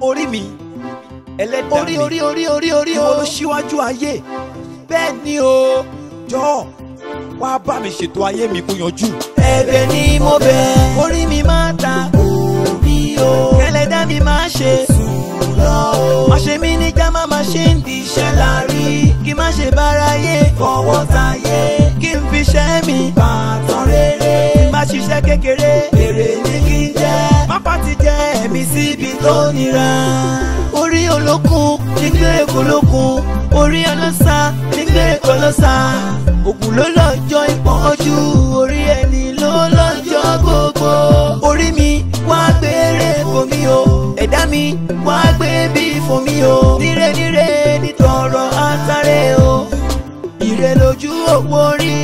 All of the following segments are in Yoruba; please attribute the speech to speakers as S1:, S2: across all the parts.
S1: orí mi ẹlẹ́dàá mi orí orí orí orí ìwọ ló ṣíwájú ayé
S2: bẹ́ẹ̀ ni o jọ̀ọ́ wá bá mi ṣètò ayé mi kó yanjú. ẹ̀bẹ̀ ni mo bẹ̀ orí mi máa ta òbí o ẹlẹ́dàá mi máa ṣe sùn o má ṣe mí ní jámá má ṣe ń di iṣẹ́ láàrí kí má ṣe bára yé fọwọ́ tayé kí n fi ṣẹ́ mi bàtàn rere má ṣiṣẹ́ kékeré èrè nílé ẹ̀mí síbi
S3: tó nira.
S2: orí olókun nígbẹ́ èkó lókun orí ọlọ́sà nígbẹ́ èkó lọ́sà. ògùn ló lọ́jọ́ ìpọ́njú orí ẹni ló lọ́jọ́ gbogbo. orí mi wá gbére fún mi o ẹ̀dá mi wá gbé bí fún mi o. níre níre nítọ̀rọ̀ àtàrẹ o ìrẹ̀lójú òwò rí.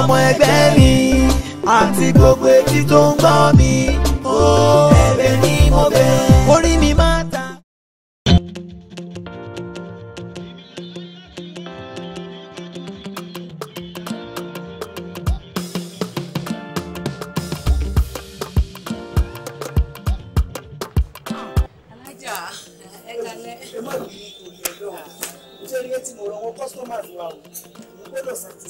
S2: ọmọ ẹgbẹ́ mi àti gbogbo etí tó ń gbọ́ mi ó ẹ̀bẹ̀ ni mo bẹ̀. orí mi máa ta.
S4: ẹ má bìí nítorí ọlọ́run nítorí ẹ ti mọ̀ ọ́ wọn kọ́sítọ́mà fún wa o gbọ́dọ̀ sàtì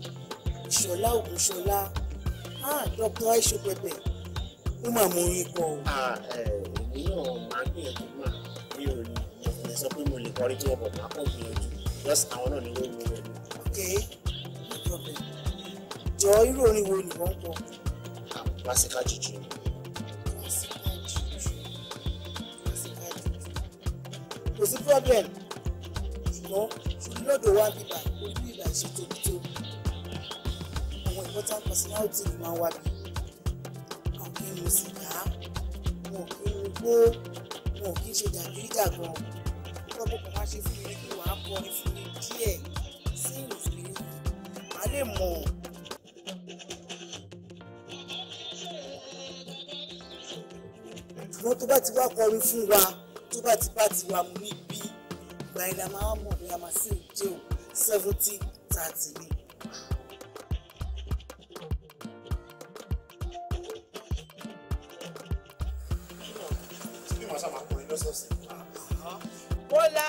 S3: ṣọlá
S2: ògúnṣọlá ah, dr aisho ó mà mú orin kọ ah, eh, èmi náà máa gbìyànjú mà mi ò lè sọ pé mo lè kọrin tí wọn bọ̀ máa kọ́ gbìyànjú lọ́sàn àwọn náà ni yóò gbìyànjú. ok no problem
S5: jọ irú orin wo ni wọ́n kọ.
S2: pásíkà ah, jùjú.
S6: kò sí
S5: problem
S2: ṣùgbọ́n ṣùgbọ́n lọ́dọ̀ wa bíbá ojú ìbá ìṣètò tó important personality ni máa wà bí àwọn kì í mu sìgá wọn kì í mu gbó wọn kì í ṣe jàgídíjàgan lọ́pọ̀ kan máa ṣe fún mi kí wàá bọ́ ní fún mi díẹ̀ sí ìrìnsì màá lè mọ̀. ṣùgbọ́n tó bá ti wá kọrin fún wa tó bá ti bá ti wà mú níbí gbàyìnlá
S4: máa mọ̀ bí a máa sì ń jẹun seventy thirty ni.
S2: lọ́sọ̀ọ̀sẹ̀. bọ́lá.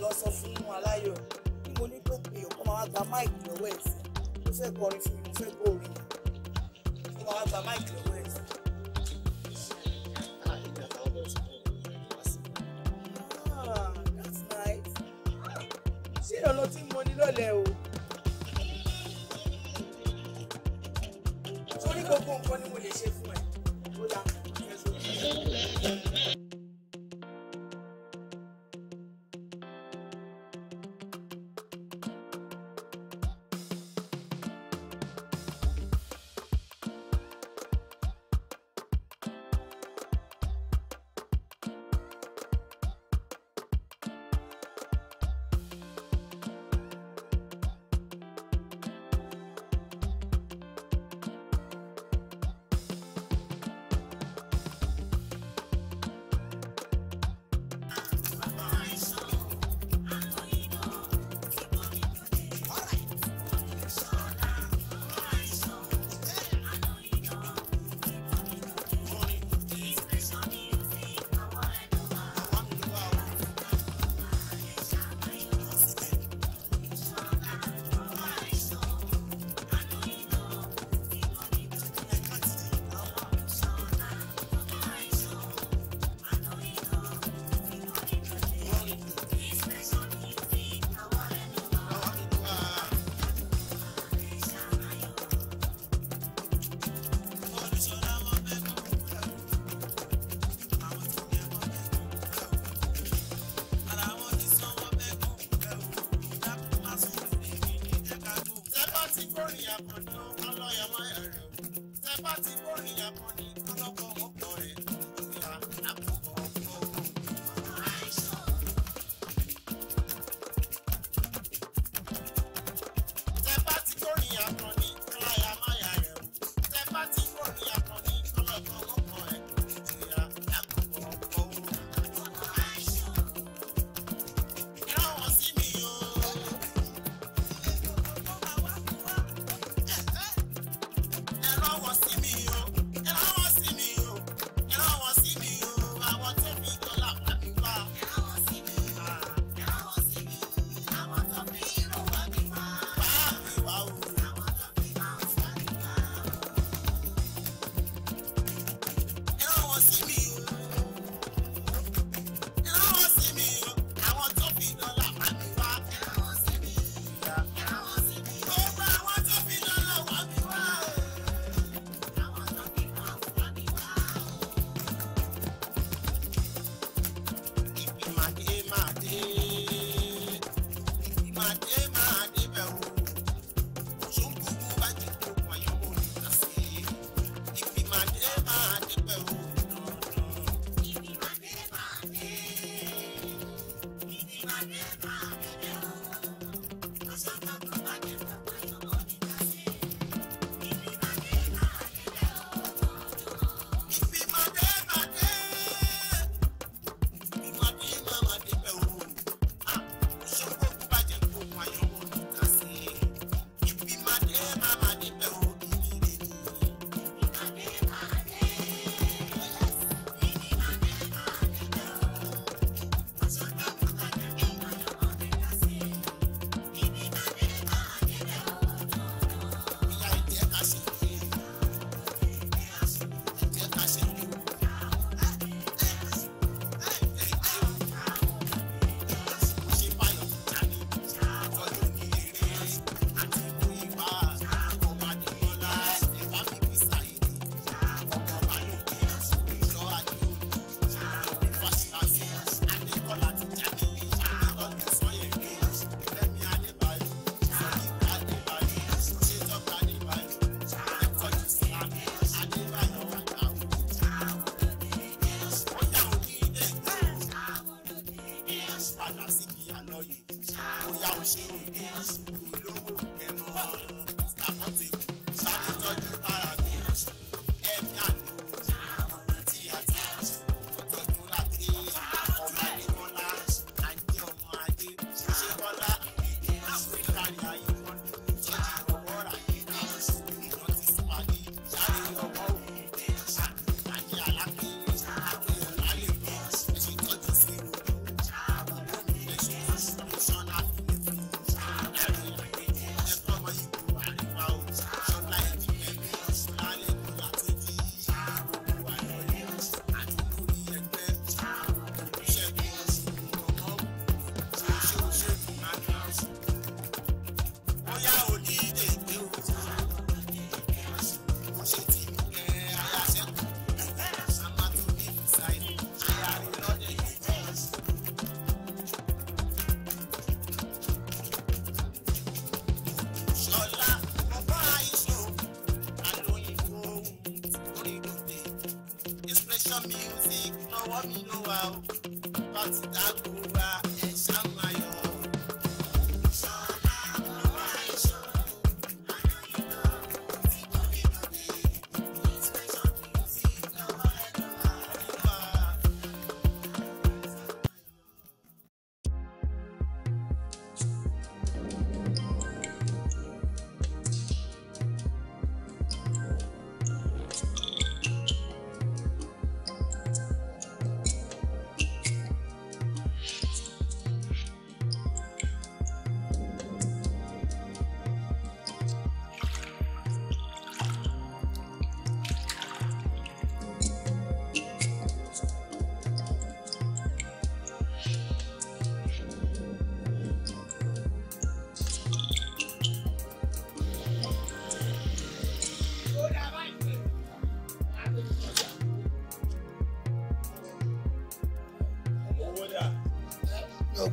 S2: lọ sọ fún aláyọ̀ bí mo ní pé èèyàn kan máa gba máìkì lọ́wọ́ ẹ̀ sí mo fẹ́ kọrin fún mi mo fẹ́ kó orin mo máa gba máìkì lọ́wọ́ ẹ̀ sí. Ah, that's nice Si no tí tengo ní lọ́lẹ̀ o.
S4: gbogbo nǹkan ni mo lè ṣe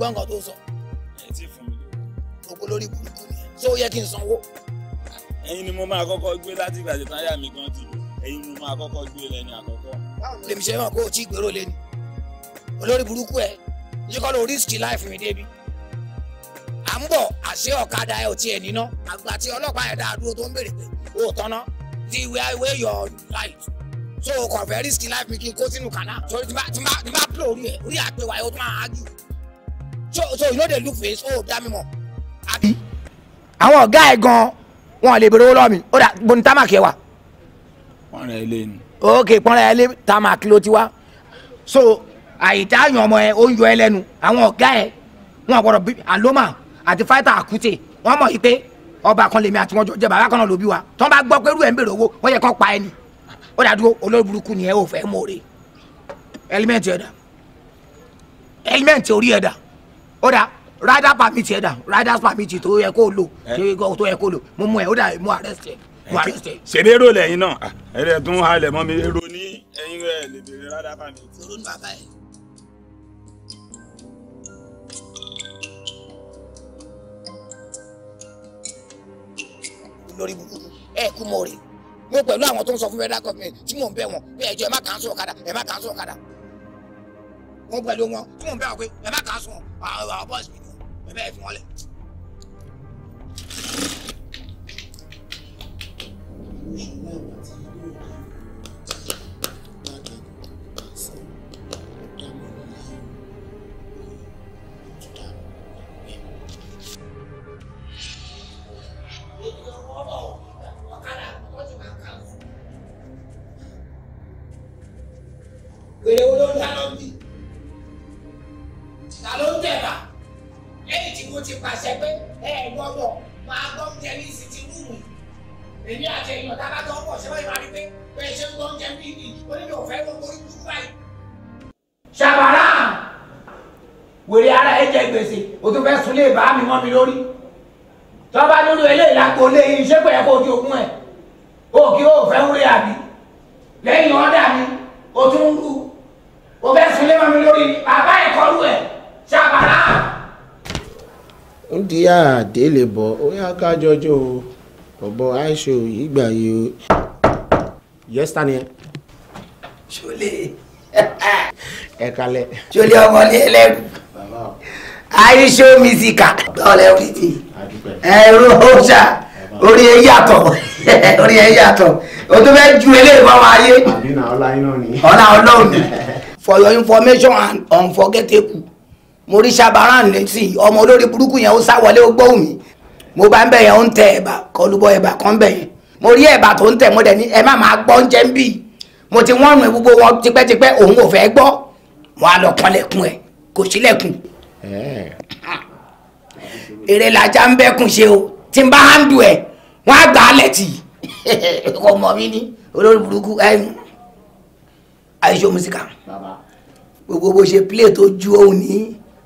S2: gbọ́ nǹkan tó sọ. ẹ burúkú ni ṣé ó yẹ kí n sanwó. ẹ̀yin ni mo máa kọ́kọ́ gbé láti ìgbà tí táyà mi gan ti lò ni mo máa kọ́kọ́ gbé lẹ́ni àkọ́kọ́. báwo lèmi ṣe mọ̀ kó o tí gbèrò lẹ́ni olórí burúkú ẹ̀ ṣé kọ́ ló risk life mi débi. à ń bọ̀ àṣé ọ̀kadà ẹ̀ ò tiẹ̀ níná àgbà tí ọlọ́pàá ẹ̀ dáa dúró tó ń béèrè pé o tọ́ná ti where where your life so kò fẹ́ risk life mi kí n kó sínú kànáà torí tí bá tí bá tí bá pè orí ẹ̀ orí àpèwà yóò tún máa ágì you no dey look face Oh dá mi mọ̀. àwọn ọ̀gá ẹ̀ gan-an wọn lè bèrè owó lọ́wọ́ mi ó dà bọ́ni tamak yẹ wa.
S7: pọ́nrẹ́ ilé ni.
S2: ok pọ́nrẹ́ ilé tamak ló ti wá so àyíká yan ọmọ ẹ ó ń yọ ẹ lẹ́nu àwọn ọ̀gá ẹ wọn gbọ́dọ̀ bí aloma àti fighter akute wọn mọ̀ yìí pé ọba kan lèmi àti wọn jọ jẹ bàbá kan náà ló bí wa tọ́ bá gbọ́ pé irú ẹ̀ ń bèrè owó wọ́n yẹ kán pa ẹni ó dàdúró olórí burúkú ni ẹ ò fẹ́ mọ̀ rè ẹlímẹ́ǹtì ẹ̀dá ẹlímẹ́ǹtì orí ẹ̀dá ó dà rider permit ẹ dà rider permit tó yẹ kó lò tó yẹ kó lò mo mú ẹ ó mo arrest ẹ mo arrest ẹ. ṣèbí èrò lẹ́yìn náà ah, ẹ̀rẹ̀ tún halẹ̀ mọ́ mi èrò ní ẹ̀yìn rẹ̀ lè bèrè rider permit. èrò ní bàbá ẹ̀. lórí burúkú ẹ kú mọ rè mo pẹ̀lú àwọn tó ń sọ fún federal government tí mò ń bẹ̀ wọ́n bí ẹjọ́ ẹ má kàn án sún ẹ má kàn án sún kó pẹ̀lú wọn kó wọn bẹ́ẹ̀ wá pé ẹ má kà á sùn àwọn bọ́ọ̀sì mi nù ẹ bẹ́ẹ̀ fi wọn lẹ̀. ṣùgbọ́n ìgbà
S4: gidi onídìí ọ̀fẹ́ wọn borí kúrú báyìí.
S2: ṣàbàrà wèrè ara ẹ jẹ gbèsè o tó fẹ́ sunlé bá mi mọ́ mi lórí tọ́ba lórí eléyìí lágbo lé iṣẹ́ pẹ̀lú kó di ogún ẹ̀ o kì ó fẹ́ wúre àbí lẹ́yìn ọ̀dà mi o tún rú o fẹ́ sunlé mọ́ mi lórí bàbá ìkọlù ẹ̀ ṣàbàrà.
S6: ó di àdélé bọ̀ ó yá ká jọjọ́ àìṣe òyìnbá
S2: yìí o. yẹ́sítà ni ṣọlẹ. ẹ kalẹ. ṣọlẹ ọmọlẹ ẹlẹrú. àìṣó mísíkà. ọlẹ orí ti. ẹrú ọjà orí ẹ yàtọ̀ orí ẹ yàtọ̀ o tó fẹ́ ju eléyìí fọwọ́ ayé. àbínà ọlá iná ni. ọlá ọlọ́run ni. for your information and unforgettable mo rí ṣabaran létí ọmọ olórí burúkú yẹn ó sá wọlé ó gbóhùn mi mo bá ń bẹ̀ yẹn ó ń tẹ ẹ̀bà kọlùbọ̀ ẹ̀bà kan bẹ̀ yẹn
S4: mo rí ẹ̀bà tó ń tẹ̀ mo dẹ̀ ní ẹ má máa gbọ́ oúnjẹ ń bì mo ti wọ́n rùn gbogbo wọn tipẹ́tipẹ́ òun ò fẹ́ gbọ́ wọn á lọ pọnlẹ̀kùn ẹ̀ kò sílẹ̀kùn. èrè làjà ń bẹ́kùn ṣe o tí n bá hàndù ẹ̀ wọ́n á gbà á lẹ́tì
S2: ọmọ mi ní olórí burúkú ẹ̀yìn àìṣó mùsíkà gbogbo bó ṣe plé tó ju òun ní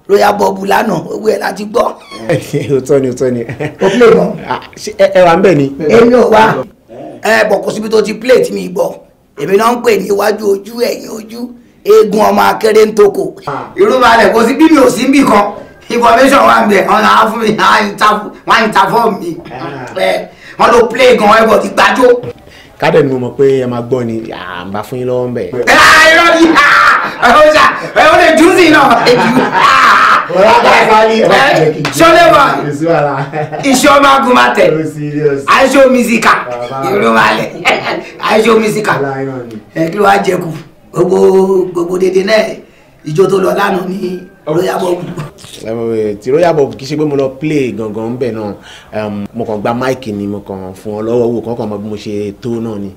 S2: royal bob lánàá owó ẹ láti gbọ́. ó tọ́ ni ó tọ́ ni. o plé mọ́. Ah, ẹ wà ń bẹ̀ ni. èmi ò wá ẹ bọ̀ kó tó ti plé mi gbọ́ èmi náà ń pè ní iwájú ojú ẹ̀yìn ojú eegun ọmọ akéré ń toko. ìrúbalẹ̀ kò sí bíbí ò sí ń bì kan information wa ń bẹ̀ ọ̀nà àfún mi wọ́n á interform mi ah. wọ́n ló play gan ẹ̀bọ̀ ti gbájú. kádẹ̀ ni mo mọ̀ pé ẹ máa gbọ́ ni à ń bá fún yín lọ́wọ́ ń bẹ̀. Ah, irọ́ ni ọ̀sà ah, ẹ̀ ó lè jù sí náà. sọlẹ́wà ìṣọ́magunmatẹ̀ àìṣó mísíkà ìrúnmalẹ̀ àìṣó mísíkà ẹ kí ló wá jẹkù gbogbo gbogbo dédé náà ìjó tó lọ lánàá ní royal bob. ti royal bob kì í ṣe pé mo lọ play gangan ńbẹ náà mo kàn gba máìkì ni mo kàn fún ọ lọ́wọ́ wò kọ́kàn mọ bí mo ṣe tó náà ni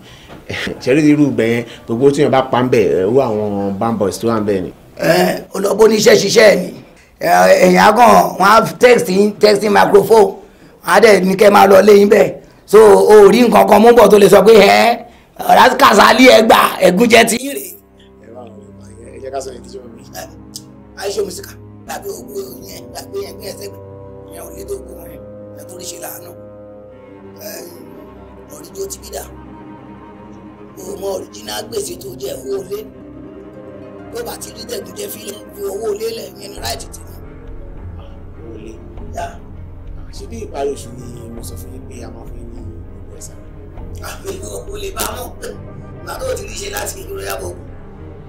S2: ṣẹ́rí irú ibẹ̀ yẹn gbogbo tí yẹn bá pa ń bẹ̀ owó àwọn bamboys tó wà ń bẹ̀ ni. ẹ oníṣẹ́ ṣiṣẹ́ ni ẹ̀yìn eh, eh, agàn wọn á tẹ́ẹ̀sì tẹ́ẹ̀sì microphone wọn á dẹ̀ ní kẹ́ máa lọ lẹ́yìn bẹ́ẹ̀ so o rí nǹkan kan mú bọ̀ tó lè sọ pé ẹ̀ ọ̀rá kàsálí ẹ̀ gbà ẹ̀gúnjẹ ti rè. ẹ jẹ́ ká sọ èyí tí ó mi. àìsàn mi síkà tàbí ògbó yẹn tàbí ẹgbẹ́ ẹsẹ̀ yẹn ò lè tó gbó ẹ tó lè ṣe láàánú ọ̀rìjọ́ ti bí dà òun ọ̀rìjìnà gbèsè tó jẹ́ owó lé bó bá ti rí jẹ̀gúdẹ́ fílẹ̀
S4: fi owó lélẹ̀ yẹn ráìtì tì mí.
S3: owó
S2: lé
S6: yá ṣé bí ìparí oṣù ni mo sọ fún yín pé a máa fún yín ní gbogbo ẹ̀sán. àmì
S2: ò lè bá mọ̀ màdó ò ti rí ṣe láti ìdúró yàgò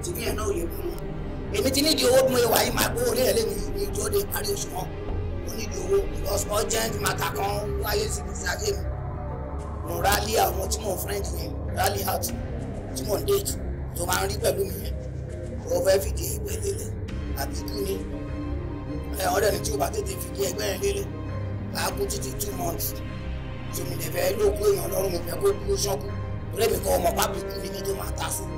S2: tí bí ẹ̀ náà ò lè bú mọ́. èmi ti nídìí owó bí mo wà yìí máa gbówó lé ẹ̀lẹ́ mi ní ìjọ de ìparí oṣù wọn mo nídìí owó because urgent matter kan wáyé sí ti ṣáájú mi. mo rálí àwọn tí mò ń friend yẹn rálí out tí mò ń date tó máa ń rí pẹ̀lú mi yẹn mo fẹ́ fìdí ẹgbẹ́ lélẹ̀ àbí kú ni ẹ ọ̀rẹ́ mi tí o bá tètè fìdí ẹgbẹ́ yẹn lélẹ̀ á títí two months tòmí lè fẹ́ lóògùn èèyàn lọ́rùn mi fẹ́ kó kú sọ́kù torí mi kọ́ ọmọ pápí kú ni kí tó máa ta sùn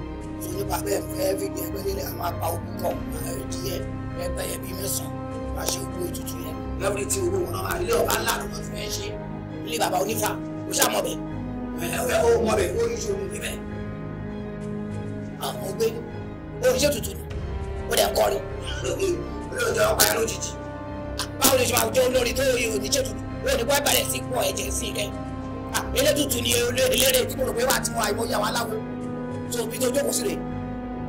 S2: tó nípa bẹ́ẹ̀ mi fẹ́ fìdí ẹgbẹ́ lélẹ̀ àwọn apá òkú kan ẹ̀ẹ́dìyẹ ẹgbẹ́ yẹn bí mẹ́sàn-án máa ṣe òkú ètùtù yẹn lọ́wọ́dé
S4: tí owó wọn ilé ọba ńlá ló ti fẹ́ ṣe ilé bàbá onífà ó ṣàmọ̀bẹ̀ ẹ̀ ẹ̀ ó mọ̀bẹ̀ ó ní oríṣi òtútù ni ó dẹ̀ kọrin lóòótọ́ ọ̀pá ẹ̀ lójijì. báwo ló ṣe máa jọ olórí tó yẹ oníṣẹ́ òtútù ó ní kó bẹ̀rẹ̀ sí pọ̀ ẹ̀jẹ̀ sí rẹ̀ elétùtù ni eléré tí mo rò pé wà tí mo àìmọ̀ ìyàwó aláwo tó bí tó jókòó sí rè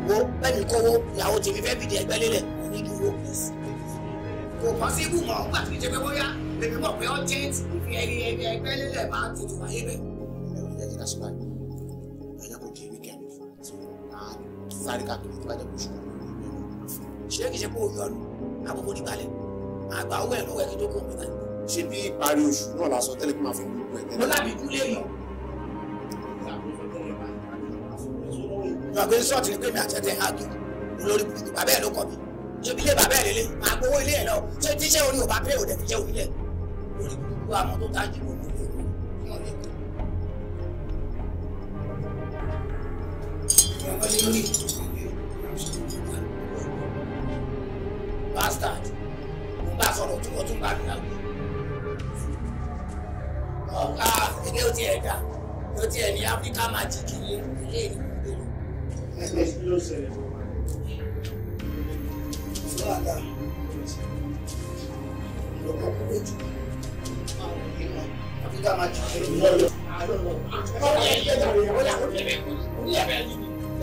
S4: wo bẹ́ẹ̀ ni
S2: kówó ìyàwó tèmi fẹ́ bìdì ẹgbẹ́ lélẹ̀ mo ní dúró kò kàn sí ibù mọ́ nígbà tó ń
S6: jẹ́ pé bóyá
S4: èmi mọ̀ pé ọ́jẹ́ǹtì ìfi ẹgbẹ́ lélẹ̀ máa tutù wáyé
S6: bẹ́ẹ̀ sáré káàkiri tó bá jẹ́ kó ṣubú
S2: ṣé kìí ṣe kó oyún ọdún àkókò nígbàlẹ̀ àgbà owó ẹ̀rọ ẹ̀kí tó kún mi náà. ṣé bí ìparí oṣù náà la sọ tẹ́lẹ̀ kí máa fi gbogbo ẹ̀ tẹ́lẹ̀. mo lábì dúlé yọ. ìgbàgbé ṣọ́ọ̀tì ni pé mi àtẹ̀tẹ̀ àgbẹ̀ olórí burúkú bàbá ẹ̀ ló kọ̀ mi ṣébi ilé bàbá ẹ̀ lélẹ̀ máa gbowó ilé ẹ̀ lọ ṣé tíṣẹ́ orí ò bá pé ò dẹ̀ fi
S4: jẹ́ òbí lẹ̀ olórí burúkú àmọ́ tó tájú ló ní ìlú
S3: ọ̀rẹ́ bastard mo bá sọ̀rọ̀ tí mo tún bá
S6: mi
S2: náà ọ̀gá ilé ó ti ẹ̀ dà ó ti ẹ̀ ní áfíríkà magic ilé ilé ìlú ló ṣẹlẹ̀ sọ́dà lọ́kọ̀ kú lójú àwọn ìlú áfíríkà magic ilé ló lọ.
S3: Ọ̀rẹ́ ìyẹ́dàrẹ́ ìyàwó yàgò ní ẹ̀bẹ̀
S4: ní ẹ̀bẹ̀ yìí.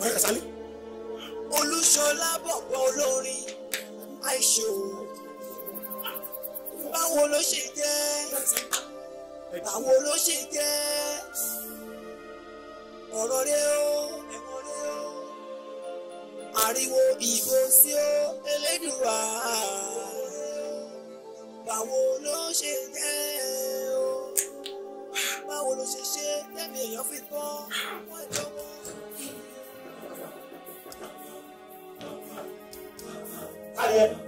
S2: wọn yà sálẹ.
S3: olúṣọlá bọ̀bọ̀
S2: olórin àìṣòwò báwo ló ṣe
S5: jẹ́ báwo ló ṣe jẹ́ ọ̀rọ̀ rẹ o ariwo ìbò
S3: sí o elédùnwá
S2: báwo ló ṣe
S3: jẹ́ o báwo ló ṣe ṣe tẹ̀mí èèyàn fi tán wọ́n ẹ̀dọ́.
S2: diet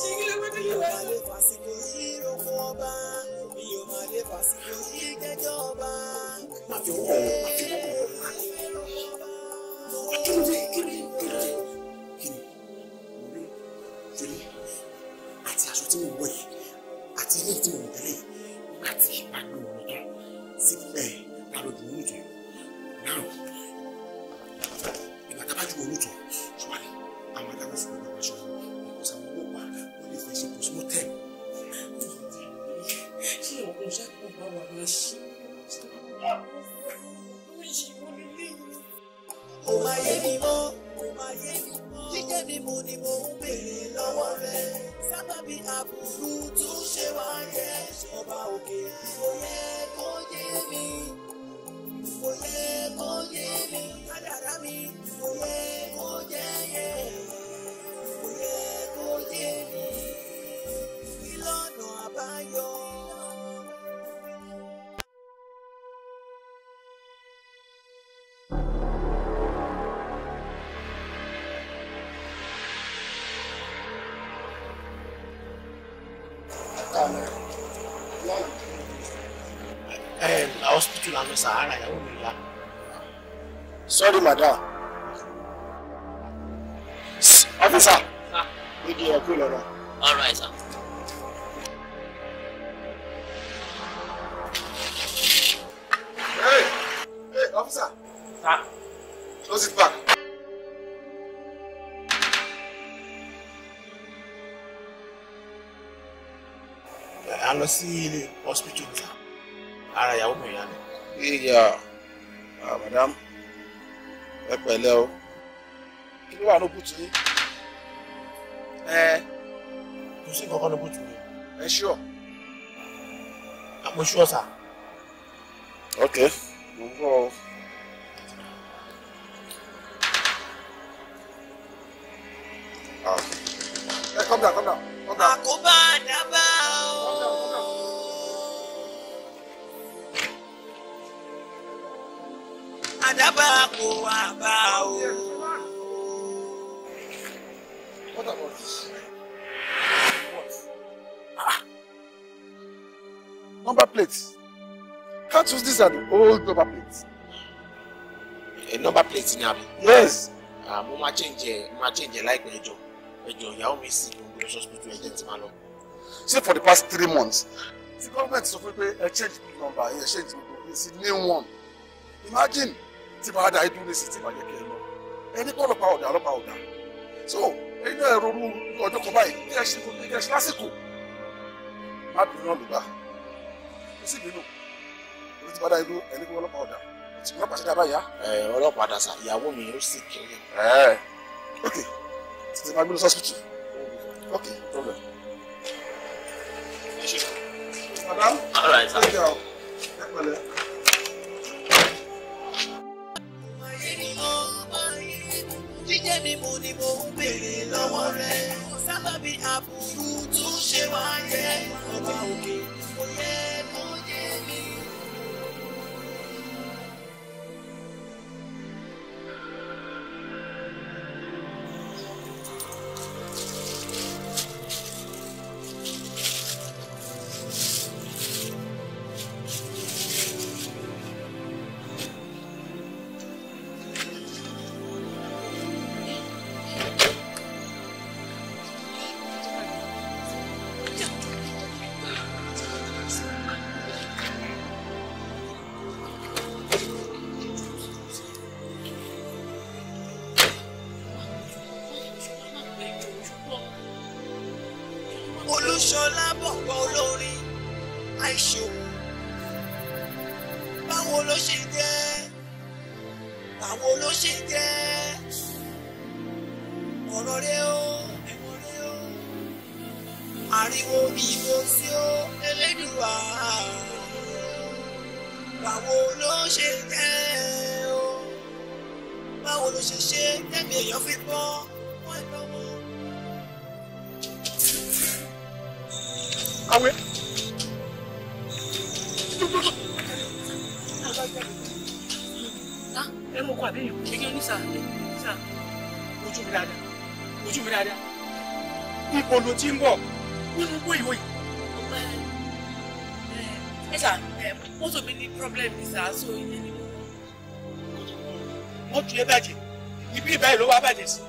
S2: ṣe kí ló gbọ́dọ̀
S3: kí ló dé
S6: sahara ìyàwó mi wá. sorry madam. officer ìdí ẹ̀kú lọ́rọ̀. all right sir. Hey, hey, officer. Huh? Close it back.
S7: a lọ sí ilé
S6: ìyá ah, madam ẹ pẹ̀lẹ́ o kí ló wà ní bùtù yìí ẹ kò sí kankan ní bùtù mi ẹ ṣíọ àmọ́ ah, ṣíọ sà. ok mo ń bọ̀ ọ́.
S2: Ah. come down, come down, come down. Àkóbá
S3: dábàá kò wá bá o.
S7: Ah! Number plates. Can't use these are the old number plates. A eh, number plates in abi?
S6: Yes. Ah, mo máa change ẹ̀ mo change ẹ̀ láìpẹ́ ẹjọ́ ẹjọ́ ìyàwó mi sì ló ń gbé lọ́sọ̀ọ́sì tó ẹjẹ́
S7: ti máa lọ. See for the past three months, the government sọ fún mi pé change the number, ẹ change the number, it's a new one. Imagine tí màá da ẹdún ní sìtì màá yẹ kí ẹ lọ ẹni pọ̀ ọlọ́pàá ọ̀dà ọlọ́pàá ọ̀dà so ẹni náà ronú ọjọ́ kan báyìí kí ẹ ṣe kí ẹ ṣe lásìkò má bínú ọlùgbà ó sì bínú ẹni tí màá da ẹdún ẹni pọ̀ ọlọ́pàá ọ̀dà ọlọ́pàá ti dábàá yá.
S6: ọlọ́pàá dàsà ìyàwó mi ó sì
S7: kéré. ok títí máa gbé lọ sọ́sìtì ok problem. madam all right sir.
S2: jíjẹ mi mu ni mo ń béèrè lọ́wọ́ rẹ̀ sábàbí àbùkù
S3: tún ṣe wáyé ọba òkè òye.
S2: ṣọlá. tún lè bàjẹ́ ibi ìbáyìí ló wá bàjẹ́ sí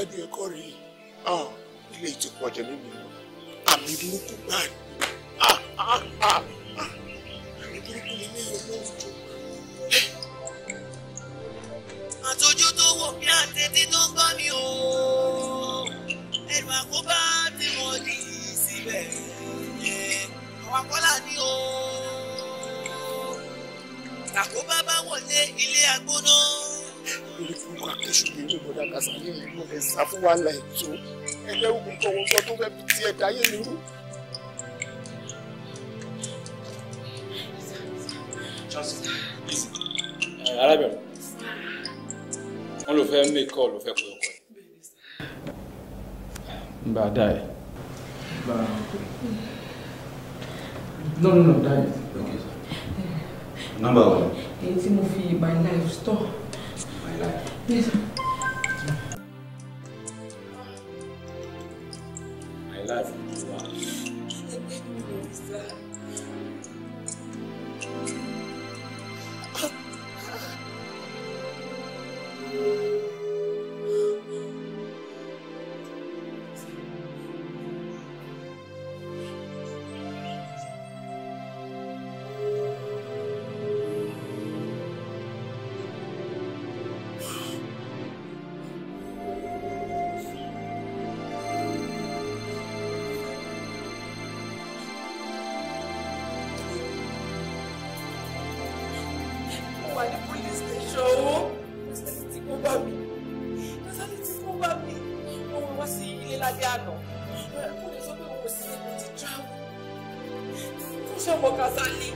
S2: síwájú ẹ̀kọ́ rèé ilé ìtìpọ̀jọ́ nínú
S6: àmì burúkú gbáà ni.
S2: wàhálà ètò ẹlẹ́rù gbogbo ohun kan tó fẹ́ẹ́ fi ti ẹ̀dá yé mi
S1: eh, arábìnrin wọn ló
S2: fẹ́ mí kọ́ ló fẹ́ pé ọkọ ẹ̀. bá a dá ẹ.
S4: no no no dá ẹ. nọ́mbà wo. èyí tí mo fi my life store. my life. yes sir.
S3: 对吧？
S4: Pastor Lee.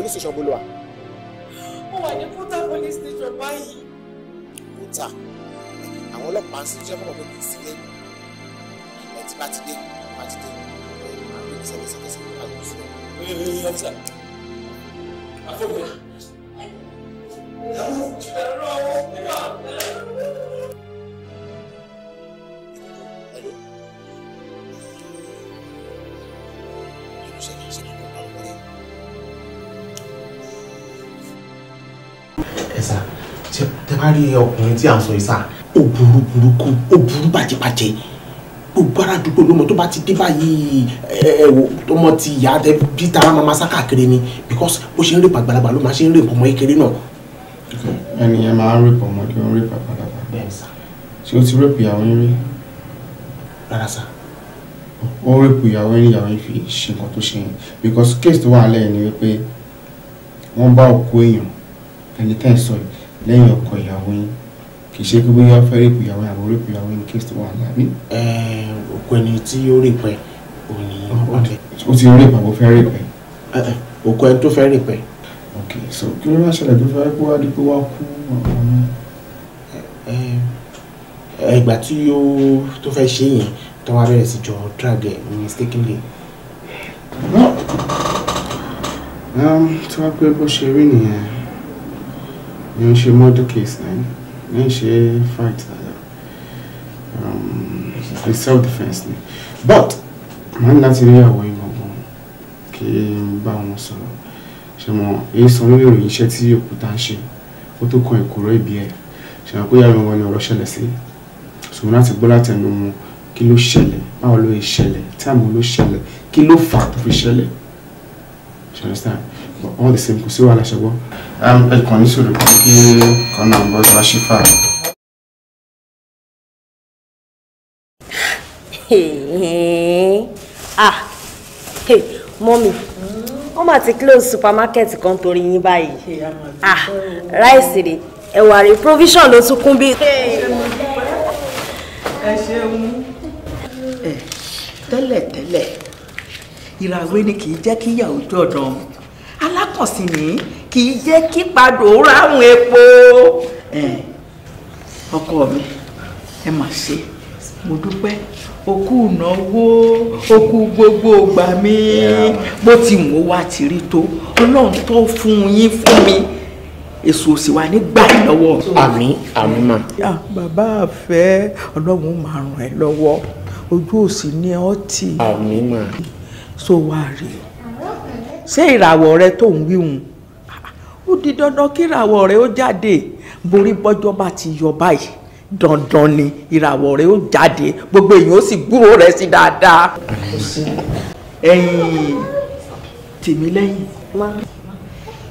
S2: police station bó ló wà. ó wà ní kúta police station báyìí. kúta àwọn ọlọ́pàá ń sin iṣẹ́ fọwọ́ pé kì í sí lẹ́yìn ẹ̀ tí bá ti dé bá ti dé ẹ̀ máa ń gbé ìṣẹ̀lẹ̀ ìṣẹ̀lẹ̀ ìṣẹ̀lẹ̀ ìṣẹ̀lẹ̀ ìṣẹ̀lẹ̀ ìṣẹ̀lẹ̀ ìṣẹ̀lẹ̀ bá rí ọkùnrin tí à ń sọ yìí ó burú burúkú ó burú bàjẹ́bàjẹ́ gbogbo ara àdúgbò ló mọ tó bá ti dé báyìí ẹ wò tó mọ ti ìyá tẹ bí tara máa ma sá káàkiri ni because bó ṣe ń rèpà àgbàlagbà ló máa ṣe ń rèpà ọmọ kékeré náà. ẹni yẹn máa ń rèpà ọmọ kí wọn rèpà àgbàlagbà. bẹ́ẹ̀ sá. ṣé o ti rèpà ìyàwó yín rí. rárá sá. ó rèpà ìyàwó yín ìyàwó fi ṣe nǹkan tó ṣe yẹn because case tó wà lẹ́yìn ni wípé wọ́n bá òkú èèyàn ẹni tẹ́ ẹ̀ sọ yìí lẹ́yìn ọkọ ìyàwó yín kì í ṣe pé bóyá fẹ́ rèpù ìyàwó àbò rèpù ìyàwó yín kí ó wà lábí. òkú ẹni tí ó rèpẹ òní ọkẹ. ó ti rèpẹ àbò fẹ́ rèpẹ. òkú eh, eh, ẹni tó fẹ́ rèpẹ. ok so kí ló wá ṣẹlẹ̀ tó fẹ́ kó wá dípò wá kú ọ̀hún. Eh, ìgbà tí ó tó fẹ́ ṣe yẹn tó wá bẹ̀rẹ̀ sí jọ drag ẹ̀ mistakenly. Um, tí wọ́n pẹ́ bó ṣe rí nìyẹn ní ń ṣe murder case náà ní ń ṣe fight um, self defence ni but màá ní láti rí àwọn ìmọ̀ wọn kí n bá wọn sọ̀rọ̀ ṣe mọ èyí san lórí ìròyìn iṣẹ́ tí òkúta ń ṣe ó tó kan ìkòrò ìbí ẹ̀ ṣe mọ pé yàrá wọn ni ọ̀rọ̀ ṣẹlẹ̀ sí ṣùgbọ́n láti gbọ́ láti ẹnu wọn kí ló ṣẹlẹ̀ báwo ló ṣẹlẹ̀ táàmù ló ṣẹlẹ̀ kí ló fà tó fi ṣẹlẹ̀ ṣe understand all the same kò sí wàhálà ṣẹgbọ́.
S1: Um, ẹ kàn ní sọ̀rọ̀ kan kí kan náà bọ́ ah
S8: hey, mọ́mì wọ́n máa ti close supermarket kan torí yín báyìí ah ráìsì rè ẹ̀wà rè provision ló tún kún bí. ẹ
S2: ṣeun tẹ́lẹ̀tẹ́lẹ̀ ìràwé ni kì í jẹ́ kíyàwó jọ̀dọ̀ ọ̀hún alákànsìn mi kì í jẹ́ kí padò ráhùn epo ọkọ mi ẹ mà ṣe mo dúpẹ́ okú ìnáwó okú gbogbo ìgbà mi bó ti mú wá ti rí tó ọlọ́run tó fún yín fún mi èso òsì wa nígbà lọ́wọ́. àmín àmín mà. bàbá àfẹ́ ọlọ́run máa ràn ẹ́ lọ́wọ́ ojú òsì ni ọtí. àmín mà. so wá rí o ṣé ìràwọ̀ rẹ tó ń wíhun ó di dandan kí ìràwọ̀ rẹ ó jáde borí bọ́jọ́ bá ti yọ báyìí dandan ni ìràwọ̀ rẹ ó jáde gbogbo èèyàn ó sì gbúrò rẹ sí dáadáa. ẹ̀yin tèmi lẹ́yìn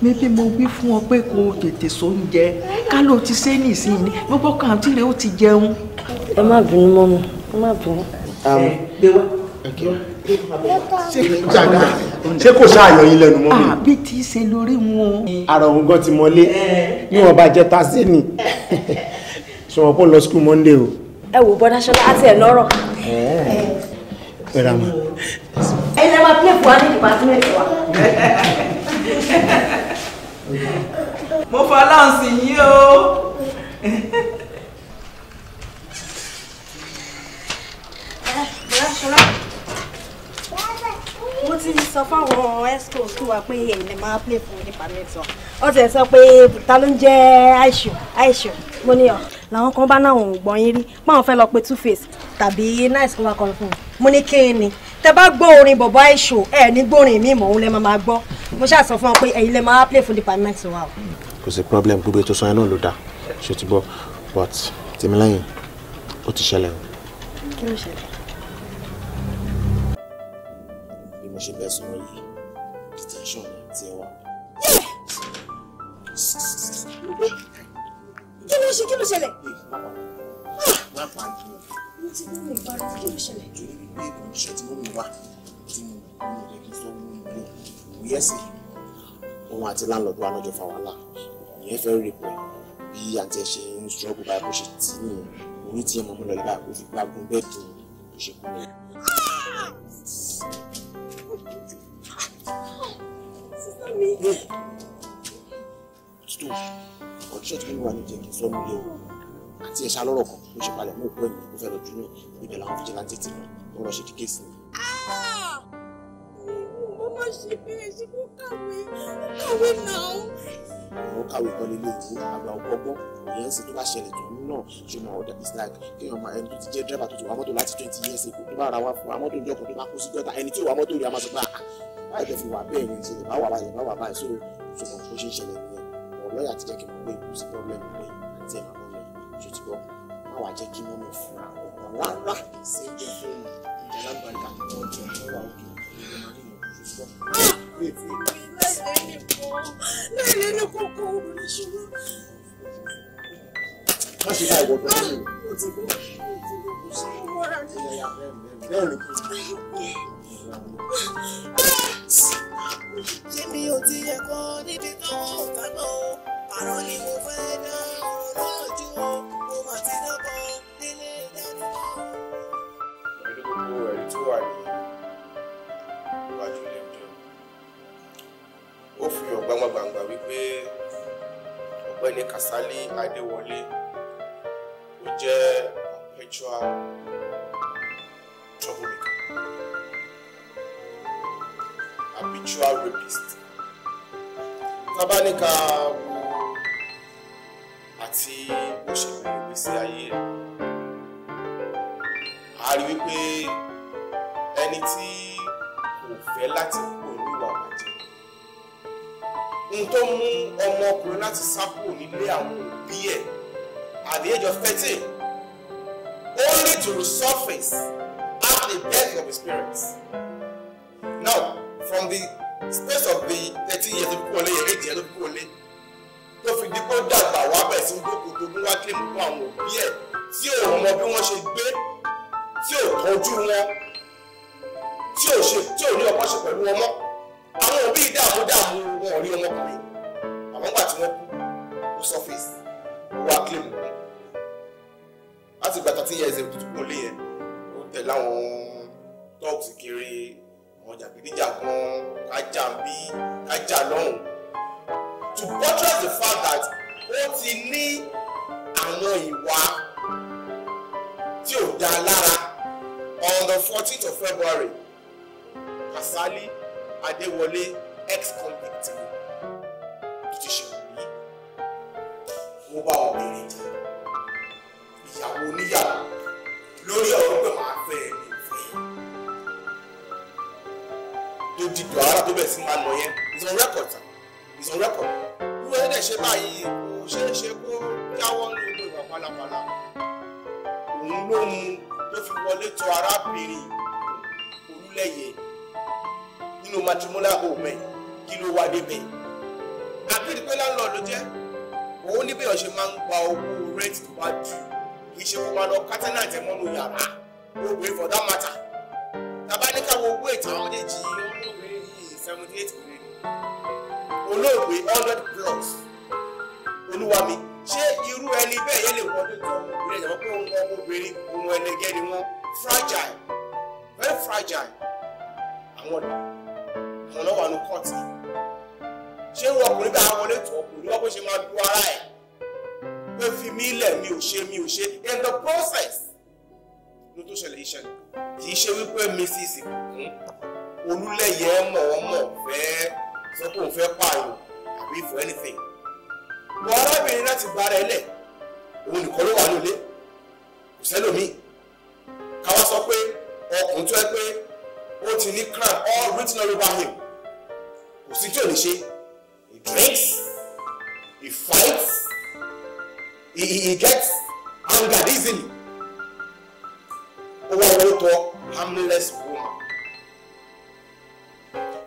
S5: mébí mo wí
S2: fún ọ pé kò tètè sóúnjẹ ká ló ti ṣe nísìnyí gbogbo kàǹtì rẹ ó ti jẹun. ẹ má bínú mọ́mọ́ ẹ má bínú. ẹ um, gbé wá ṣé kò sáàyàn yín lẹ́nu mọ́ mi. àbí tí í ṣe lórí wọn. ara òun gan ti mọlé níwọ̀n bá jẹ́ ta sí ni sọ̀rọ̀ pọ̀ lọ school monday o.
S8: ẹ wò bọ́dá ṣọlá àti ẹ̀ lọ́rọ̀.
S2: pẹ̀lú àmọ́. ẹ lè máa pílẹ̀ fún wa ní ìpàdé wa.
S8: mo fa láǹsì yín o. bọ́dá ṣọlá ti sọ fáwọn esco tó pé èyí máa play fún nípa mẹ́tọ̀ wọ́n ti sọ pé ta ló ń jẹ́ àìṣù àìṣù mo ní ọ làwọn kan bá náà ò gbọ́n yín rí páwọn fẹ́ lọ pe two face tàbí nice kan wá kan fún un mo ní kí ni tẹ bá gbọ́ orin bọ̀bọ̀ àìṣù ẹ ní gbórin mi mọ̀ òun lẹ máa gbọ́ mo ṣáà sọ fún ọ pé èyí lẹ máa play fún department wa o.
S2: kò sí problem gbogbo ètò sanyẹn náà ló dáa ṣe ti gbọ́ but tèmi lẹ́yìn ó ti ṣẹlẹ̀ o. kí ló ṣẹlẹ̀. mo ṣe bẹ́ẹ̀ sọ̀rọ̀ yìí detention ni àti ẹwà.
S4: kí ló ṣe kí ló ṣẹlẹ̀.
S2: òun àti láńlọ́ọ̀dù wa lọ́jọ́ fa wàhálà ìyẹn fẹ́ rí pẹ́ bí àǹtí ẹ̀ ń ṣọ́ọ̀bù báyìí bó ṣe tì í orí tí ẹ mọ̀ mọ́ lọ lẹ́bàá kó fi gbágun bẹ́ẹ̀ dùn bó ṣe kú nìyẹn. gbé tó ọtí ọtí nínú wa ní jẹkí sọnù ilé o àti ẹ̀ṣá lọ́rọ̀ kan ló ṣe palẹ̀ mọ́ òkú ẹ̀mí ó fẹ́ lọ jù ní ibẹ̀ làwọn fìjìláńtì ti lọ wọn lọ ṣe di kéèsì ni.
S4: mo má ṣe bẹ́ẹ̀ kó kàwé kàwé náà.
S2: àwọn kàwé kan nílé ìwé àgbà ọgbọ́gbọ́ ìyẹn sì tó bá ṣẹlẹ̀ tó ń náà ṣùgbọ́n ọ̀dà is like kéèyàn máa ẹni tó ti jẹ́ dírẹ́bà tó ti wà mọ́tò láti twenty years ago tó bá ra wa fún wa mọ́tò ìjọkọ̀ tó bá kó sí gọ́tà ẹni tí ò wà mọ́tò rí a máa sọ pé báyìí lè fi wà bẹ́ẹ̀ rẹ̀ ti lè bá wà báyìí lè bá wà báyìí sóò ṣùgbọ́n bó ṣe ń ṣẹlẹ̀ nìyẹn ọ̀rọ̀ lọ́ọ̀yà ti jẹ́ kí n mọ̀ pé kò sí pọ́blẹ́mù pé àti ẹ̀ máa bọ̀ lẹ̀ ṣe ti gbọ́ má wàá jẹ́ kí mọ́mí fura ọ̀pọ̀ ńláńlá ṣe
S3: Jẹ́mi ò ti yẹ kọ́ níbi táwọn ò ta náà. Àrò ni mo fẹ́ dá ọ̀rọ̀ náà jù ọ́. Mo mà ti dábọ̀ nílé ìdáná náà. Pẹ̀lú gbogbo ẹ̀rí tó wà ní
S2: iwájú ilé ọjọ́, ó fi hàn gbangba-gbangba wípé ọ̀gbẹ́ni Kàsálí Adéwọlé ó jẹ́ perpetual troublemaker, habitual rapist. Tábánika wo àti òṣèlú ìgbésí ayé rẹ̀. A rí wípé ẹni tí kò fẹ́ láti kúrò ní ìwà bàjẹ́. Ohun tó mú ọmọkùnrin láti sá kúrò nílé àwọn òbí ẹ̀ at the age of thirteen only to resurface at the death of the spirit. Now, from the space of the thirteen years ló fi kú wọlé yẹn méje ló fi kú wọlé tó fi dípò dàgbà wá bẹ̀rẹ̀ sí gbogbo gbogbo wá kílẹ̀ mọ́ àwọn òbí ẹ̀ tí ò mọ bí wọ́n ṣe gbé tí ò tọ́jú wọn tí ò ṣe tí ò ní ọkọ ṣe pẹ̀lú ọmọ àwọn òbí dààmú dààmú wọn ò rí ọmọkùnrin àwọn gbà tí wọ́n kú ó sọ fèsì wá kílẹ̀ mọ́ láti ìgbà thirteen years tó kúrò lé yẹn ó tẹ̀ láwọn thugs kiri àwọn jàgídíjà gan kájà ń bí kájà lọ́hùn to buttress the fact that ó ti ní àwọn ìwà tí ò dá lára on the fourteenth of February Kasali Adewole, ex-convict mi tó ti ṣe wọ̀nyí mo bá wọn bèrè ìyàwó oníyàwó lórí ọ̀rọ̀ pé màá fẹ́ ẹ̀ mi fẹ́ tó di dùn ara tó bẹ̀rẹ̀ sí máa lọ yẹn ìsan rẹ́kọ̀tà ìsan rẹ́kọ̀tà wíwẹ́ ẹ̀dẹ̀ ṣe báyìí kò
S6: ṣeé ṣe kó jáwọ́ nínú ìwà pálapàla
S2: òun ló mu tó fi wọlé tọ̀ arábìnrin olúlẹ̀yẹ nínú matrimonial home kí ló wá débẹ̀ àbí ìdípẹ́ láńlọ́ọ̀dù jẹ́ òun ní bẹ́ẹ̀ ọ̀ṣẹ́ máa ń gba owó rent tó bá jù kì í kátánà tẹ mọ́nú yàrá obìnrin for that matter tàbá ní ká wo weight àwọn méjèèjì yìí yìí seventy eight obìnrin olóògbé hundred plus olúwa mi ṣé irú ẹni bẹ́ẹ̀ yẹn lè wọlé tọ́ obìnrin ẹ̀jẹ̀ wọ́n pé ọmọ obìnrin ohun ẹlẹgẹ́ ni wọ́n fragile very fragile àwọn àwọn náà wà ní kọ́ọ̀tì ṣé irú ọkùnrin bá wọlé tọ́ kò ní wọ́n bó ṣe máa du ara ẹ̀ pé fi mí lẹ̀ mi ò ṣe mi ò ṣe in the process ló tó ṣẹlẹ̀ ìṣẹ̀lẹ̀ kì í ṣe wípé mrs olúlẹ̀yẹ mọ̀ọ́mọ̀ fẹ́ sọ pé òun fẹ́ pààyàn àbí for anything wọ arábìnrin láti gba ara ẹ lẹ̀ òun nìkan ló wà nílé kò sẹ́lòmíì káwá sọ pé ọkùnrin tó ẹ pé ó ti ní crown all written all over him kò sí tí ò ní ṣe he drinks he fights he, he gets angered easily over wá wọlé harmless woman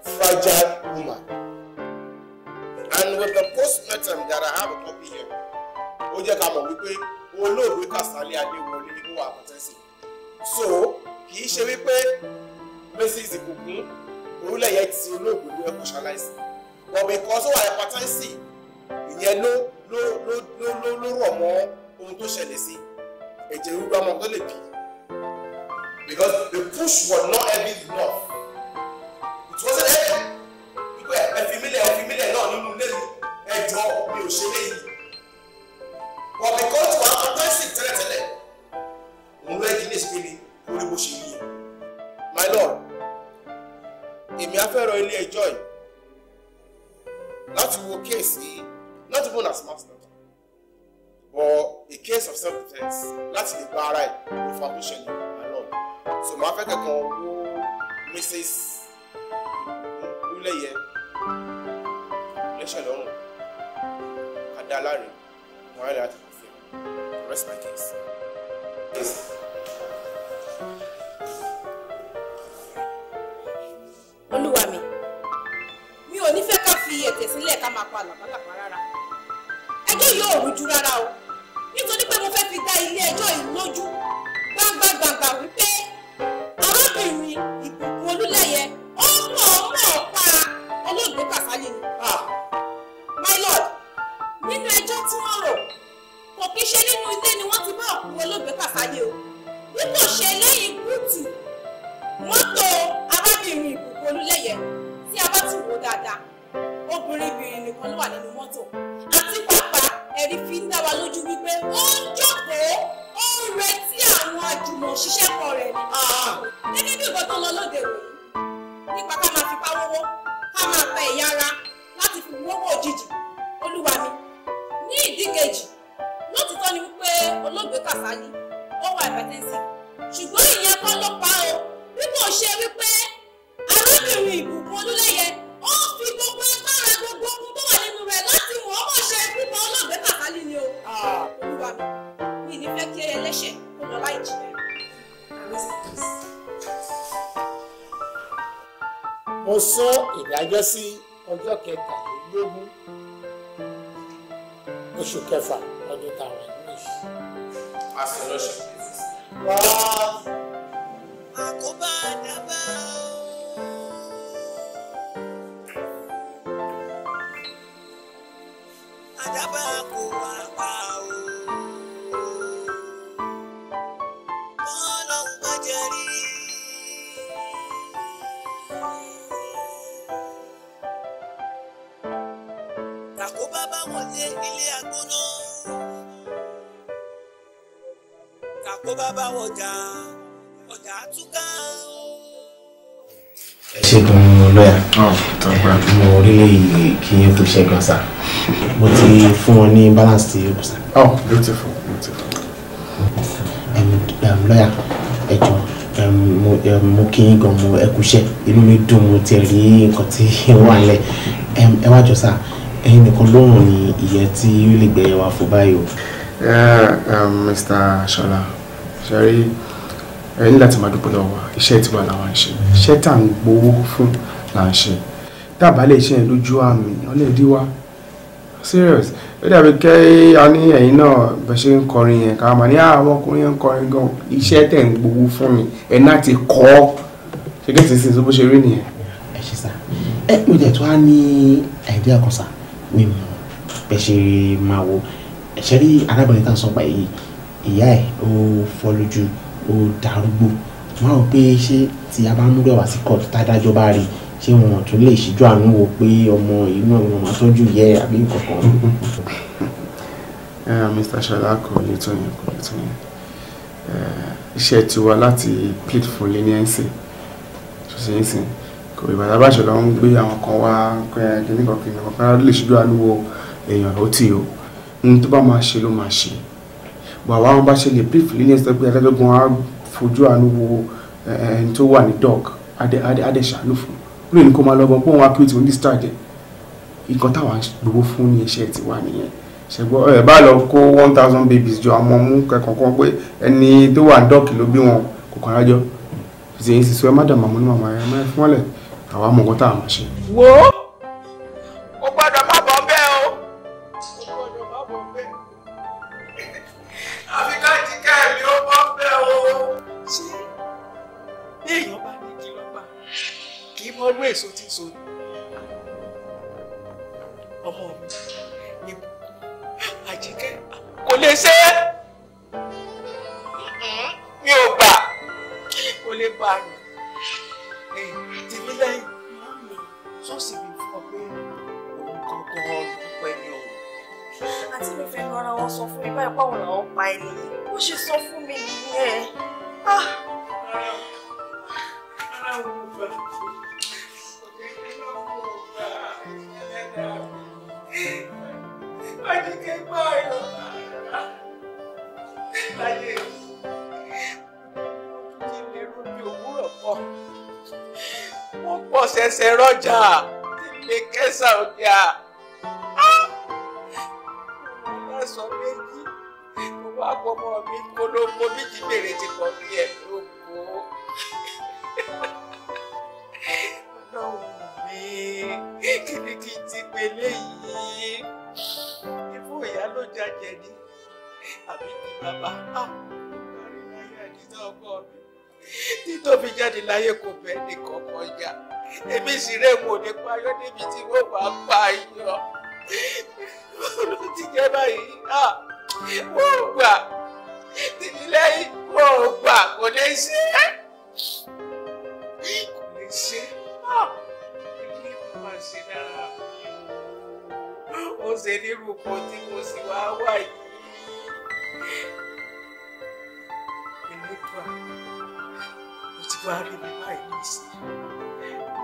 S2: fragile woman and with the postmortem that I have a copy here ó jẹ́ ká mọ̀ wípé olóògbé Kàsálí Adéwọlé ni ó wà àkọ́tẹ́sì so kì í ṣe wípé mrs Ìbùkún Olúlẹ̀yẹ ti olóògbé ló ẹ̀kọ́ ṣaláìsí but because of wà hepatitis ìyẹn ló ló ló ló ló ló rọ̀ mọ́ ohun tó ṣẹlẹ̀ sí ẹ̀jẹ̀ rúgbà ọmọ tó lè bí because the push was not heavy enough it wasn't heavy wípé ẹ̀fìmílẹ̀ ẹ̀fìmílẹ̀ náà nínú ilé mi ẹ̀jọ̀ mi ò ṣe léyìí wọ́n fi kọ́ńtù wọn fún tẹ́sí tẹ́lẹ̀tẹ́lẹ̀ òun ló ẹ̀jẹ̀ ní ìsìnkú ni orí bó ṣe yí my lord èmi á fẹ́ rọ ilé ẹjọ́ yìí láti wo kéèsì yìí not even as master but a case of self defence láti lè gba ara ẹ̀ ló fa tó ṣẹlẹ̀ àná so màá fẹ́ kẹ́kọ̀ọ́ wo mrs lúlẹ̀yẹ lẹ́sẹ̀ lọ́rùn kàdá aláre wọn á lè láti rest my case. Yes.
S4: olúwa mi mi ò ní fẹ́ ká fi ètè sílẹ̀ ká máa pa làpálàpá rárá yóò rújú rárá o nítorí pé mo fẹ́ fi dá ilé ẹjọ́ yìí lójú gbangba gbangba wípé
S6: sà ọdún táwọn yìí. a sì
S5: bá wọjà ọjà túká
S2: o. ẹ oh, ṣe gan-an lọ́yà mo orílẹ̀ kí n tó ṣe gan sa mo ti fún wọn ní balance tí o kù sa. oh beautiful beautiful. lọ́yà ẹ jọ mo kí yín gan mo ẹ kúṣẹ́ inú mi dùn mo ti rí nǹkan tí wà lẹ̀ ẹ wá jọ sáà ẹ̀yin nìkan lọ́rùn ni ìyẹn tí yóò lè gbẹ̀yẹ̀ wá fún báyìí o. Eh, Mr. Shola ṣẹ́rí ẹ ní láti máa dúpẹ́ lọ́wọ́ iṣẹ́ tiwa làwọn ń ṣe iṣẹ́ tá à ń gbowó fún là ń ṣe dábàá lè ṣe yẹn lójú àmì wọ́n lè dí wa serious ó dàbí kẹ́ a ní ẹ̀yin náà bẹ́ẹ̀ ṣe ń kọrin yẹn ká máa ní ah, àwọn ọkùnrin yẹn ń kọrin gan iṣẹ́ tẹ̀ ń gbowó fún mi ẹ̀ náà ti kọ́ ọ́ ṣe kí n sì sìn tó bó ṣe rí nìyẹn. ẹ ṣe sá ẹ mi dẹ̀ tó a ní àìdíà kan sá mi mọ̀ bẹ́ẹ̀ ṣe máa wo ẹ̀ṣẹ́ rí arábìnrin tá à sọ pa èyí ìyá ẹ̀ ó fọ́ lójú ó darúgbó wọn rò pé ṣé tí a bá múlò wá sí kóòtù tádájọ́ bá rí ṣé wọn tún lè ṣíjú àánú wò pé ọmọ inú ọmọ máa tọ́jú yẹ àbí nǹkan kan. Mr. Shola kò lè tó yẹn kò lè tó yẹn iṣẹ́ tiwa láti plead for leniency tó ṣe é sìn kò ìbàdàn bàṣẹ lọ ń gbé àwọn kan wá kíní kan kíní kan kára lè ṣíjú àánú wò èèyàn ó tì o ohun tó bá máa ṣe ló máa ṣe bọ̀ wọn bá ṣe lè brief lenience pé adájọ́ á fojú àánú wo ẹni tó wà ní dog adẹ́sàánú fún un lónìí kó máa lọ́gbọ́n pé òun appeal tí òun discharge nǹkan táwa gbogbo fún ní iṣẹ́ tiwa nìyẹn ṣẹgbọ́n ẹ bá lọ kó one thousand babies jọ àwọn ọmọ mú kẹkọ̀ọ̀kan pé ẹni tó wà ní dọ́ọ̀kì ló bí wọn kò kàn rájọ́ ṣèyí sì ẹ má dàmú àmúnú màmá ẹ má fún ọlẹ àwa mọ̀ nǹkan tá máa ṣe. wo bàjẹ́ ni
S3: àbí ti bàbá
S2: kárí láyé àdìsá ọkọ
S3: mi
S2: títóbi jáde láyé kò bẹ́ẹ̀ ní kọ̀ọ̀kan ya èmi sì rẹ̀ wò ní payọ́ níbi tí wọ́n bá pa yọ ló ti jẹ́ báyìí ah, wọ́n gbà tìlẹ́yìn
S6: wọ́n gbà kò lè ṣe é kò lè ṣe é kò lè ṣe máa ṣe dára ó ṣe nírú
S2: kan tí mo sì wá wà yìí. Elédùà mo ti wá rí mi báyìí nísìnyí.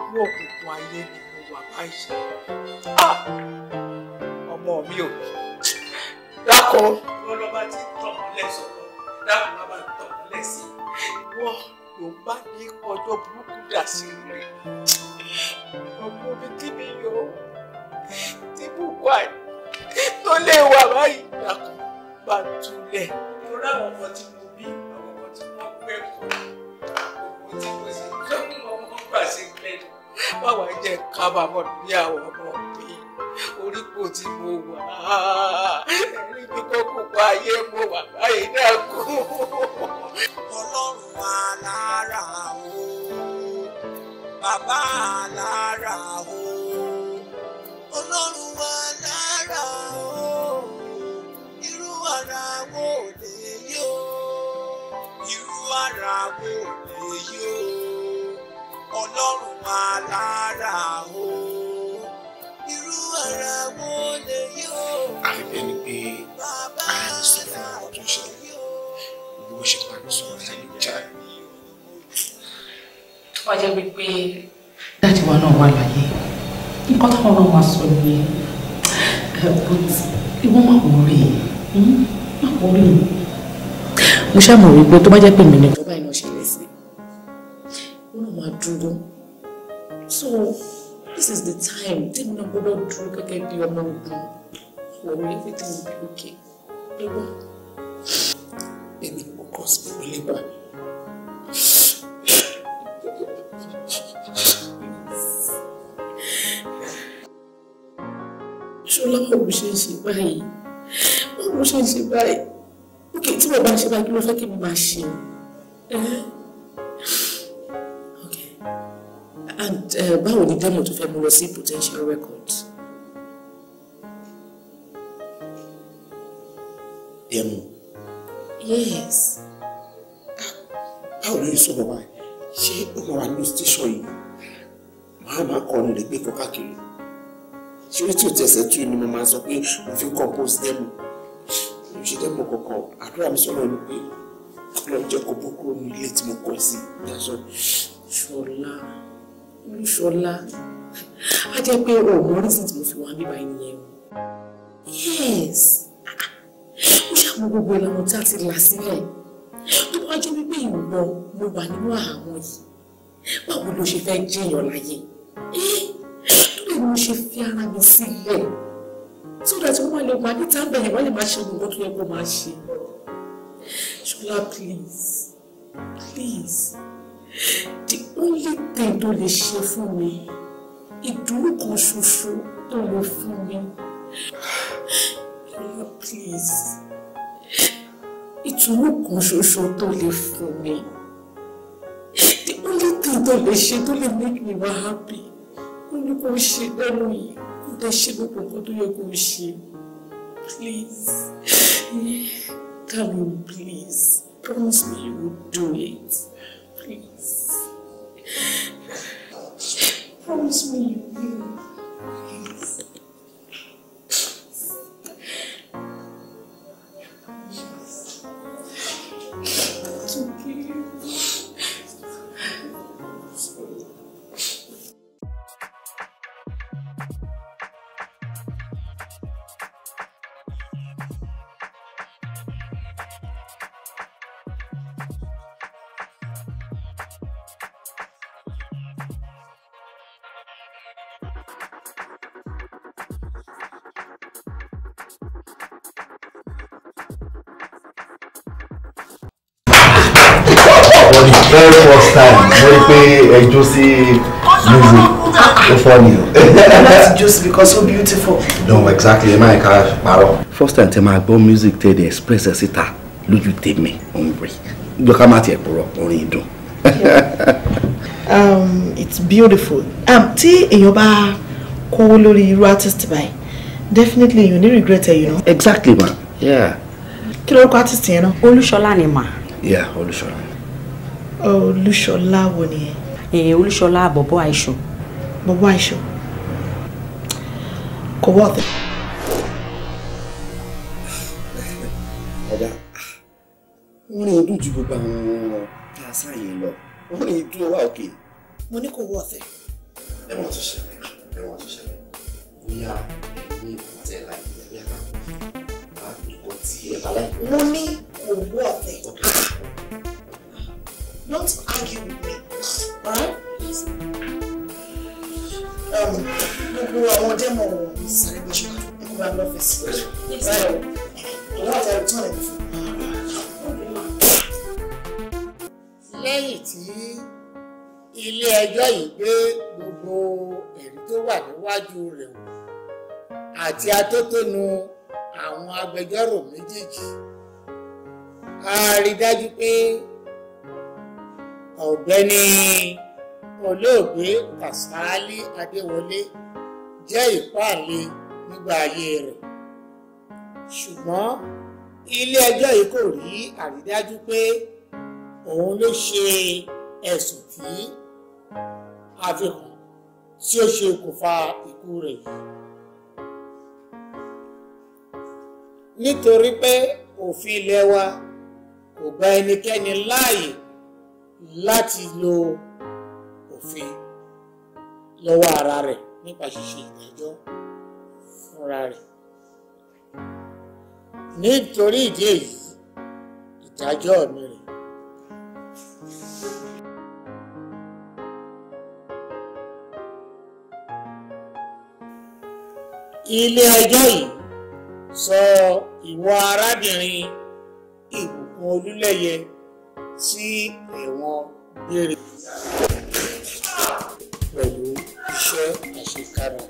S2: Owó òkùnkùn ayé ni mo wà báyìí. Ah! Ọmọ mi ò dákun. Wọ́n lọ bá ti tọ̀ mọ́lẹ̀ sọ̀rọ̀, dákun bá bá tọ̀ mọ́lẹ̀ sí. ló bá ní ọjọ́ burúkú dà sí rẹ̀. Ọmọ mi kí ni yóò tí bùkún àì
S3: tó lè wà báyìí dàkú bá túlẹ̀. mo ráwọn ọkọ tí mo bí àwọn ọkọ tí
S2: wọn pẹ kọ òkú tí mo sì lọ́kùn ọmọ pàṣẹ pẹ̀lú báwa jẹ́ kábàámọ̀ bí àwọn ọmọ mi orípo tí mo wà ẹni bí kókó pa ayé mo wà báyìí dàkú.
S3: ọlọ́run alára
S2: o bàbá alára.
S3: aláwo lèyí o ọlọ́run
S2: alára o
S3: irú ara wo lèyí o. àbẹ̀bẹ̀ ni pé ara mi sọ fún ọkọ tó ń ṣe gbogbo ṣe
S4: pàdé sọ ọ̀rẹ́ mi jáde. tó bá jẹ́ pé dájú wa náà wà láyé nǹkan táwọn náà máa sọ nìyẹn but ìwọ máa wọrí hmm? máa wọrí o mo ṣàmọ̀ wípé tó bá jẹ́ pé mi ni ìjọba iná ṣẹlẹ̀ sí ó náà máa dúró so this is the time tèmi náà gbọ́dọ̀ dúró gẹ́gẹ́ bí ọmọ ogun for everything will be okay lọ́wọ́. ẹni kò kọ́ sí ìpínlẹ̀ bá mi. ṣọlá wo ṣe ń ṣe báyìí wo ṣe ń ṣe báyìí okay tí mo bá ṣe bá kí ló fẹ́ kí mo máa ṣe o eh. okay and eh, báwo ni demo tó fẹ́ mo lọ sí potential records. demo. yes.
S6: Ah, báwo ló yẹ sọ bàbá ṣé ó máa wà nínú station yìí màá máa kọ́ ọ́nà lè gbé kọ́ káàkiri ṣé ó tí ò tẹ̀sẹ̀ tún ni mo máa sọ pé mo fi compose demo mi ṣe dẹ́mọ̀ kankan àdúrà mi sọ̀rọ̀ ni pé ọlọ́run jẹ́ kó bọ́ kúrò ní ilé tí mo kọ́ sí dáṣọ. ṣọlá
S4: olúṣọlá á jẹ́ pé o mọ reason tí mo fi wá bíbá ènìyàn o yes ó ṣàmú gbogbo ìlànà tí a ti là sílẹ̀ tó wá jẹ́ wípé ìwọ mo wà nínú àwọn yìí báwo ló ṣe fẹ́ jẹ́yàn láyé tó lè mo ṣe fi ara mi sílẹ̀ so that you won't lè máa ní tábẹ̀ yẹn wọ́n lè máa ṣe to tó yẹ kó please please the only thing tó lè ṣe fún mi ìdúró kan ṣoṣo tó lè fún mi Ṣọlá please ìtùnú kan ṣoṣo tó lè fún mi the only thing to lè ṣe tó make me happy only ní kó that. lẹ́nu yìí. ẹ ṣe gbogbo tó yẹ kó Please, tell me, please promise me you will do it please promise me you will.
S2: funny o. that's just because so beautiful. no exactly my car, parọ́. first time tẹ máa gbọ́ music tẹ dey express ẹ síta me, tèmi òun rè at your tiẹ̀ purọ́ you ìdùn. um, it's beautiful um, in your bar, kówó lórí the artist by. definitely you need regret it you know. exactly ma yeah. kí lórúkọ artist yẹn náà. olúṣọlá ni mà. yeah
S3: olúṣọlá.
S8: olúṣọlá wo ni. Eh, olúṣọlá àbọ̀bọ̀ aisho.
S2: But why should? Kò wọ́ ọ̀tẹ̀. Ọ̀gá, wọ́n ní ojú ju gbogbo àwọn pàṣẹ yìí lọ. Wọ́n ní ìdúró wà òkè. Mo ní kò wọ́ ọ̀tẹ̀.
S4: Ẹ wọ́n tún ṣẹlẹ̀, ẹ wọ́n tún ṣẹlẹ̀. Bóyá ẹ̀mí ìpàtẹ́ láì bóyá ká àgbẹ̀kọ̀ tí ẹ bá láì. Mo ní kò wọ́ ọ̀tẹ̀. Don't argue with me, alright? Um, gbogbo àwọn dẹ́mọ̀ sáré bó ṣe wà kó wá lọ́fẹ̀ẹ́sì
S3: báyọ̀ ìwọ́n àtàrí tó rẹ̀ fún
S1: lẹ́yìn tí
S6: ilé ẹjọ́ yìí gbé gbogbo ẹ̀rí tó wà níwájú rẹ̀ wò àti atótónu àwọn agbẹjọ́rò méjèèjì a rí dájú pé ọ̀gbẹ́ni olóògbé Kàsálí Adéwọlé jẹ́ ìpáàlẹ̀ nígbà ayé rẹ̀ ṣùgbọ́n ilé ẹjọ́ yìí kò rí àrídájú pé òun ló ṣe ẹ̀sùn tí àfihàn tí ó ṣe okùnfà ikú rẹ̀ yìí. nítorí pé òfin ilé wa kò gba ẹnikẹ́ni láàyè láti lo òfin lọ́wọ́ ara rẹ̀ nípa ṣíṣe ìdájọ́ fúnra rẹ̀. nítorí ìdí èyí ìdájọ́ mi rè.
S1: ilé ẹjọ́ yìí
S6: sọ ìwọ arábìnrin ìbùkún olúlẹ́yẹ sí ẹ̀wọ̀n gbére pẹ̀lú iṣẹ́ àṣekára.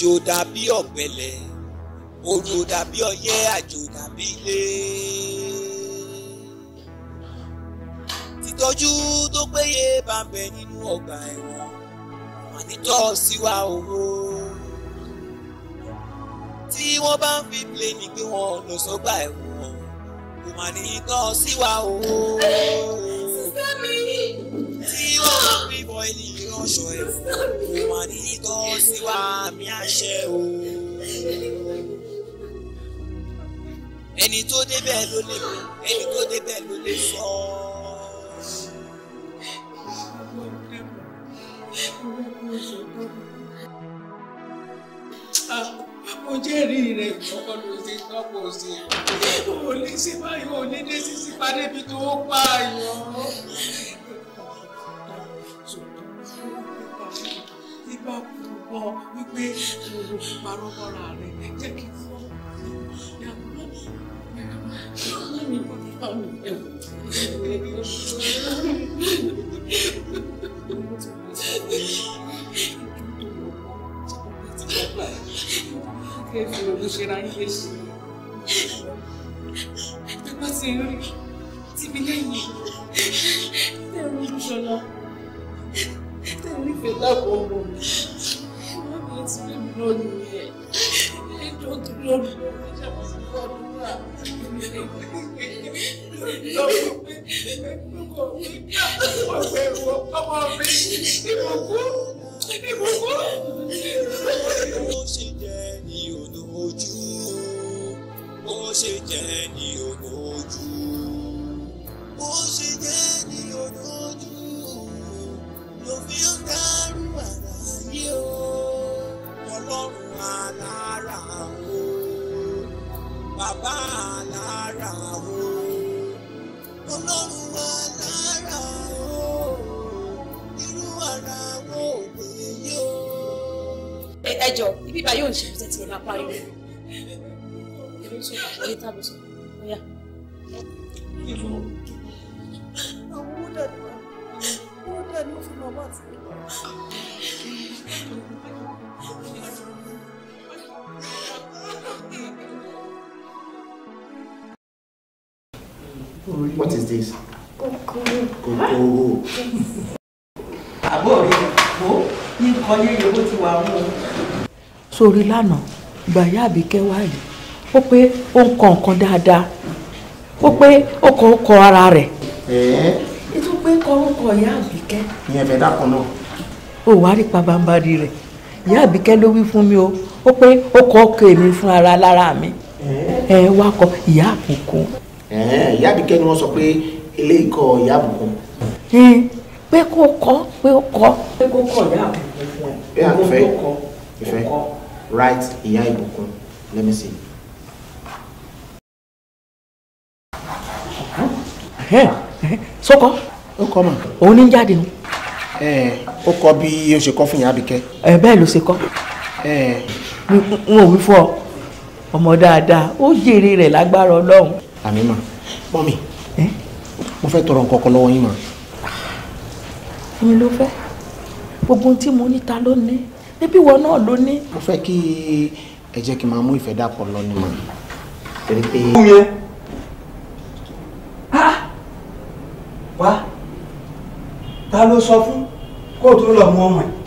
S2: òjò dàbí ọ̀gbẹlẹ̀ òjò dàbí ọyẹ́ àjò dàbí ilé. títọ́jú tó péye bá ń bẹ nínú ọgbà ẹ̀wọ̀n wọn nítọ́ síwá owó. tí wọ́n bá ń fi pléènì gbé wọn lọ sọ́gbà ẹ̀wọ̀n kò mà ní tọ́ síwá o.
S3: gbọ́ wípé mo parọ́ mọ́ra rẹ̀ jẹ́ kí n fọ́
S4: Nígbà tí ń rí tí mi lẹ́yìn, tẹ̀rù ń tẹ̀rù ìfẹ́
S6: lápò ọmọ mi
S4: ní sílé mi náà nìyẹn ètò tó lórí lórí ìṣàkóso
S3: ọdún náà. ọmọ mi ìbùkún ìbùkún.
S5: ó ṣe jẹ́ ní ọ̀nà ojú ó ṣe jẹ́ ní
S3: ọ̀nà ojú ó ṣe jẹ́ ní ọ̀nà ojú ló fi ń dárú àlàyé o
S6: ọlọ́run alára o bàbá alára o
S3: ọlọ́run alára o irú ara wo òwe yó.
S4: ẹ jọ ibi ìbá yóò ń ṣàkóso tí ẹ máa pariwo.
S3: Àwọn ó dàdúrà, ó dàdúrà fún màmá àti bàbá.
S1: What is this? Kòkòrò. Kòkòrò. Àbọ̀ rẹ̀ kò
S2: ní nǹkan yẹn Ope bó ti wà mú o. Sórí lánàá, gbàyà Àbíkẹ́ wá yìí, ó pé ó ń kọ nǹkan dáadáa, O wari rí pabambari rẹ̀, ìyá Àbíkẹ́ ló wí fún o ó pé ó kọ́ ọkọ èmi fún ara lára mi ẹ wá kọ ìyá àbùkún. ìyá àbíkẹ́ ni wọ́n sọ pé ilé ikọ̀ ìyá àbùkún.
S4: pé kó kọ́ pé ó kọ́. pé kó kọ́ ìyá
S3: àbùkún fún ẹ. ẹ àfẹ́
S2: ìfẹ́ right ìyá ìbùkún let me see. sọkọ ó kọ mà òun ní jáde. ó kọ bí ó ṣe kọ fún ìyá àbíkẹ́. bẹ́ẹ̀ ló ṣe kọ n ò wí fún ọ ọmọ dáadáa ó jèrè rẹ̀ lágbára Ọlọ́run. àmì mà mọ́mì mo fẹ́ tọrọ nǹkan kan lọ́wọ́ yín mà. èmi ló fẹ́ gbogbo ohun tí mo ní ta ló ní níbí ìwọ náà ló ní. mo fẹ́ kí ẹ jẹ́ kí n máa mú ìfẹ́ dàpọ̀ lọ ni mà.
S5: ta ló sọ fún kó o tó lọ mú ọmọ ẹ̀.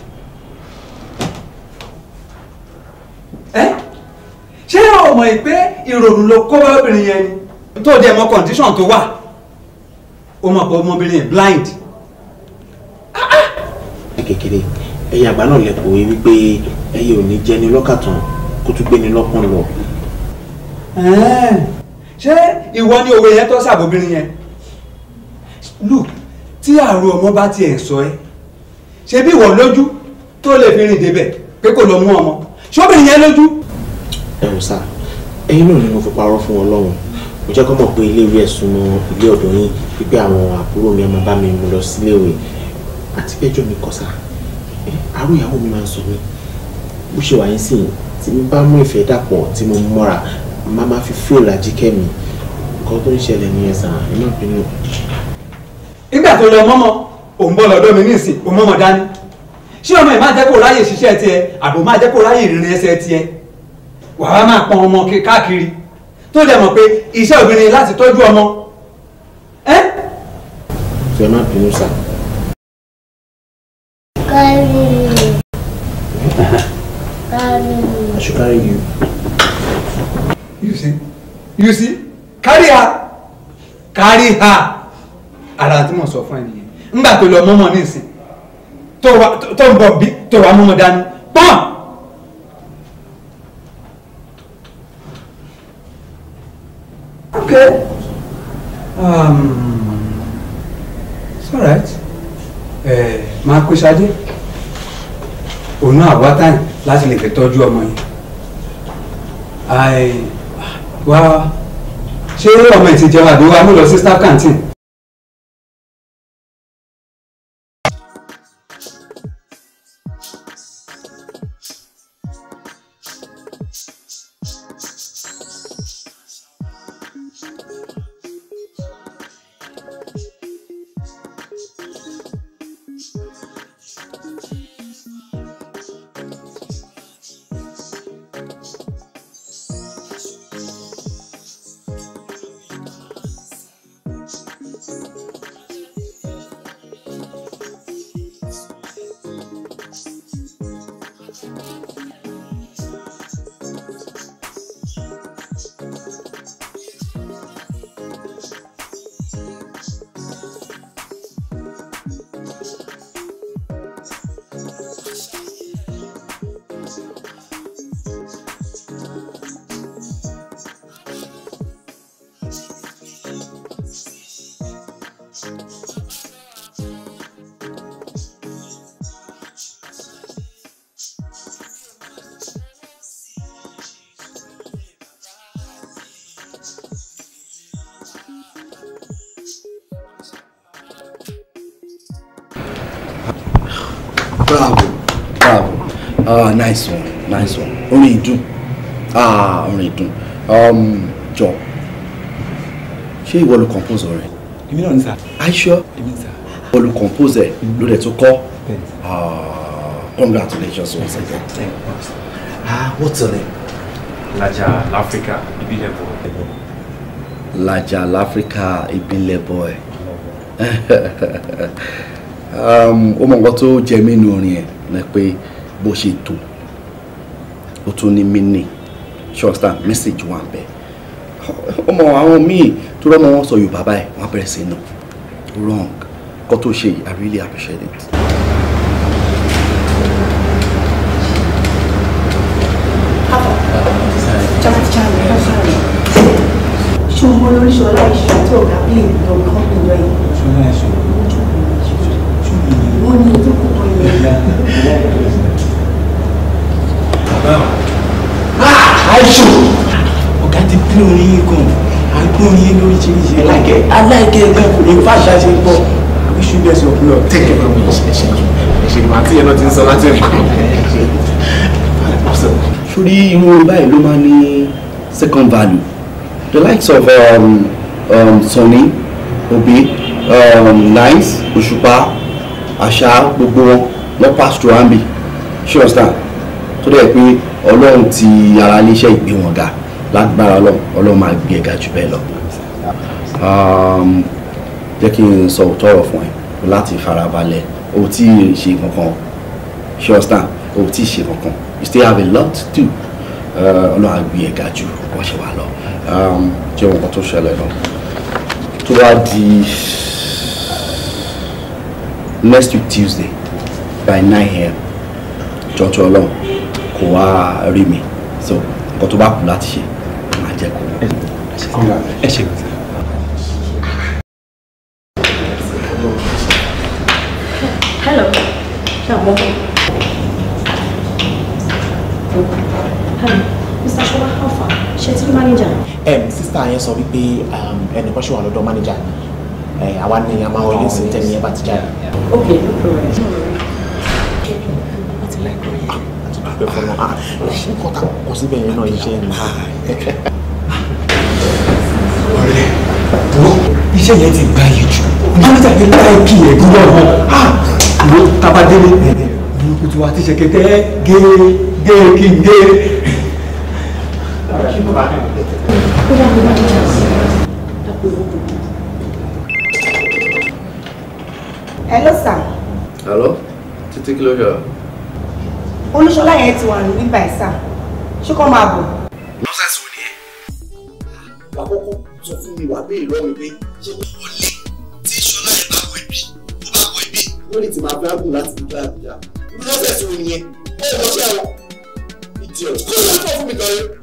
S5: ṣé o mọ̀ pé ìrònú ló kó bá obìnrin yẹn ni tó dẹ̀ mọ condition tó wà o mọ̀ pé ọmọbìnrin yẹn blind.
S2: Ah, ah! kékeré ẹ̀yin àgbà náà lẹ̀kọ́ wípé ẹ̀yin ò ní jẹ́ ni lọ́kàtàn kó tún gbé ni lọ́kàn lọ.
S5: ṣé ìwọ ni òwe yẹn tó ṣàbòbìnrin yẹn look tí àrùn ọmọ bá tiẹ̀ sọ ẹ́ ṣe bí ìwọ lójú tó lè fi rìn débẹ̀ pé kò lọ mú ọmọ ṣọ́bìnrin yẹn lójú. ẹ ǹ sá
S2: ẹyin náà ni mo fi parọ́ fún wọn lọ́wọ́ mo jẹ́ kó mọ̀ pé iléèwé ẹ̀sùn mọ ilé ọ̀dọ́ yín pípé àwọn àbúrò mi máa bá mi mú lọ síléèwé àti pẹ́jọ́ mi kọ́ sá àrò ìyàwó mi máa ń sọ mí bó ṣe wà yín sí i tí mo bá mú ìfẹ́ dàpọ̀ tí mo mọ́ra má má fi fíò lájí kẹ́mi nǹkan tó ń ṣẹlẹ̀ nìyẹn sàn ẹ má bínú.
S5: nígbà tó lọ mọ́mọ́ òun bọ́ lọ́dọ̀ mi ní ìsìn òun mọ́mọ́ dání ṣé ọmọ ẹ̀ máa jẹ́ kó ráyè ṣiṣẹ́ tiẹ̀ àbò máa jẹ́ kó ráyè ìrìn ẹsẹ̀ tiẹ̀ wàá máa pọn ọmọ káàkiri tó dẹ̀ mọ̀ pé iṣẹ́ obìnrin láti
S1: tọ́jú ọmọ. ṣe má bínú sá.
S5: carry you. carry you. I tó ń bọ̀ bí tó wà múmu dání pọ́n. ok um, it's alright ẹ eh, máa kó sáájú òun náà wá táyì láti lè fi tọ́jú ọmọ
S1: yẹn àì wá ṣé ọmọ ẹ̀ ti jẹun àbí wá mú lọ sí star canteen.
S2: um John. ṣé ìwọ ló compose rẹ. èmi náà ní sá. aisha èmi ní sá. ìwọ ló compose ẹ mm-hmm. ló dẹ̀ tó kọ́. Ah, congratulations once again. ah what's your name. laja lafrika ìbílẹ̀ bọ̀. laja lafrika ìbílẹ̀ bọ̀ ẹ̀ um, ó mọ nǹkan tó jẹ mí nínú orin ẹ̀ ni pé bó ṣe tó ó tún ní mí nìyí ṣé o message one, ń bẹ ọmọ àwọn míì tó rọ́mọ wọn sọ yorùbá báyìí wọn bẹ̀rẹ̀ sí nà wrong kó tó ṣe yìí i really appreciate it.
S8: ṣé o mọ lóríṣiríṣi
S2: ọlá ìṣòro tó ga bí ìlú should bless your blood. take second value the likes of um, um, Sunny Obi um, Nice Òṣùpá àṣà gbogbo wọn wọn pass through ambi ṣé understand stand tó dẹ̀ pé ọlọ́run ti ara iléeṣẹ́ ìgbé wọn ga lágbára ọlọ́run ọlọ́run máa gbé ẹ̀ga jù bẹ́ẹ̀ lọ. Um, jẹ́ kí n sọ òótọ́ ọ̀rọ̀ fún ẹ láti farabalẹ̀ o tí ì ṣe kankan ṣe o tí ì ṣe kankan you still have a lot to uh, ọlọ́run àgbì ẹ̀ga ju wọ́n ṣe wà lọ um, jẹ́ nǹkan tó ṣẹlẹ̀ lọ tó bá di next week Tuesday by nine a.m. jọjọ ọlọ́run kò wá rí mi so nǹkan tó bá kù láti ṣe máa jẹ́ kó. ẹ ṣe kọ́ ẹ ṣe kọ́. yẹn sọ wípé um, ẹnìkan ṣe wà lọ́dọ̀ mánéjà àwa ni a máa wọlé sí tẹ̀mí ẹ bá ti jáde.
S4: ok no problem.
S2: Ah, ṣé nǹkan tá a kọ síbẹ̀ yẹn náà iṣẹ́ ni. Ah,
S5: ọ̀rẹ́ wo iṣẹ́ yẹn ti gba yìí jù mánéjà yẹn láìpì ẹ̀ gbúdọ̀ wọn ló tabadélé ní kutu àti ṣẹ̀kẹ̀tẹ̀ gé gé kí n gé.
S7: 不知道。
S4: hello sir.
S5: hello títí kí ló yọ.
S4: olúṣọlá yẹn ti wà ní báyìí sá ṣé kò máa bọ̀. nọ́sẹ̀sì ò ní ẹ́. àkókò sọ fún mi wà
S2: bí ìlọrin pé ṣé kò wọlé tí ìṣọlá yẹn bá wọ ibi tó bá wọ ibi. wọ́n lè ti máa bá gùn láti gbé àbújá. nọ́sẹ̀sì ò ní ẹ́ ó lọ sí àwọn ìdí ọ̀
S4: kó lọ́ọ́ fún mi kan yẹn.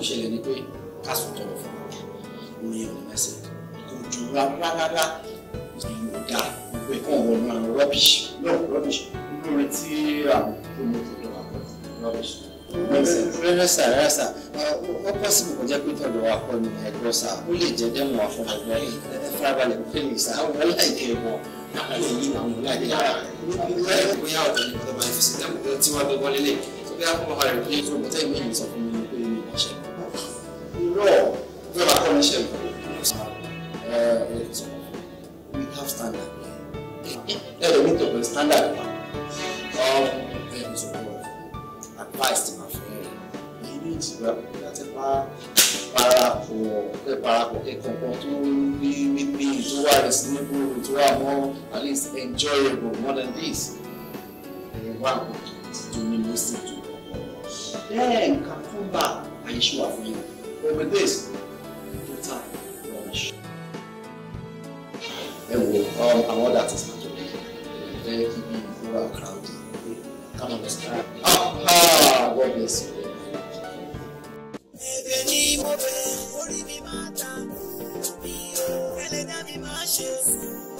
S2: tó ṣẹlẹ̀ ni pé ká sùn tọrọ fún un orin ọ̀nà ẹsẹ̀ kò dùn rárá
S6: ìlú ọ̀dà gbogbo ẹ̀kọ́ ọ̀nà àwọn rọ́bìṣì náà rọ́bìṣì lórí tí àwọn tó mú tó lọ́wọ́ rọ́bìṣì.
S2: rẹ́rẹ́sà rẹ́rẹ́sà ó pọ̀ sí kò jẹ́ pé tọ̀dọ̀ wa kọ́ ni ẹ̀gbọ́n sà ó lè jẹ́ dẹ́mọ̀ àfọ̀dọ̀gbọ́ ẹ̀ farabalẹ̀ fẹ́lẹ̀ sà ó wọlé àìdẹ́ ẹ̀gbọ́n àwọn èyí àwọn ọ̀la ìdí yàrá
S6: bóyá ọ̀dọ́ ni tí wọ́n gbé wọlé lè tó bí wọ́n kọ́ ọ̀rẹ́ pé tó mọ́tẹ́ ìmọ̀ ìyẹn sọ fún mi. partnership uh, we have standard ẹ lè ní tòkè standard Um, ọm ẹ ní sọpọ advice ti ma fún yín èyí ní ìjìyà àti pa parapọ̀ ẹ parapọ̀ ẹ kankan tó ní níbi tó wà reasonable tó wà more at least enjoyable more than this ẹ wà òkè tó ní lọ́sẹ̀ tó kọ̀ ọ́
S2: then kakúbà àyíṣùwà fún yín over this ta wọn aṣọ. ẹ wo um, àwọn ọ̀dà ti sàjọ ẹ
S6: kí bí ìfúra crowd come on let's ah God bless you.
S3: ẹ̀bẹ̀ ni mo bẹ̀ orí mi máa ta mi o ẹlẹ́dá mi máa ṣe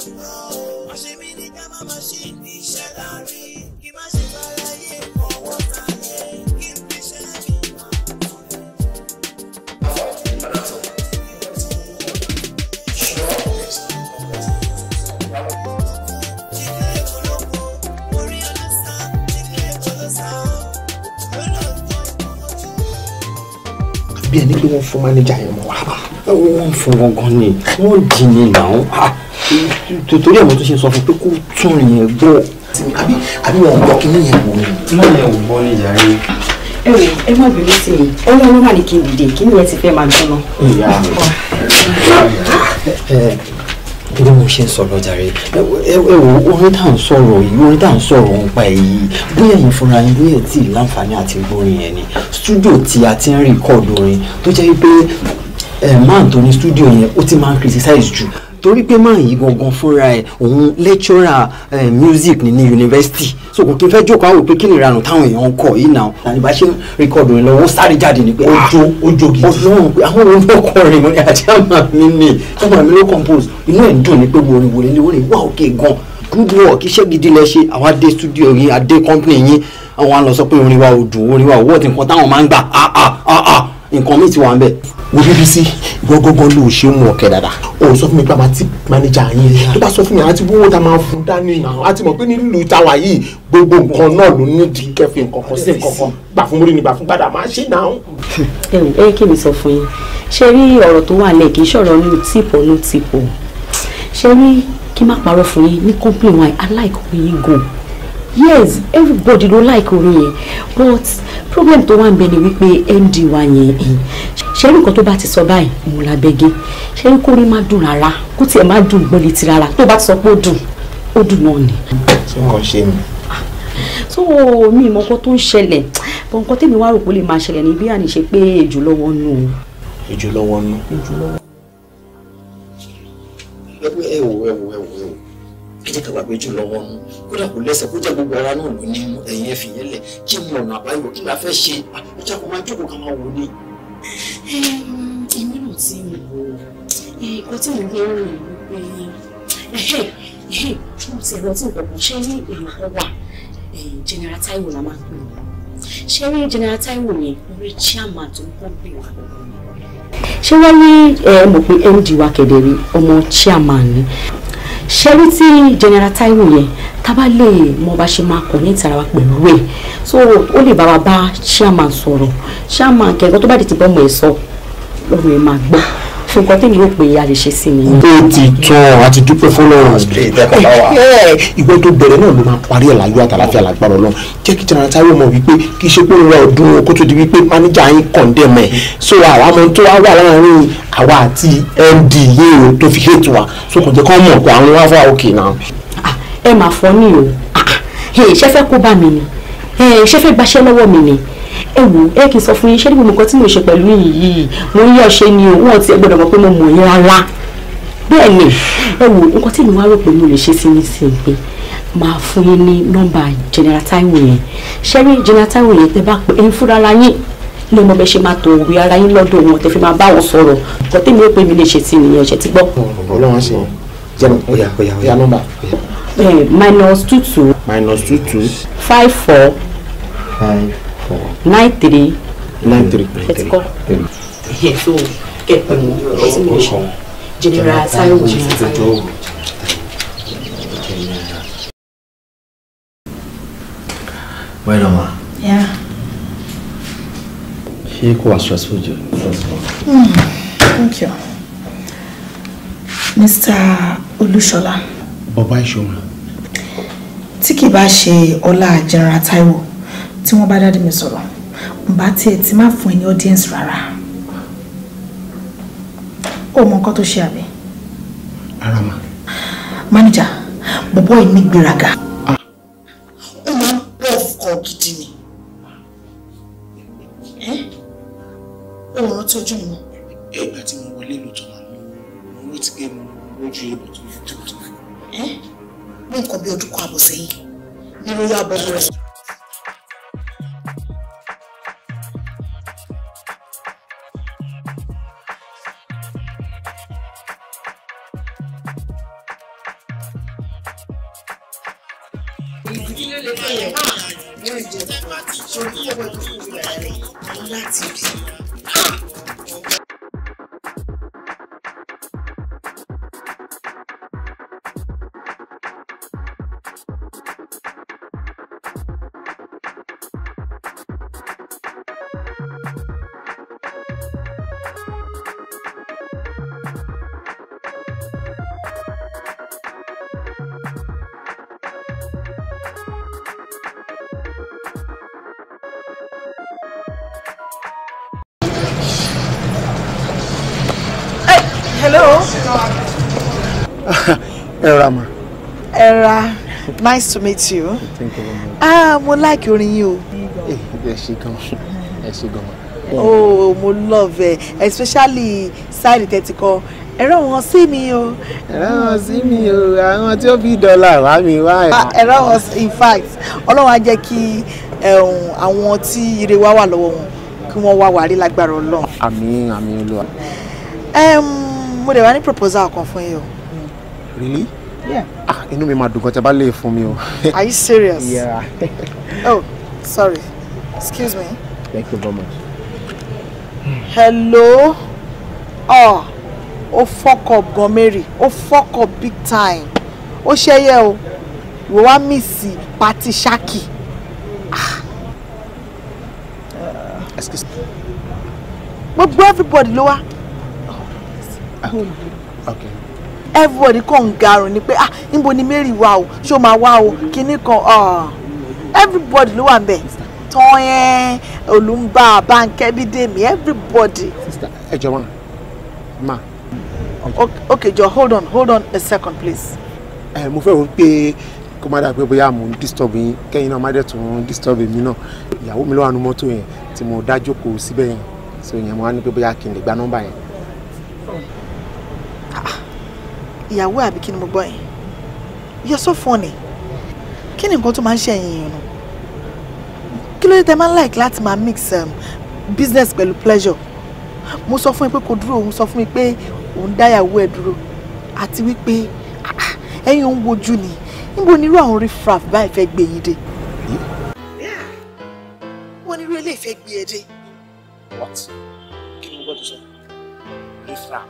S3: sùn ọ́ àṣẹ mi ní ká má má ṣe ní iṣẹ́ láàrin kí má ṣe bá.
S2: pé wọ́n fún mánéjà yẹn mọ́ wa. wọ́n fún wọn gan ni wọ́n dì ní náà tòtòrí àwọn tó ṣe sọ fún pé kó tún yẹn gbọ́. àbí àbí wọn gbọ́ kí yẹn wò ni. má yẹn wò bọ́ ní ìyá ẹ wo ẹ
S8: má bínú sí mi ọlọ́run wà ní kí n dìde kí ni yẹn ti fẹ́ máa gbóná. ìyá mi. Ah,
S5: eh, kí ló ṣe ń sọ̀rọ̀ jàre ẹ wò orin tá à ń sọ̀rọ̀
S2: yìí orin tá à ń sọ̀rọ̀ ń èyí bóyá yìí fúnra yín bóyá tí ì láǹfààní àti gbórin yẹn ni
S5: stúdíò tí a ti ń rìkọ́ọ̀dù orin tó jẹ́ pé máà tó ní stúdíò yẹn ó ti máa ń criticize jù torí pé máa yí gangan fúnra ẹ̀ òun lecturer eh, music
S2: ní ní yunifásitì so kò kí n fẹ́ jókòó àwọn pé kí ni ìranù táwọn èèyàn ń kọ yìí náà àní bá ṣe ń rékọ̀dù rẹ̀ lọ́wọ́ sáré jáde ni pé ah, ojo ojo gidi ọlọ́run pé àwọn òun náà kọrin ní ajá máa mi ní sọmọ mi ló compose inú ẹ̀ ń dùn ní pé wòrin wòrin ni wòrin wà òkè gan good work iṣẹ́ gidi lẹ ṣe àwọn adé studio yín adé company yín àwọn á lọ sọ pé orin wa ò dùn orin wa ò wọ́ọ̀tì nǹkan táwọn máa ń gbà áà ah, áà ah, nǹkan mi ti wà ń bẹ̀. wo bíbí sí gbọ́gbọ́gbọ́ ló ṣe mú ọ̀kẹ́ dáadáa o sọ fún mi pé a máa ti mánéjà yín tó bá sọ fún mi àti wọ́n ta máa fún dání àwọn àti mọ̀ pé nílùú táwa yìí gbogbo nǹkan náà ló ní di kẹfì nǹkan kan sí nǹkan kan gbà fún múrí ni gbà fún gbàdà máa ṣe náà. ẹ ẹ kí mi sọ fún yín ṣe rí ọ̀rọ̀ tó wà lẹ̀ kì í ṣọ̀rọ̀ ní
S4: tìpọ̀ ní tìpọ̀ ṣe rí kí má parọ́ fún yín ní complain why? i like where you go yes everybody ló like orin yẹn but problem tó wà ń bẹ ni wípé md wa yẹn ṣẹ́rí nǹkan tó bá ti sọ báyìí òun la bẹ́gẹ́ ṣẹ́rí kó rí má dùn rárá kó tiẹ̀ má dùn gbọ́n létí rárá tó bá sọ pé ó dùn ó dùn náà ni. ṣé
S2: wọn ṣe mi.
S8: so mi ìmọ̀ nǹkan tó ń ṣẹlẹ̀ bọ̀ nǹkan tèmi wá rò pé ó lè máa
S2: ṣẹlẹ̀ ní bí àní ṣe pé èjò lọ́wọ́ nù. èjò lọ́wọ́ nù. ẹ wo ẹ wo ẹ wo ẹ jẹ́ ká gbàgbé jù lọ́wọ́ nù kódà kò lẹ́sẹ̀ kó jẹ́ gbogbo ara náà ló ní ẹ̀yìn ẹ̀fì yẹn lẹ̀ kí ni ọ̀nà àbáyọ kí la fẹ́ ṣe àkójá
S4: kó máa jókòó ká máa wò ni.
S3: èmi náà ti ń wo
S4: ẹ̀kọ́ tí mo gbé rìn wípé fún ti ẹ̀rọ tí nǹkan kan ṣe rí èèyàn kan wà general Táíwò la máa pè é ṣe rí general Táíwò yẹn
S3: orí chairman tó ń kọ́ pè wá
S2: ṣé wọ́n ní ẹ mọ̀ pé MD wa
S8: kedere ọmọ chairman ni ṣẹ́rí tí general Taiwo yẹn tá bá lè mọ bá ṣe máa kàn ní ìtara wa pẹ̀lú ẹ̀ so ó lè bá wa bá chairman sọ̀rọ̀ chairman kẹ̀kọ́ tó bá di ti bọ́ ọmọ ẹ̀ sọ lọ́rùn ẹ̀ máa gbọ́ so nǹkan tèmi rò pé a lè ṣe
S2: sí
S5: ni. ó ti tán a ti dúpẹ́ fọlọ́run eh, eh, ìwé tó bẹ̀rẹ̀ náà
S2: ló máa parí ẹ̀ láyọ̀ àtàlàfíà lágbára ọlọ́run jẹ́ kí jẹnara táyọ̀ mọ̀ wípé kì í ṣe pé òun wá ọdún o kó tó di wípé mánéjà yín kọ̀ǹdẹ̀m ẹ̀ so àwa mọ tó wá wà láàrin àwa àti md yìí o tó fi hate wa so kò jẹ́ kó mọ̀ pé àwọn wá fà òkè náà.
S8: Ah, ẹ máa fọ ah, eh, ní ẹ wò ẹ kì í
S2: sọ fún yín ṣé ní gbogbo nǹkan tí mo ṣe pẹ̀lú yìí mo ń yọ̀ ṣe ni o wọn ti ẹ gbọ́dọ̀ mọ̀ pé mo mọ̀ yín rárá bẹ́ẹ̀ ni ẹ wò nǹkan tí mo wá rò pé mo lè ṣe sí ní sí pé máa
S8: fún yín ní nọ́mbà General Taiwo yẹn ṣé ní General Taiwo yẹn tẹ bá pè é fúnra ara yín lè mọ bẹ ṣe máa tó òwe ara yín lọ́dọ̀ wọn tẹ fi máa bá wọn sọ̀rọ̀ nǹkan tí mi ò pé mi lè ṣe sí nìyẹn ṣe
S2: ti gbọ́. Ọlọ́run ṣe jẹun oya oya oya nọ́mbà. Eh, minus two two. minus two two. five four. five nine three. nine three. ẹ ti kọ́. ẹ tó kẹ̀pẹ́ mu sí mi
S3: Bueno, ma.
S1: Yeah.
S6: Ṣé kò wá stressful jù?
S3: Hmm, thank you.
S2: Mr. Olúṣọlá.
S6: Baba Ìṣòwò.
S8: tiki kì bá ṣe ọlá General Taiwo, tí wọ́n bá dáadé mi sọ̀rọ̀ n bá tiẹ̀ ti má fún ẹ ní audience rárá ó mọ nǹkan tó ṣe àbí. rárá ma. manager bọ̀bọ̀ yìí ní gbéraga.
S2: Ah. ó máa ń pọ̀ ọkọ̀ gidi ni.
S4: ó rántí ojú mi.
S2: ẹgbà tí mo wọlé ló tọ́ wọn mo rántí pé mo lójú ibò tó fi dúró tó fi.
S4: ní nǹkan bí ọdún kan àbọ̀ sẹ́yìn ní royal bubble restaurant.
S2: Era ma. Era, nice to meet you. Thank you very much. Ah, mo like orin yín Hey, Eh, ẹ ṣé gan. Ẹ ṣé Oh, mo love ẹ, especially side tẹ́tí kọ. Ẹ̀rọ wọn sí mi o. Era wọn sí me, o, àwọn tí ó bí dọ́là wá mi wá Era ah, Ẹ̀rọ in fact, Ọlọ́run á jẹ́ kí àwọn tí ire wa wà lọ́wọ́ wọn kí wọ́n wá wàrí lágbára Ọlọ́run.
S6: Àmín àmín Olúwa.
S2: Mo dẹ̀ wá ní proposal kan fún yín o.
S6: Really? inú mi máa dùn gan tẹ́ bá lè fún mi o. are you serious. yeah.
S2: oh sorry excuse me. thank you very much. hello oh o oh, fuck up gan Mary o oh, fuck up big time ó ṣẹyẹ o ìwọ wá mísì pati ṣáàkì.
S5: excuse
S3: me.
S2: gbogbo everybody ló wá. Ah, okay everybody kàn ń garùn ni pé ah níbo ni Mary wà o ṣó máa wá o kinní kan ah. everybody ló wà ń bẹ̀ tán ẹ́ olùmbà báńkẹ́ bí dèmi everybody. sister ẹ jọ wọn ma. okay jọ hold on hold on a second please. ẹ mo fẹ́ wo pé kó má dà bóyá mo ń disturb yín kẹ́yìn náà má dẹ̀ tún disturb mi náà ìyàwó mi ló wà nínú mọ́tò yẹn tí mo dá jókòó síbẹ̀ yẹn so yẹn mo wá ní pé bóyá kí n lè gba nọ́mbà yẹn. Ah. ìyàwó àbí kí ni mo gbọ́ yẹn you're so funny kí ni nǹkan tó máa ń ṣe ẹ̀yìn ìrìn kí ló dé like láti máa mix um, business pẹ̀lú pleasure mo sọ fún yín pé kò dúró òun sọ fún mi pé òun dáyàwó ẹ̀ dúró àti wípé ẹ̀yin òun wojú ni níbo ni irú àwọn riffraff báyìí fẹ́ gbé yín dé.
S3: wọ́n hmm? ní irú ilé ìfẹ́ gbé ẹ dé.
S2: what kí ni mo gbọ́dọ̀ sọ riffraff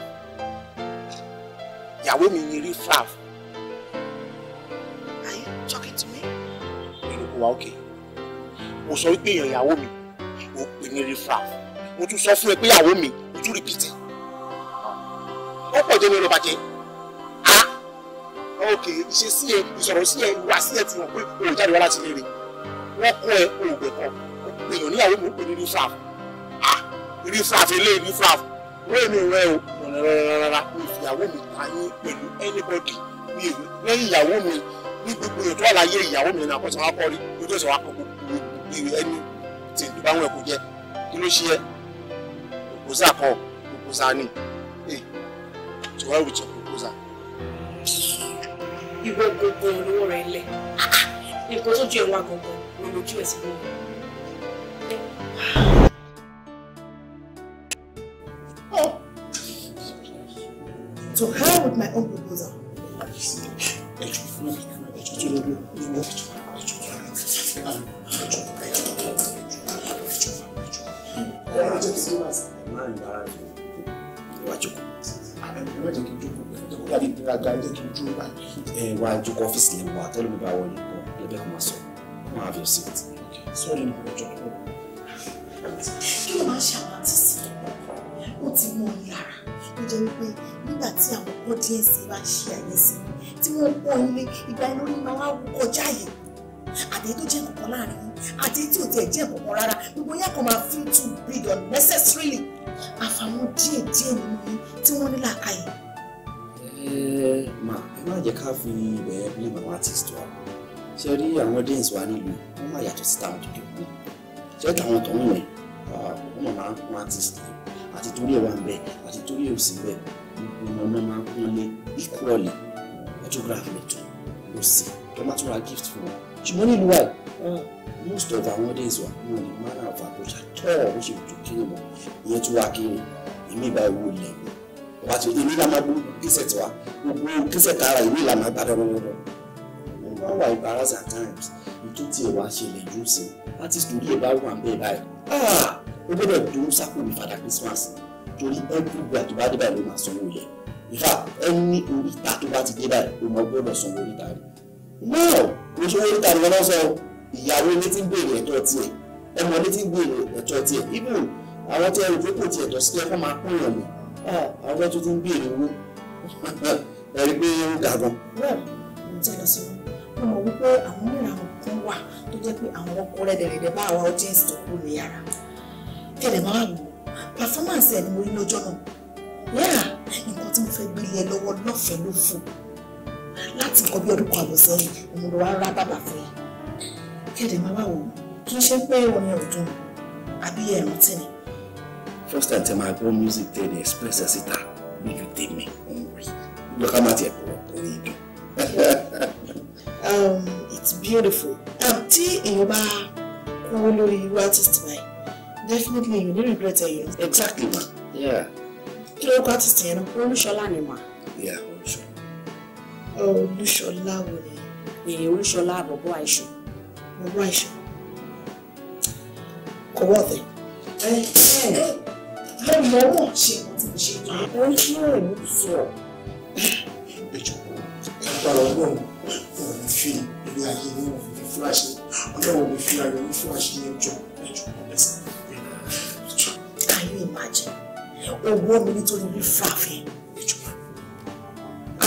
S2: ìyàwó mi ni riffraff
S6: sọ wípé èèyàn ìyàwó mi ò pè ní rifra
S2: mo tún sọ fún ẹ pé ìyàwó mi ò tún rìpìtì ó pọ̀ jẹ́ mi lọ́ba jẹ́ a òkè ìṣe sí ẹ ìsọ̀rọ̀ sí ẹ ìwà sí ẹ ti hàn pé
S6: òun jáde wá láti lè rè wọ́n kọ́ ẹ òògbẹ̀ kan èèyàn níyàwó mi ò pè ní rifra a rifra fi lé rifra wọ́n rẹ o rárá mi ìyàwó mi ta yín pẹ̀lú anybody mi èyí lẹ́yìn ìyàwó mi ní gbogbo ètò àlàyé ìyàwó mi ní àkọsọ akọrí lójú ẹsẹ wa kọ ìwé ẹnu tí ìlú báwọn ẹ̀kọ́ jẹ kí ló ṣe ẹ òkòsà kọ òkòsà ni ẹ tí wọ́n
S4: rìjọ òkòsà. ìwọ gbogbo ìrànlọ́wọ́ rẹ lẹ nǹkan tó ju ẹwà gbogbo ló lójú ẹ sí gbogbo. Oh. So how would my own proposal?
S3: ẹ̀rọ jẹ́ ti sinimá sí. ẹ má rìn ara rẹ
S2: wá jókòó. ẹ má jẹ́ kí n jókòó ẹ má jẹ́ kó yá dídí ra ga ẹ jẹ́ kí n dúró báyìí. ẹ wá jókòó ọ́fíìsì lè wà tẹ́lẹ̀ mi bá wọlé kọ́ lẹ́bẹ̀
S4: kó máa sọ máa have your seat. sọ́ọ̀rì ni mo jọ kó.
S3: kí ló máa ń ṣe àwọn àti sinimá
S2: bá ṣe àyẹ̀sí tí wọ́n pọ̀ nílé ìgbà ìlú ni màá wá kọjá
S4: àtẹ̀yí tó jẹ́ kọ̀ọ̀kan láàrin yín àtẹ̀yí tí ò tiẹ̀ jẹ́ kọ̀ọ̀kan rárá gbogbo yẹn kàn máa feel to breed unnecessarily àfàwọn díẹ̀ díẹ̀ nínú yín tí wọ́n ní làákàyè.
S2: ẹ má ẹ má jẹ́ ká fi ibẹ̀ bí màmá artist wa ṣe rí àwọn audience wa nílùú wọ́n máa yàtọ̀ sí táwọn tó dé ṣe táwọn tọ̀hún yẹn wọ́n máa máa artist yẹn àti torí ẹwà ń bẹ àti torí òsì ń bẹ gbogbo ọmọ máa ń pọ́nlé equally photography lọ́tọ̀ lọ́sẹ̀ tó má tún ra gift fún wọn ṣùgbọ́n nílùú àì mm. most of àwọn days wa wọn ni manner of approach àtọ́ ọ̀hún ṣe tó kí ni mọ̀ ìyẹn tó wá kí ni èmi ìbá owó ilẹ̀ mi ọba tí èmi ìlànà gbogbo kíṣẹ̀ tiwa
S3: gbogbo kíṣẹ̀
S2: tààrà èmi ìlànà gbàdọ̀ lọ́wọ́ wọ́n wà embarrassed at times ètò tí ẹ̀ wá ṣẹlẹ̀ jù sí láti sùn lè bá wà bẹ́ẹ̀ báyìí ah! ó gbọ́dọ̀ dùn sápò ní fada Christmas torí everywhere tó bá dé báyìí ló máa sanwó yẹ in fact
S3: ẹni oríta tó bá ti dé báyìí ó máa gbọ́dọ̀ sanwó oríta rẹ̀ náà kò ṣe owó níta
S6: nìkan sọ ìyàwó ilé tí ń béèrè ẹ̀tọ́ tiẹ̀ ẹmọ ilé tí ń béèrè ẹ̀tọ́ tiẹ̀ ibù àwọn tí ẹrù tó kò tiẹ̀ tọ́ sílẹ̀ fún máa kún ìrọ̀lẹ́ àwọn tó ti ń béèrè owó ẹ̀rí pé ó ga gan.
S4: bẹ́ẹ̀ mo jẹ́ lọ sí wọn mo mọ̀ wípé àwọn mìíràn
S8: kan wà tó jẹ́ pé àwọn ọkọ rẹ̀ dẹ̀rẹ̀dẹ̀ bá àwa audience tó kú ní yàrá kẹlẹ̀
S2: máa wò performance ẹ̀ ni mo rí lọ́jọ́ náà yàrá nǹkan tí mo fẹ́ gbé lé lọ́wọ́ lọ́fẹ̀ẹ́ ló fún un láti nǹkan bí ọdún kan àbọ̀ sẹ́yìn òun ló wá ń bàbà fún yìí kẹ́dẹ̀ máa wà wò kí n ṣe pé orin ọ̀dùn àbí ẹ̀rùn tì ní. first time tí a máa gbọ́ music tẹ́ ẹ̀ express ẹ̀ síta lójú tèmi òun rí lọ́ka má tiẹ̀ pọ̀ orin ìdùn.
S4: Um, it's beautiful um, tí èèyàn bá kúrò lórí irú artist báyìí definitely you need regret ẹ̀yìn. Eh, exactly ma. kí ló kọ́ artist yẹn náà olúṣọlá ni ma.
S8: yeah olúṣọlá wòye èyí olúṣọlá àbọ̀bọ̀
S3: àìṣọ àbọ̀bọ̀ àìṣọ kò wọ́ ọ̀tẹ̀. mo mọ owó ṣe wọn ti ṣe tó ó ṣe òun sọ. ìjọ agbára ọlọ́run kò ní fi ilé ayé ní òfin
S2: ní fúláṣí ọlọ́run ní fi ayọ̀ ní fúláṣí ní ọjọ́ ìjọ ẹ̀sìn. Can you imagine? owó mi nítorí wífàfẹ́.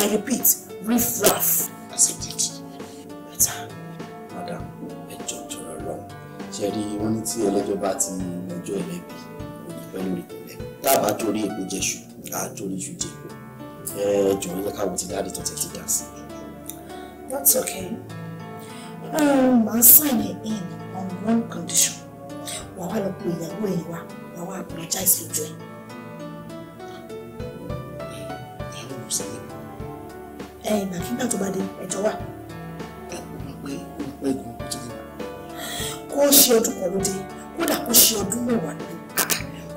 S2: I repeat, riffraff àṣejìjì ẹ̀ta madam ẹjọ́ ìjọra ọlọ́run ṣe rí wọn ní tí ẹlẹ́jọ́ bá ti mọjọ́ ẹlẹ́bi òní pẹ́ lórí ìpínlẹ̀ dábàá torí èpo jẹ́ṣu àjọrí ju jẹ́ ẹ
S4: jùlọ ní káwọn ti dáàdì tọ́tẹ̀ ti dà sí. That's okay. Um, I'll sign it in on one condition. Wàá wá lọ pe ìyàwó ẹ̀yìn wa, wàá wá apologize lójú ẹ̀.
S8: ẹ̀yìn nàkígbà tó bá dé ẹjọ́ wà. kó ṣe ọdún kan ló dé kódà kó ṣe ọdún mẹ́wàá ló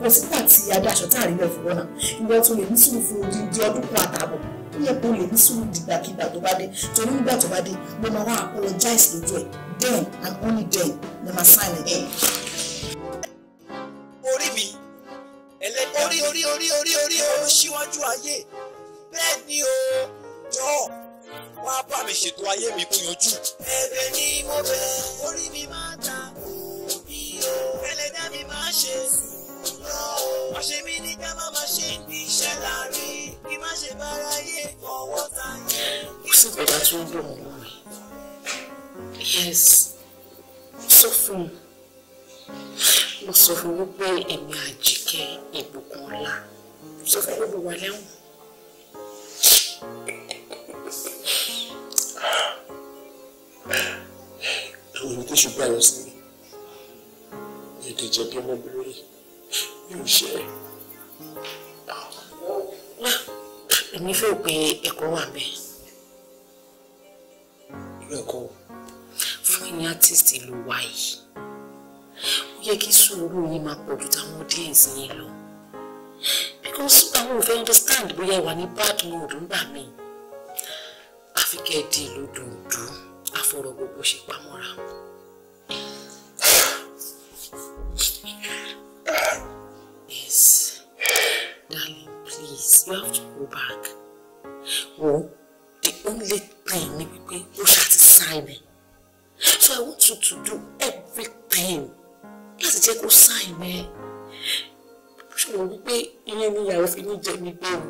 S4: kò sígbà tí ha tá a rí rẹ̀ fún ọ̀nà ìwọ tó lè ní sùúrù fún odindi ọdún kan àtààbọ̀ ó yẹ kó lè ní sùúrù dìgbàkigbà
S2: jọ wá bá mi ṣètò ayé mi kí yanjú. ẹ̀bẹ̀ ni mo bẹ̀ orí mi máa ta òbí o ẹlẹ́dá mi máa ṣe sùn
S3: lọ o má ṣe mí ní ká má ṣe ní iṣẹ́ láàrin kí má ṣe bára yé ọwọ́ ta yẹn. kò sí ìgbàgbà tó ń bọ̀ wọ́n mi
S4: yes sọ fún un mo sọ fún wípé èmi àjíkẹ́ ìbùkún ńlá sọ fún gbogbo wa lẹ́wọ̀n.
S6: ẹ̀wọ̀n ibi tí ṣùgbọ́n àrùn sí mi èdè jẹ̀bi ọmọbìnrin yóò ṣe é. èmi fẹ́ pé
S4: ẹ̀kọ́ wà bẹ́ẹ̀. irú ẹ̀kọ́ wò. fún ẹ̀yin artist ló wà yìí ó yẹ kí sùúrù yín máa pọ̀ ju táwọn audience yín lọ because àwọn ò fẹ́ understand bóyá ìwà ní bad mood ń gbà míì àfi kẹ́ ẹ di ìlú dùndú àfọ̀rọ̀ gbogbo ṣe
S3: pamọ́ra. yes darling please you have to go back.
S4: wo the only thing ni wípé o ṣàti sign it. so i want you to do everything láti jẹ́ kó sign it. ṣùgbọ́n wípé ìyẹn ni ìyàwó fi ní jẹ́ mi gbé o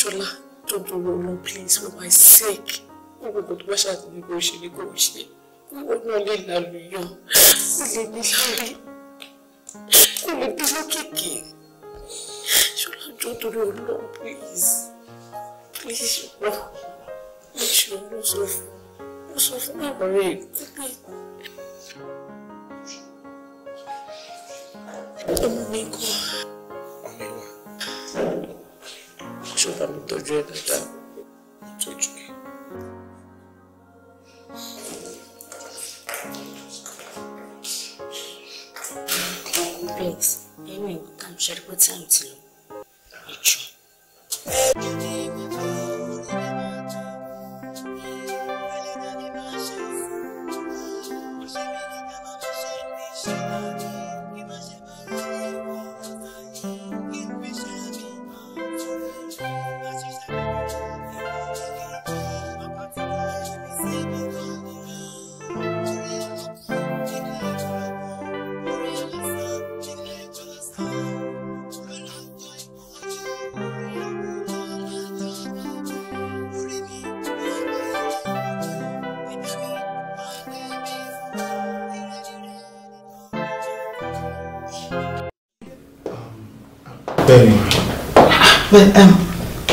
S4: ṣọlá jọjọ lọ lọ please for my sake go, go, ó gbogbo tó bá ṣàtìlẹ́ kó go. ni kó ṣe ìwọ náà lè lálùyàn ó lè ní lárí ó lè bí lókìkí ṣọlá Don't lọ lọ
S3: please please ṣọlá ṣọlá ló sọ fún ó sọ fún bàbá rẹ kúkú. ọmọ mi kọ́.
S6: Absolutamente todos eles. Todos.
S4: Complex. Yemi, kam sharkwat samtilo. Ichu.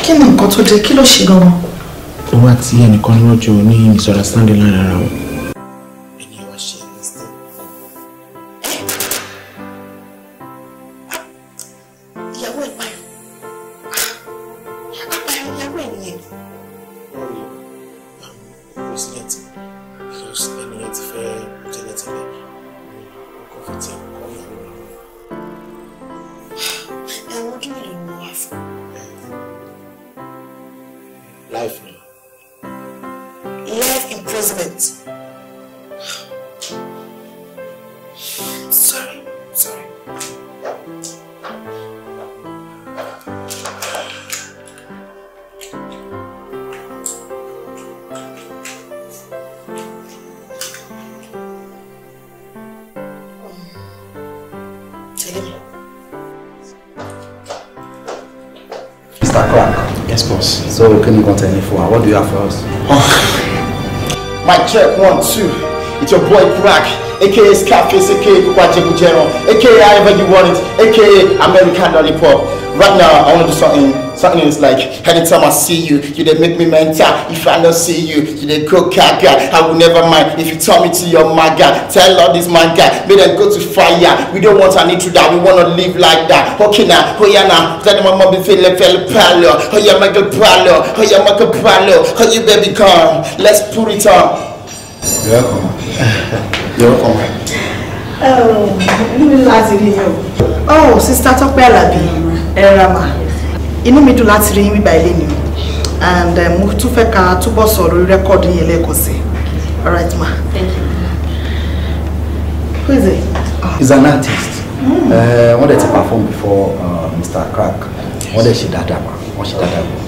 S4: kí ni nǹkan tó jẹ́ kí ló ṣe gan-an.
S2: ó wà tí ẹnìkan lọ́jọ́ ní misunderstanding lára wọn Kwachebu General, aka However You Want It, aka American Lollipop. Right now, I want to do something. Something is like, anytime I see you, you they make me mental. If I don't see you, you they go caca. I will never mind if you turn me to your maga. Tell all this maga, may them go to fire. We don't want an to that, we want to live like that. Okay now, oh yeah now, tell my mom be feeling fell palo. Oh yeah, Michael Pralo, oh yeah, Michael Pralo. Oh you baby come, let's put it on.
S3: You're welcome. You're welcome.
S2: Oh, inú mi dùn láti rí yín o oh sista Tọ́pẹ́ Àlàbí ẹ ra mà inú mi dùn láti rí yín bíbá ilé ni and eh, mo tún fẹ́ ká túbọ̀ sọ̀rọ̀ orí rẹ́kọ̀dì yẹn lẹ́ẹ̀kan sí all ma. thank you. who is it. he's an artist hmm. eh, wọ́n dẹ̀ ti perform before uh, Mr. Crack wọ́n dẹ̀ ṣe dáadáa ma wọ́n ṣe dáadáa ma.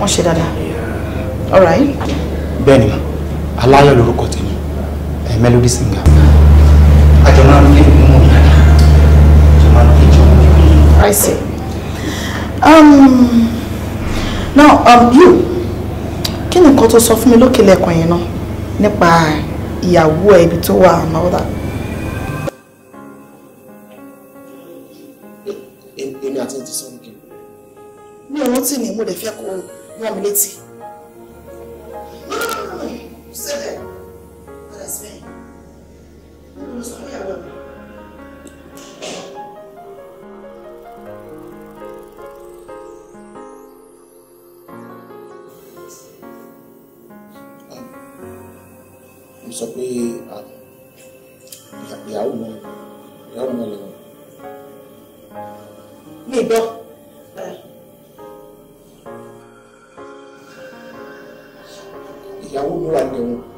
S2: wọ́n ṣe dáadáa Alright. right. bẹ́ẹ̀ ni aláyọ̀ lorúkọ tèmi eh, melody singer. I see.
S3: Um,
S2: now, um, you, can you cut tó sọ fún mi lókè lẹ́ẹ̀kan yẹn náà nípa ìyàwó ẹ̀ ibi and all that? èmi in ẹ̀ ti sọ nìkan. mi ò rántí ni
S4: mo lè fẹ́ kó rán mi létí
S3: mo sọ
S6: fún ìyàwó ìyàwó mi ìyàwó ní ẹ̀wọ̀n.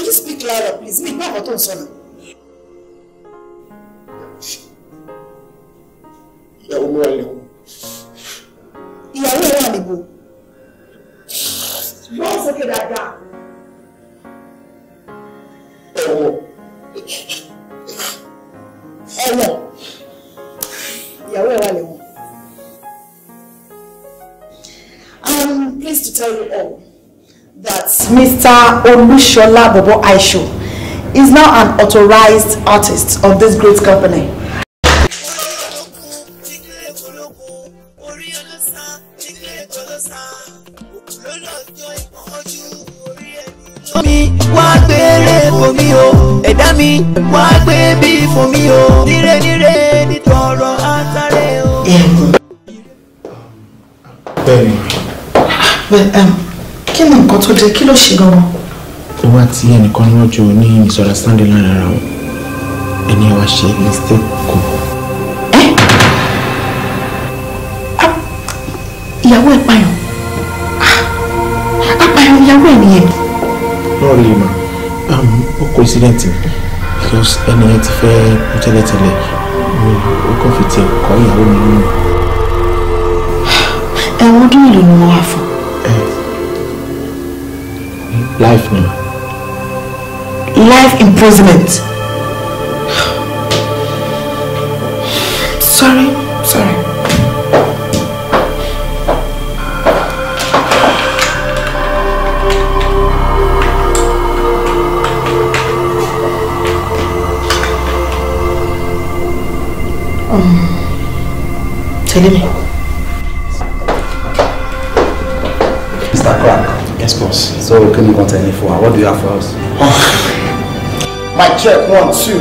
S4: Can you speak louder, please? Mi gbọ́ ọ̀kan tó
S6: Ìyàwó
S2: wà níbo? Wọ́n sókè dáadáa. Ẹ̀wọ̀n. Ẹ̀wọ̀n. Ìyàwó ẹ̀ wà lẹ́wọ̀n.
S3: I'm um, pleased to tell you all that
S2: Mr. Olushola Bobo Aisho is now an authorized artist of this great company. mi wá gbére fún mi o ẹ̀dá mi wá gbé bí fún mi o níre níre nítọ̀rọ̀ àtàrẹ o. bẹ́ẹ̀ni kí ni nǹkan tó dé kí ló ṣe gan-an. ìwà àti ẹnìkan ni wọ́n jọ ní misunderstanding lára ara wọn ẹni àwa ṣe mistake kù. ìyàwó ẹ̀ pààyàn apààyàn ah, ìyàwó ẹ̀ nìyẹn. wọ́n rí i mà ó kó incident ni because ẹni yẹn ti fẹ́ tẹ́lẹ̀tẹ́lẹ̀ mi ò kàn fi tiẹ̀ kọ́ ìyàwó mi nínú.
S3: ẹ̀wọ̀n ọdún mélòó ni wọ́n wá fún. Life no. Life imprisonment. Sorry, sorry.
S2: Um, tell me. Mr. Clark. Yes, boss. So, can you continue for what do you have for us? My check one, two.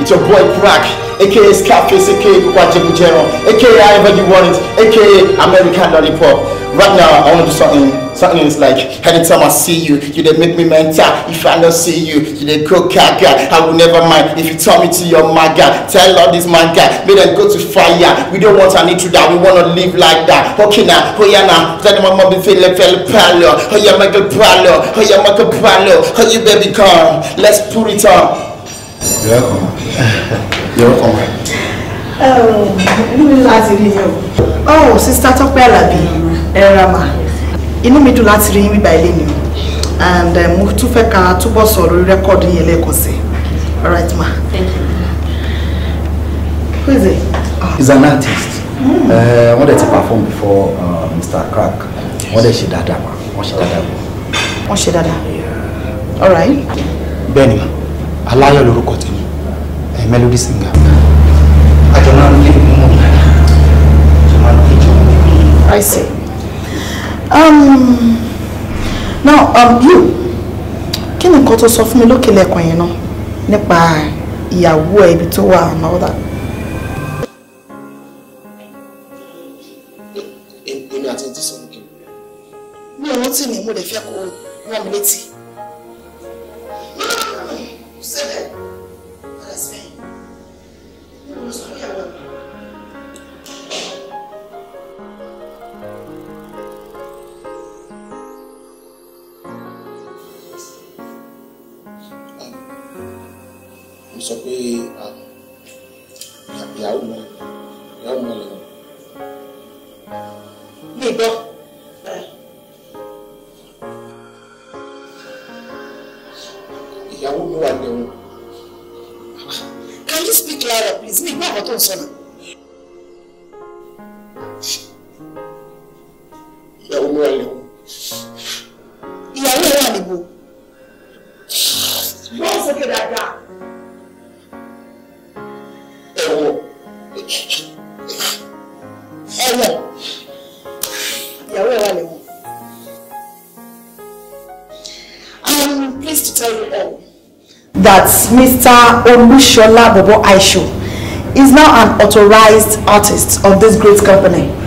S2: It's your boy Crack, aka Scarface, aka Kukwajebu General, aka however you want it, aka American Lollipop. Right now, I want to do something Something is like, anytime I see you, you they make me mental. If I don't see you, you they go caca. I will never mind if you turn me to your maga. Tell all this manga, make them go to fire. We don't want an intro that, we want to live like that. Okay now, oh yeah now, tell my mom be feeling fell palo. Oh yeah, Michael palo, oh yeah, Michael palo, Oh you baby come, let's put it on.
S3: You're welcome. You're welcome.
S2: Oh, you will not in here? Oh, Sister Tokwe Alabi, Erama inú mi dùn láti rí yín bíbá ilé ni and eh, mo tún fẹ́ ka túbọ̀ sọ̀rọ̀ lórí rẹ́kọ̀dì yẹn lẹ́ẹ̀kan sí all right ma. thank you. who is it? Ah. he's an artist hmm. eh, wọ́n dẹ̀ ti perform before uh, Mr. Crack wọ́n dẹ̀ ṣe dáadáa ma wọ́n ṣe dada. ma. wọ́n ṣe dáadáa all right. bẹ́ẹ̀ni ma aláyọ̀ lórúkọ tèmi eh, melody singer. àjọ máa ń lé mú mi àjọ máa ń lé jọ mú I see.
S4: Um, now, um, you,
S2: kí ni nǹkan tó sọ fún mi lókè lẹ́kọ̀ọ́ yẹn náà nípa ìyàwó ẹ̀ ibi tó wà and all that? ni mo lè fẹ́ kó wọ́n mi létí.
S3: Sílẹ̀.
S4: ibo lẹ́wọ̀n.
S3: I'm pleased to tell you all
S4: that Mr. Olushola Bobo
S2: Aisho is now an authorized artist of this great company.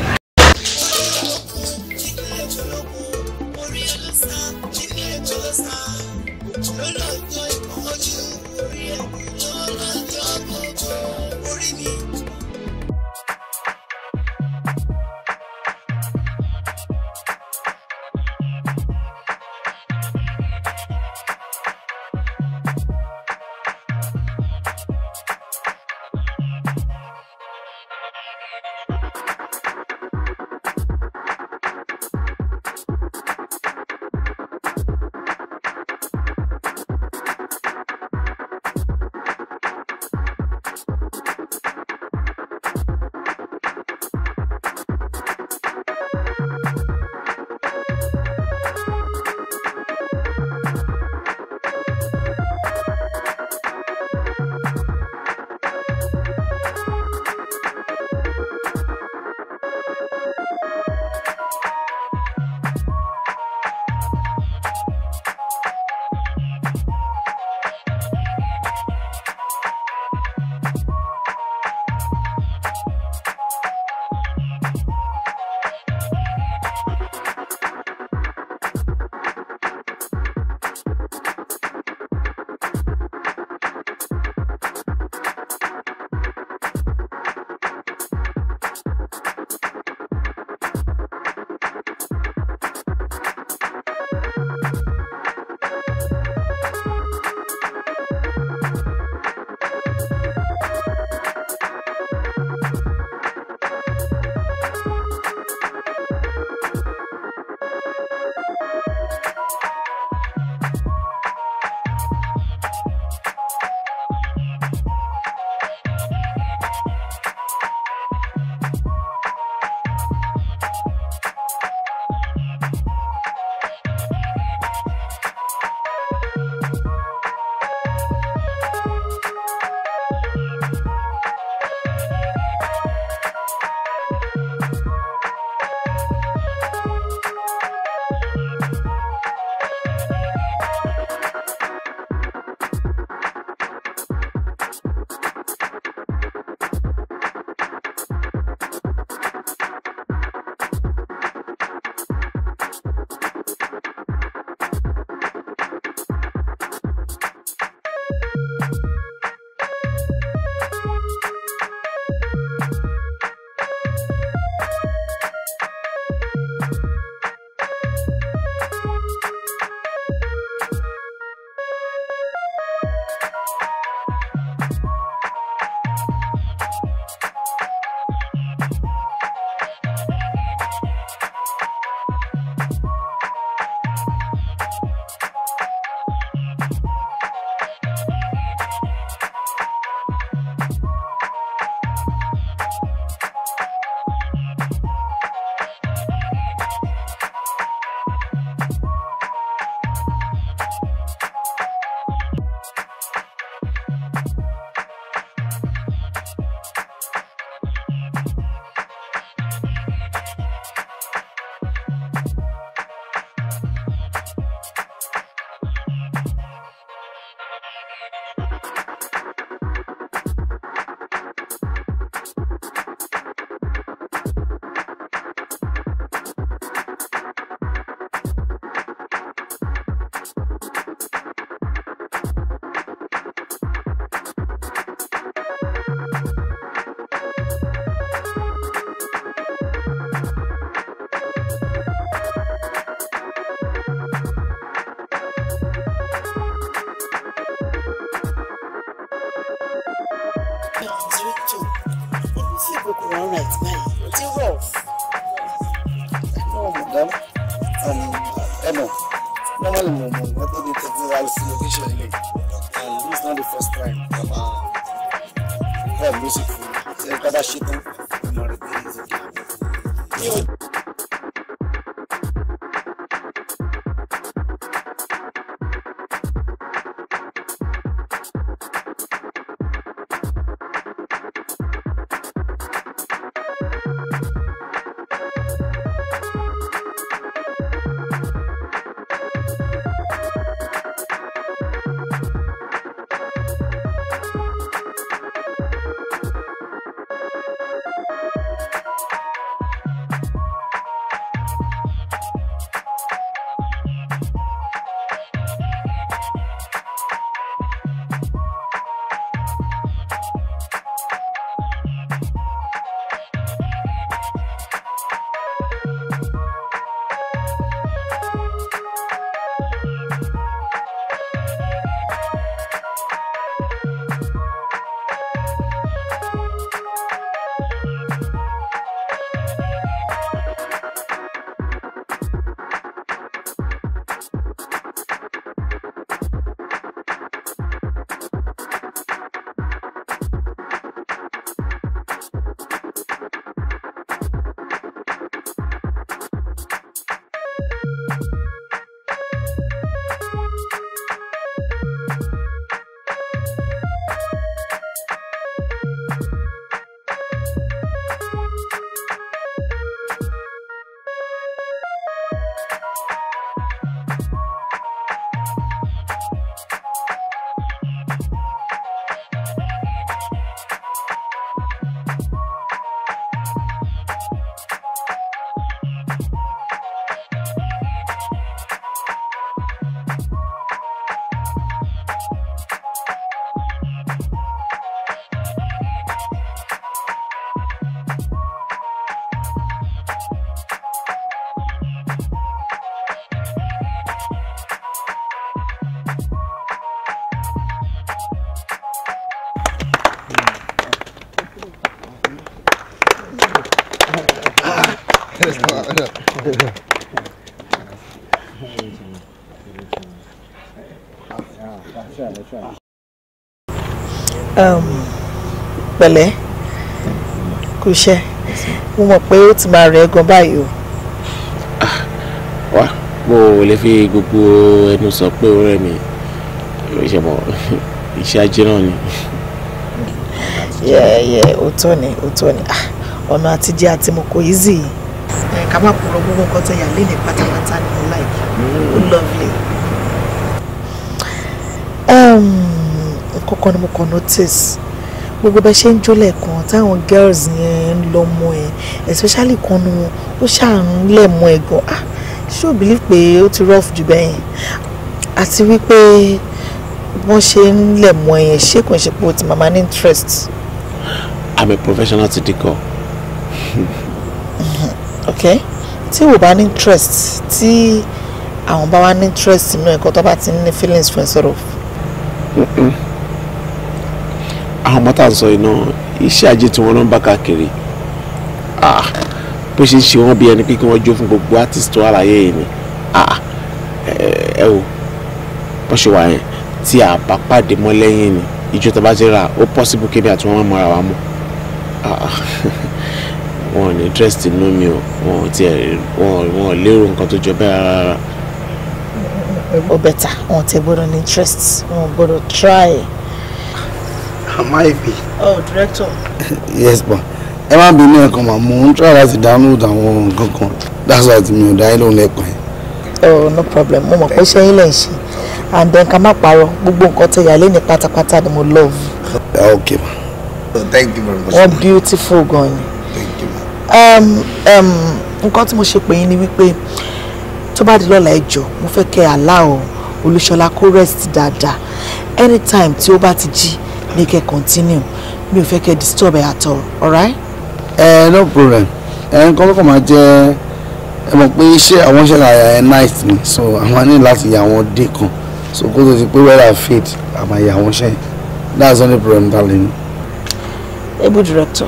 S2: that should. think pẹ̀lẹ́ kò ṣe mo mọ̀ pé ó ti máa rẹ̀ gan báyìí o.
S6: Ah, wá mo lè fi gbogbo ẹnu sọ pé ó rẹ̀ mí ìṣẹ̀mọ̀ iṣẹ́ ajé náà ni.
S2: yẹ́ẹ̀yẹ́ òótọ́ ni òótọ́ ni ah, ọ̀nà àtijọ́ àti mo kò yí zì yìí ká má kúrò gbogbo nǹkan tó yà léde pátápátá ní mo láì ó lovely. Ehm, nǹkan kan ni mo kàn notice gbogbo bẹ ṣe ń jó lẹ́ẹ̀kan táwọn girls yẹn ń lọ mọ ẹ especially kan nu ó ṣàrùn lẹ̀ mọ ẹ gan ah ṣé o pé ó ti rough jù bẹ́ẹ̀ àti wípé wọ́n ṣe ń lẹ̀ mọ ẹ ṣé kò ń ṣe pé o ti mama ní interest. I'm a professional city girl. okay tí wò bá ní interest tí àwọn bá wá ní interest nínú ẹ̀kọ́ tó bá ti ní feelings for sort of. Mm -mm àwọn mọ́tà ń sọ iná iṣẹ́ ajé tí wọ́n lọ ń bá káàkiri ah, bó ṣe ń ṣe wọ́n bí ẹni pé kí wọ́n jó fún gbogbo artist tó yìí ni ah, ẹ o bó ṣe wà yẹn tí a bá pàdé mọ́ lẹ́yìn ni ìjọ tó bá ti rà ó possible kébí àti wọ́n mọ́ra wa mọ́ ah, wọn ò ní interest inú mi o wọn ò tiẹ̀ wọn ò lérò nǹkan tó jọ bẹ́ẹ̀ rárá. ó bẹ̀tà wọn ò tẹ gbọ́dọ̀ ní interest wọn ò gbọ́dọ̀ try. Amáyébí. oh director. yes ma ẹ be bínú come on. mò ń try láti download àwọn nǹkan kan that's why ti mi ò dáyé lóhun lẹ́kàn oh no problem Mama, mọ̀ pé sẹ́yìn and then come ká má Bubu, gbogbo nǹkan tẹ̀ yà lẹ́ni pátápátá the mo love. Ah, okay, ma.
S7: Oh, thank you very much. wọ́n
S2: beautiful gan thank you ma. um, um, nǹkan tí mo ṣe pè yín ni wípé tó bá di lọ́la ẹjọ́ mo fẹ́ kẹ́ àlá o Olúṣọlá rest dada. anytime tí ó bá ti Make kẹ́ continue mi ò fẹ́ kẹ́ disturb ẹ̀ at all alright. ẹ no problem ẹ nǹkan lọ́kàn máa jẹ́ ẹ mọ̀ pé iṣẹ́ àwọn iṣẹ́ àyà ẹ̀ night ni so àwọn ní láti yà wọ́n dé kan so kó tó ti pé weather fade àmọ́ yà wọ́n ṣe that's only problem darling. ebo director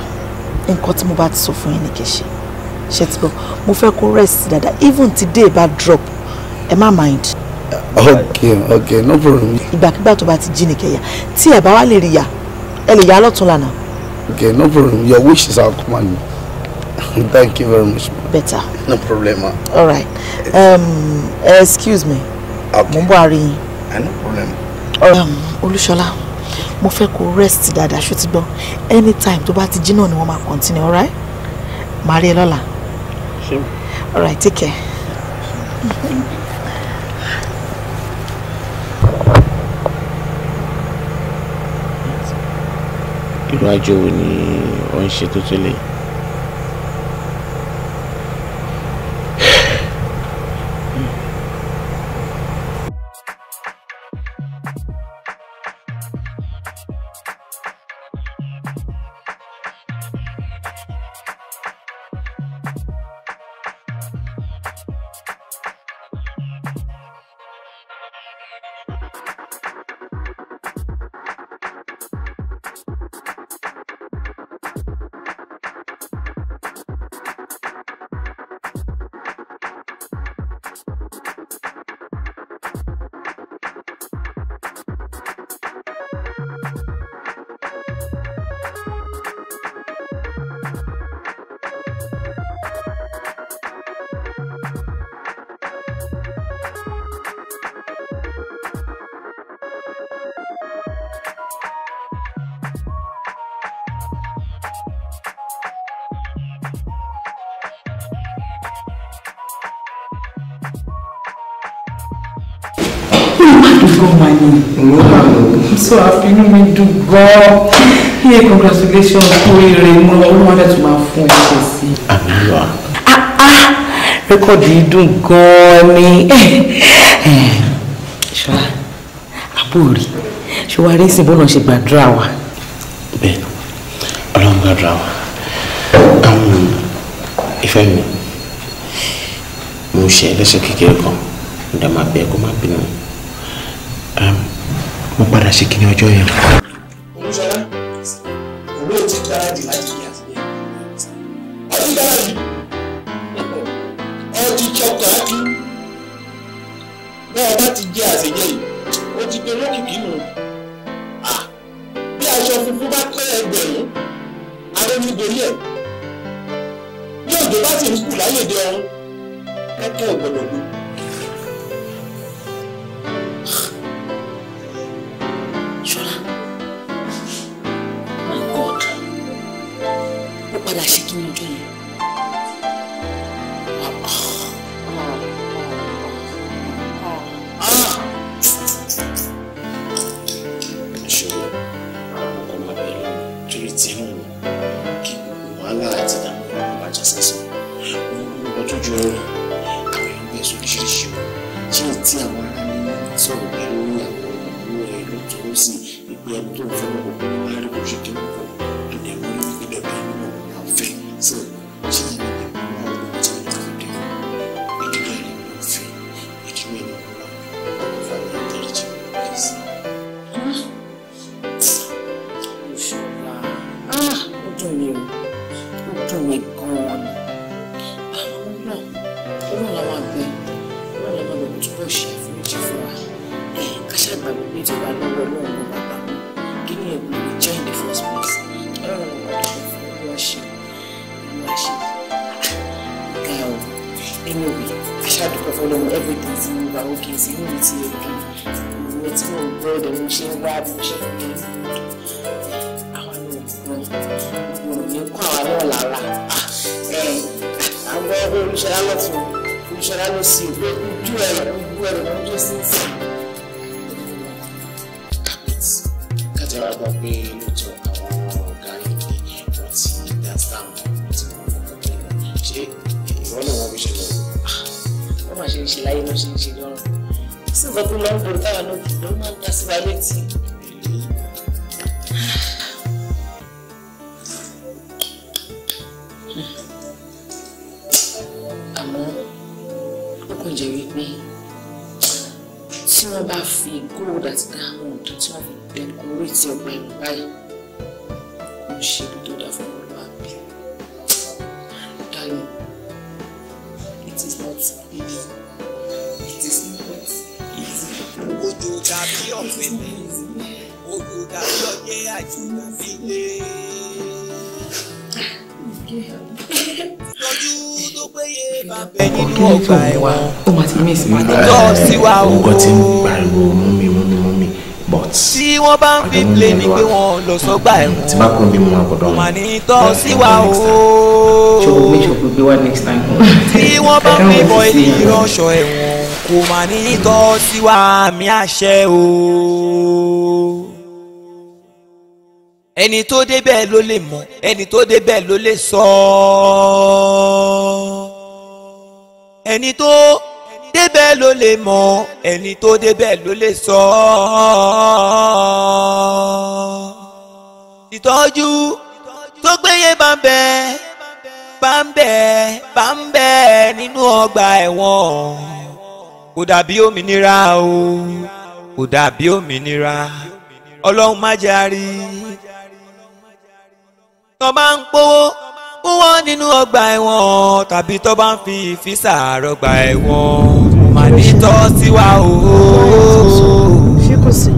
S2: nǹkan tí mo bá ti sọ fún yín ni kì í ṣe ṣe ti bọ mo fẹ́ kó rest dáadáa even today bá drop ẹ má mind okay okay no problem. ìgbàkigbà tó bá ti jí nìkẹyà tí ẹ bá wá lè rí ya ẹ lè yá lọ́tún lánàá. okay no problem your wish is our command thank you very much. better no problem. Ma. all right um, excuse me. okay mo ń bọ̀ àárín yín. Ah, no problem. Um, olúṣọlá mo fẹ́ kó rest dáadáa ṣó ti gbọ́ anytime tó bá ti jí náà ni wọ́n máa continue all right màá rí ẹ lọ́la. all right take care.
S8: irú
S6: àjò
S2: wo ni ó ń ṣe tó tó lè.
S3: bọ́ hey
S4: congratulations kú ire mo olúwa dẹ̀ tún máa fún ẹ ṣe sí. àmì lọ. rékọ̀dì dùn gan-an ni eh, eh,
S3: ṣọlá
S8: àbúrò ṣọwárí sí bọ́ọ̀nà ṣe gbàdúrà wa. bẹ́ẹ̀ni
S2: Ọlọ́run gbàdúrà wa ìfẹ́ mi mo ṣe ẹlẹ́sẹ̀ kékeré kan mo dá máa bẹ kó má bínú mo padà ṣe kíní ọjọ́ yẹn. ọ̀rọ̀ funfun bá pẹ́ ẹgbẹ̀rún
S7: àwọn ní gorí ẹ̀ bí òjò bá sì ń kù láyèdè ọ̀run
S3: kẹ́kẹ́ ò gbọ́dọ̀ gbé. ṣọlá my God
S4: ó padà ṣe kí ni ọjọ́ yẹn.
S3: sásásásásásá wọn tó ju ọ̀rọ̀ àwọn èèyàn sọ oríṣiríṣi o ṣé tí àwọn ará mi ń àwọn ìlú rẹ ló tó ó sì ìgbé ẹni tó ń fẹ́ lọ́kọ̀ọ́ wọn á rí kó ṣe kí wọ́n kọ́ tó ní ìpínlẹ̀ nínú àwọn fẹ́ sọ̀rọ̀.
S2: òun wa ó máa ti miss mi. ọjọ́ sí wa o. nǹkan tí ń pariwo mú mi mú mi mú mi but. tí wọ́n bá ń fi lé ní pé wọ́n lọ sọ́gbà ẹ̀wọ̀n. tí bá kún bí mo máa gbọ́dọ̀ wọn. màní tọ́ sí wa o. ṣé o mi ṣe pé wá next time. tí wọ́n bá fi bọ ilé ìránṣọ ẹ̀wọ̀n kò mà ní tọ́ sí wa mi àṣẹ o. ẹni tó débẹ̀ ló lè mọ̀ ẹni tó débẹ̀ ló lè sọ ọ́ ẹni tó débẹ̀ ló lè mọ̀ ẹni tó débẹ̀ ló lè sọ ọ́ ìtọ́jú tó gbéyé bá ń bẹ bá ń bẹ bá ń bẹ nínú ọgbà ẹ̀wọ̀n kò dàbí òmìnira o kò dàbí òmìnira ọlọ́run má jẹ́ àárí tọ́ bá ń pọ́wọ́ ó wà nínú ọgbà ẹ̀wọ̀n tàbí tó bá ń fi ìfísà rọgbà ẹ̀wọ̀n mà ní tọ́ sí wa o. ṣé kò sí.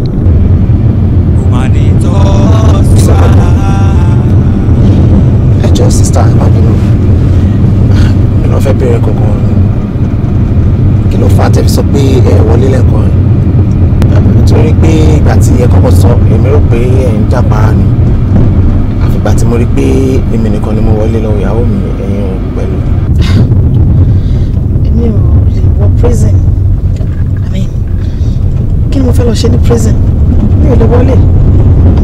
S2: mà ní tọ́ sí wa. ẹ jọ sísá àbínú ẹ lọ fẹ́ bẹ̀rẹ̀ kankan kí ló fà tẹ̀fi sọ pé ẹ wọlé lẹ́kọ̀ọ́ nítorí pé ìgbà tí ẹ kọ́kọ́ sọ èmi rò pé ẹ ń jà ni ìgbà tí mo rí pé èmi nìkan ni mo wọlé lọ ìyàwó mi ẹ̀yìn òun pẹ̀lú. èmi ò lè wọ prison àmín kí ni mo fẹ́ lọ ṣe ní prison mi ò lè wọlé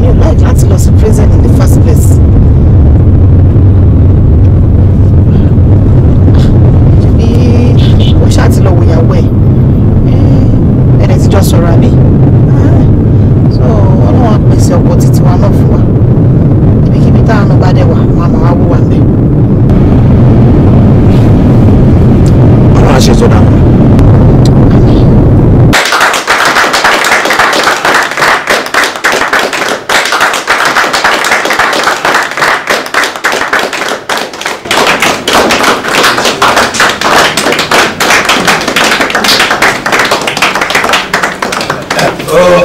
S2: mi ò láì láti lọ sí prison in the first place. ṣáà ti lọ wòyàwó ẹ̀ hmm, ẹ̀ ẹ̀ ti jọ sọ̀rọ̀ àbí. ṣe sọdá.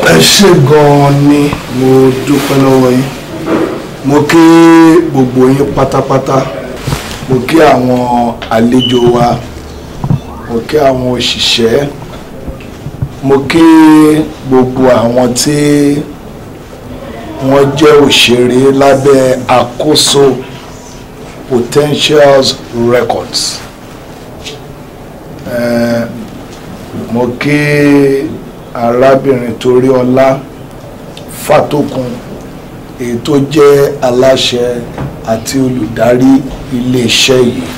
S2: ẹ ṣe gan-an ni mo dúpẹ́ lọ́wọ́ yín mo kí gbogbo yín pátápátá mo kí àwọn àlejò wa
S7: mo kí àwọn òṣìṣẹ́ mo kí gbogbo àwọn tí wọ́n jẹ́ òṣèré lábẹ́ àkóso Potentials Records uh, mo kí arábìnrin Toríọlá Fàtókun èyí tó jẹ́ aláṣẹ
S2: àti olùdarí iléeṣẹ́ yìí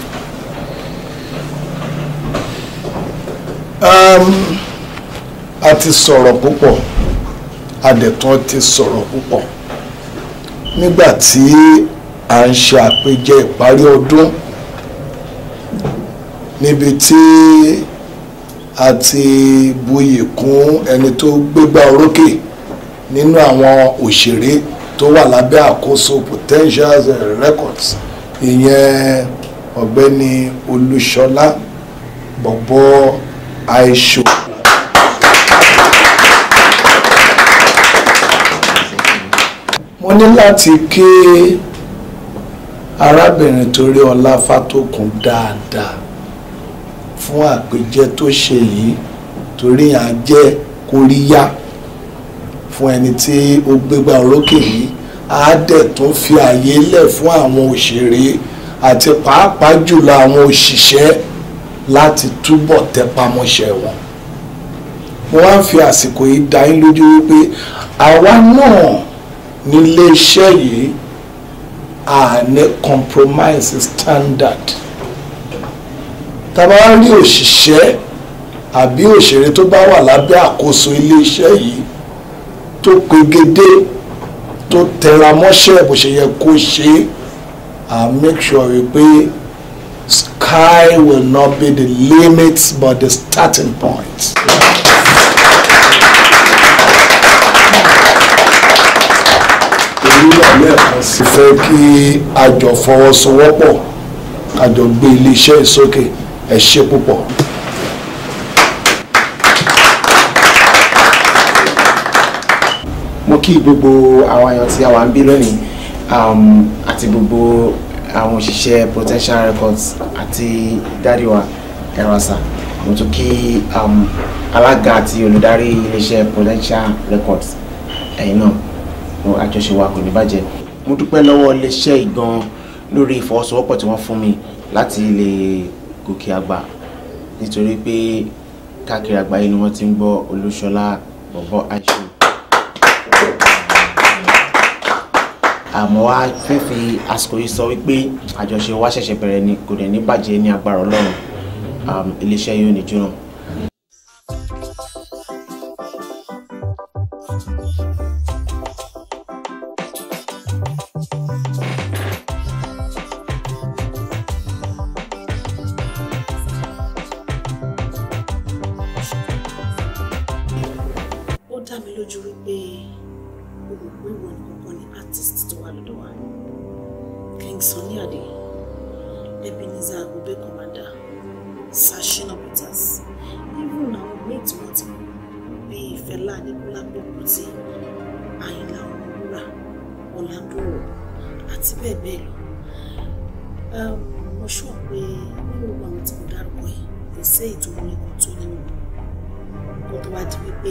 S2: a ti sọ̀rọ̀ púpọ̀
S7: adẹ̀tún ti sọ̀rọ̀ púpọ̀ nígbà tí a ń ṣe àpèjẹ ìparí ọdún níbi tí a ti buyì kún ẹni tó gbégbá orókè nínú àwọn òṣèré tó wà lábẹ́ àkóso potentials records ìyẹn ọ̀gbẹ́ni olúṣọlá bọ̀bọ̀ àìṣòwò.
S2: mo ní láti ké arábìnrin torí ọlá fátókun dáadáa fún àpèjẹ tó ṣe yìí torí à ń jẹ́ kóríyá fún ẹni tí ó gbégbá orókè yìí á dẹ̀ tún fi àyè
S7: lẹ̀ fún àwọn òṣèré àti pàápàá jùlọ àwọn òṣìṣẹ́ láti túbọ̀ tẹpamọ́ṣẹ́ wọn mo wá ń fi àsìkò yìí dá yín
S2: lójú wípé àwa náà nílé iṣẹ́ yìí à ní compromise standard tá bá
S7: rí òṣìṣẹ́ àbí òṣèré tó bá wà lábẹ́ àkóso ilé iṣẹ́ yìí tó pegedé tó tẹramọ́ṣẹ́ bó ṣe yẹ kó ṣe à make sure wípé sky will not be the limit but the starting point.
S3: ìwúlò lẹ́ẹ̀kan sí fẹ́ kí
S7: a jọ fọwọ́sowọ́pọ̀ a jọ gbé iléeṣẹ́ ìsókè ẹ ṣe
S2: púpọ̀. mo kí gbogbo àwọn èèyàn tí a wà ń bí lónìí um, àti gbogbo àwọn òṣìṣẹ́ potential records àti dádìwà ẹ̀rọ̀sà mo tún kí um, alága àti olùdarí iléeṣẹ́ potential records ẹ̀yin náà mo àjọṣe wa kò ní bàjẹ́ mo dúpẹ́ lọ́wọ́ iléeṣẹ́ ìgan lórí ìfọwọ́sowọ́pọ̀ tí wọ́n fún mi láti lè gòkè àgbà nítorí pé káàkiri àgbáyé ni wọ́n ti ń gbọ́ olúṣọlá bọ̀bọ̀ àìṣe àmọ́ wá fífi àsìkò yìí sọ wípé àjọṣe wa ṣẹ̀ṣẹ̀ bẹ̀rẹ̀ ni kò dẹ̀ ní bàjẹ́ ní agbára ọlọ́run um, iléeṣẹ́ yóò ní jóná.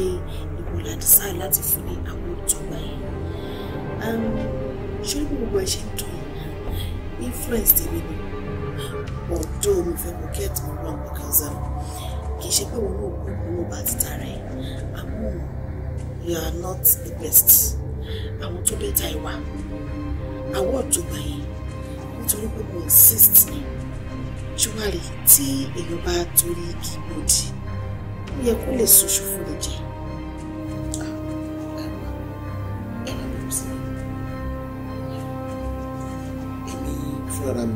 S8: pé ìwọ la decide láti fún ní àwọn ìjọba yẹn um, ṣé bí gbogbo ẹ ṣe ń tàn influence tèmi ni ọ̀dọ́ mo fẹ́ mo get me wrong because um, kì í ṣe pé òun ò kú owó bá ti tara ẹ̀ àmọ́
S2: you are not the best àwọn tó bẹ́ẹ̀ ta ìwà àwọn ọ̀jọ̀gbà yẹn nítorí pé mo insist ni ṣùgbọ́n tí èèyàn
S8: bá
S4: torí igi gbòdì ó yẹ kó lè sunṣu fún mi jẹ́ sempre, sempre.
S3: Em mim,
S6: flora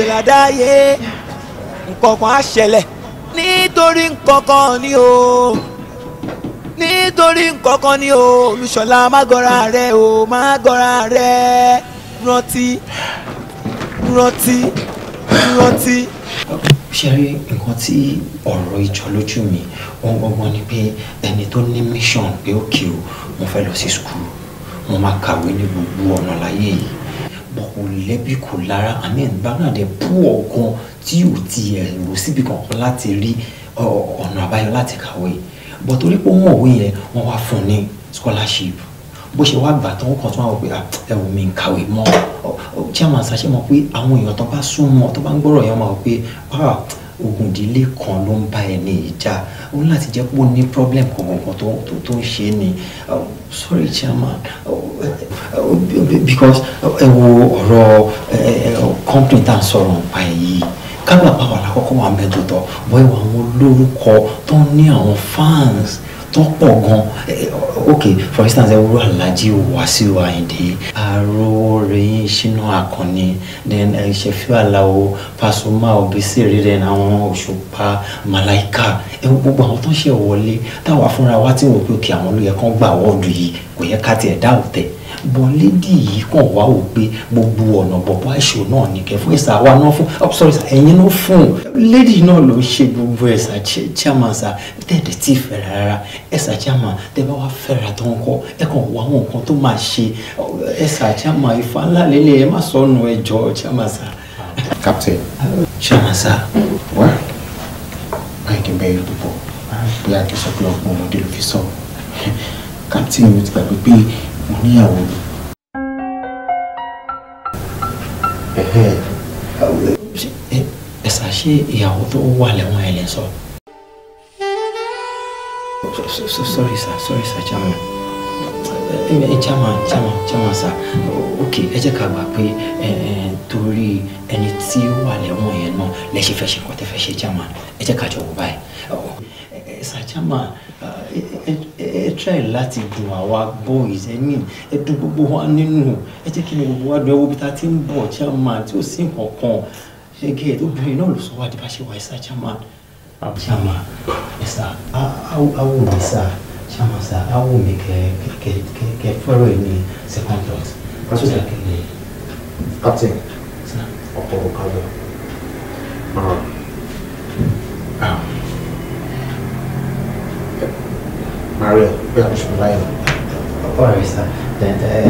S2: ìràdáyé nǹkankan á ṣẹlẹ̀ nítorí nǹkankan ni o nítorí nǹkankan ni o olùṣọ́lá má gọra rẹ o má gọra rẹ rántí rántí rántí. ṣe nǹkan tí ọ̀rọ̀ ìjọ lójú mi wọ́n gbọ́ngbọ́n ni pé ẹni tó ní mission pé ó kí o mo fẹ́ lọ sí school mo máa kàwé ní gbogbo ọ̀nà láyé yìí But kò lẹ́bi kò lára àmì ìgbàgbọ́n dẹ̀ bú ọ̀gan tí ò ti ẹ̀ rò síbi kankan láti rí ọ̀nà àbáyọ láti kàwé bọ̀ torí pé wọ́n òwe yẹn wọ́n wá fún ní scholarship bó ṣe wá gbà tán ó kàn tún wá wọ pé ẹ wò mí ń kàwé mọ́ chairman ṣàṣẹ mọ̀ pé àwọn èèyàn tó bá súnmọ́ tó bá ń gbọ́rọ̀ yẹn máa wọ pé ah, ogun ìdílé kan ló ń bá ẹni ìjà ó ní láti jẹ́ pé ó ní problem kankan kan tó tó ń ṣe ni uh, sorry chairman uh, uh, because ẹ wo ọ̀rọ̀ company tá à ń sọ̀rọ̀ nípa èyí kábàápàá wà lákọ́kọ́ wà mẹ́tòtọ̀ bọ́ ìwà àwọn olórúkọ tó ń ní àwọn fans tó pọ̀ gan eh, ok for instance ẹ wúrò alájí Wàsíù Àyìndé arówó rẹ̀yìn Ṣínà Àkànní then ṣẹ̀fí aláwo Pasuma Obisiri then àwọn Òṣùpá Màláìka ẹ wo gbogbo àwọn tó ṣe wọlé táwa fúnra wa ti wò pé òkè àwọn olóyè kan gbà wọ́ọ̀dù yìí kò yẹ ká tiẹ̀ dáhùn tẹ̀ bọ́n lédì yìí kàn wá ò pé gbogbo ọ̀nà bọ̀bọ̀ àìṣò náà ní kẹ́ fún ẹ̀sà wa náà fún oh sorry sir ẹ̀yin náà fún lédì náà ló ṣe gbogbo ẹ̀sà chairman sir tẹ̀dẹ̀ tí fẹ́ rárá ẹ̀sà chairman tẹ́ bá wá fẹ́ra tó ń kọ́ ẹ̀ kàn wá àwọn nǹkan tó máa ṣe ẹ̀sà chairman ìfà ńlá lélẹ̀ ẹ̀ má sọnù ẹ̀jọ̀ chairman sir. captain chairman sir. wá báyìí kí n bẹ yẹn púpọ̀ bóyá kí n sọ pé ọgbọ́n mo níyàwó mi. ẹ̀sà ṣe ìyàwó tó wà lẹ́wọ̀n ẹ̀ lẹ́ sọ. sorry sir sorry sir chairman chairman chairman chairman sir ok ẹ jẹ́ ká gbà pé torí ẹni tí ó wà lẹ́wọ̀n yẹn náà lẹ fẹ́ ṣe kọ́tẹ́fẹ́ ṣe chairman ẹ jẹ́ ká jọ wò báyìí ẹ̀sà chairman ẹ try láti dùn àwa boys ẹ mean ẹ dùn gbogbo wa nínú ẹ jẹ́ kí ni gbogbo wa dùn ẹ wo bí ta ti ń bọ̀ chairman tí ò sí nǹkan kan ṣe gé ẹ tó bẹ̀rẹ̀ náà ló sọ wá di bá ṣe wà ẹ̀sà chairman ah, chairman ẹ̀sà awo mi sà chairman sà awo mi kẹ kẹ kẹ kẹ fọ́rọ̀ ẹ̀ ní second thought kásù sà kẹ ní. captain ọ̀pọ̀ ọ̀kadà. parí ẹ̀ pé a kò ṣe báyìí. ọ̀rẹ́ sá dẹ̀ndẹ̀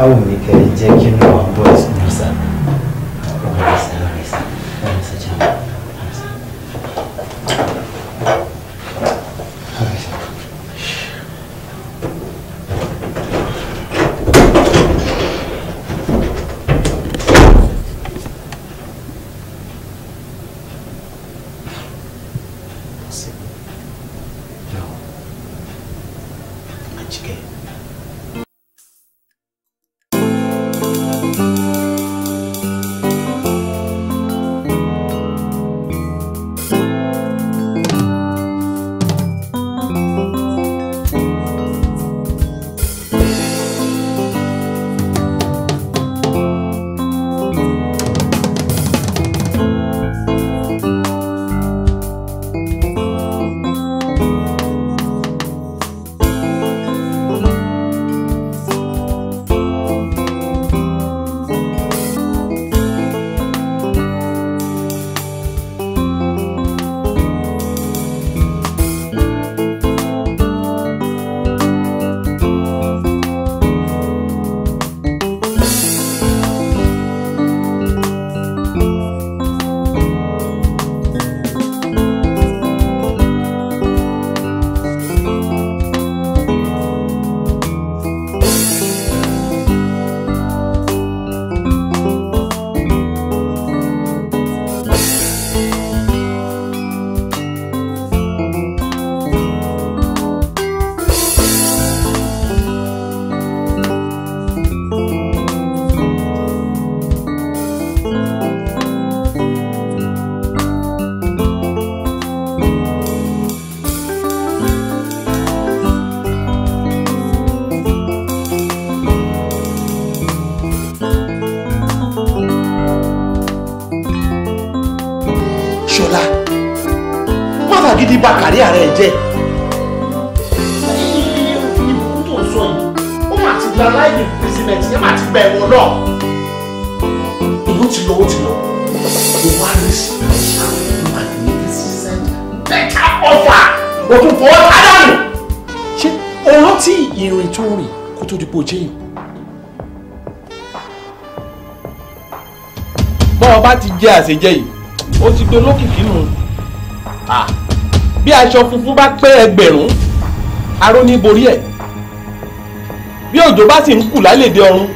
S2: àwọn mi kẹ́ jẹ́ kí n lọ́wọ́ bọ́ọ̀sì náà sá ọ̀rẹ́ sá. jẹ́ àṣejẹ́ yìí ó ti gbé olókìkí nù bí aṣọ funfun bá pé
S1: ẹgbẹ̀rún aró ní borí ẹ̀ bí òjò bá sì ń kù lálẹ́dẹ̀ ọ̀run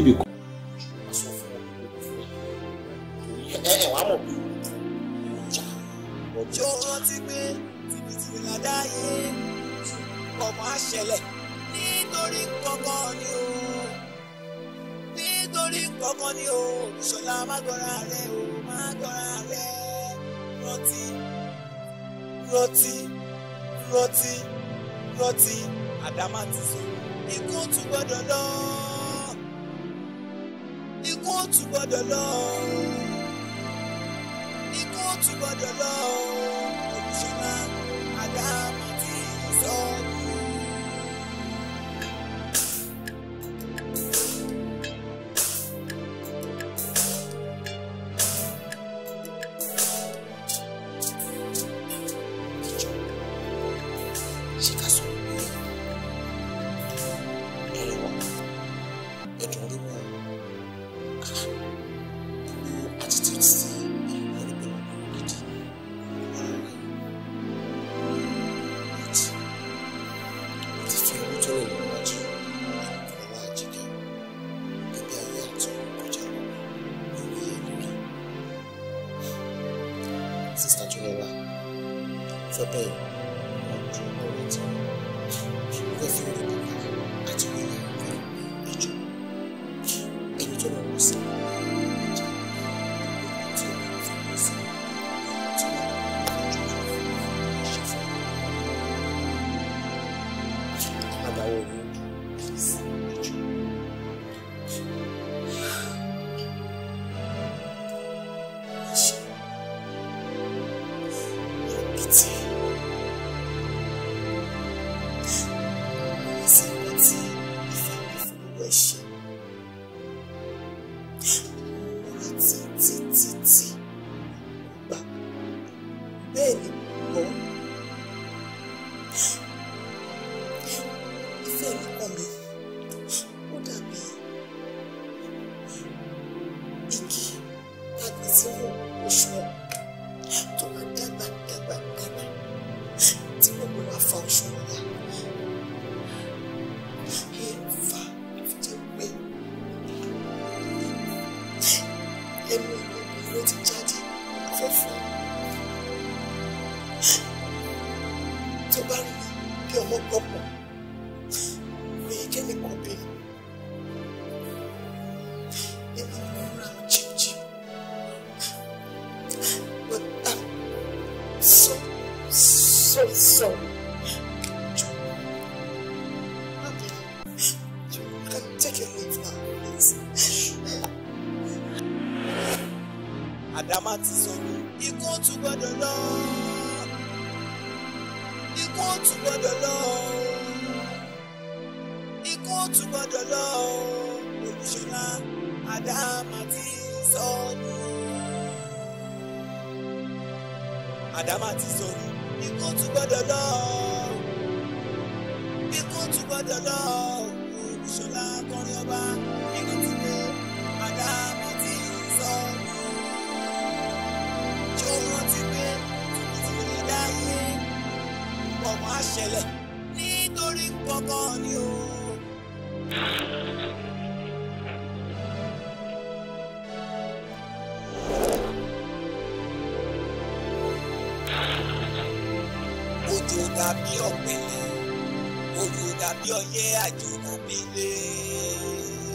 S1: níbi kan ṣùgbọ́n wọ́n sọ fún olùkọ́ fún
S2: ẹ torí ládá yé ọmọ àṣẹlẹ̀ nítorí
S3: kọ̀ọ̀kan ni o nítorí kọ̀ọ̀kan ni o ìṣọ̀lá má gbọ́ra rẹ o má gbọ́ra rẹ rántí
S2: rántí rántí rántí àdámà ti sọ
S3: ikú tún gbọ́dọ̀ lọ́ọ́ kóòtù gbọ́dọ̀ lọ ní kóòtù gbọ́dọ̀ lọ olùṣọ́nà àdá. òjò dàbí ọ̀pẹ̀lẹ̀ òjò dàbí ọyẹ́ àjòkò bílẹ̀.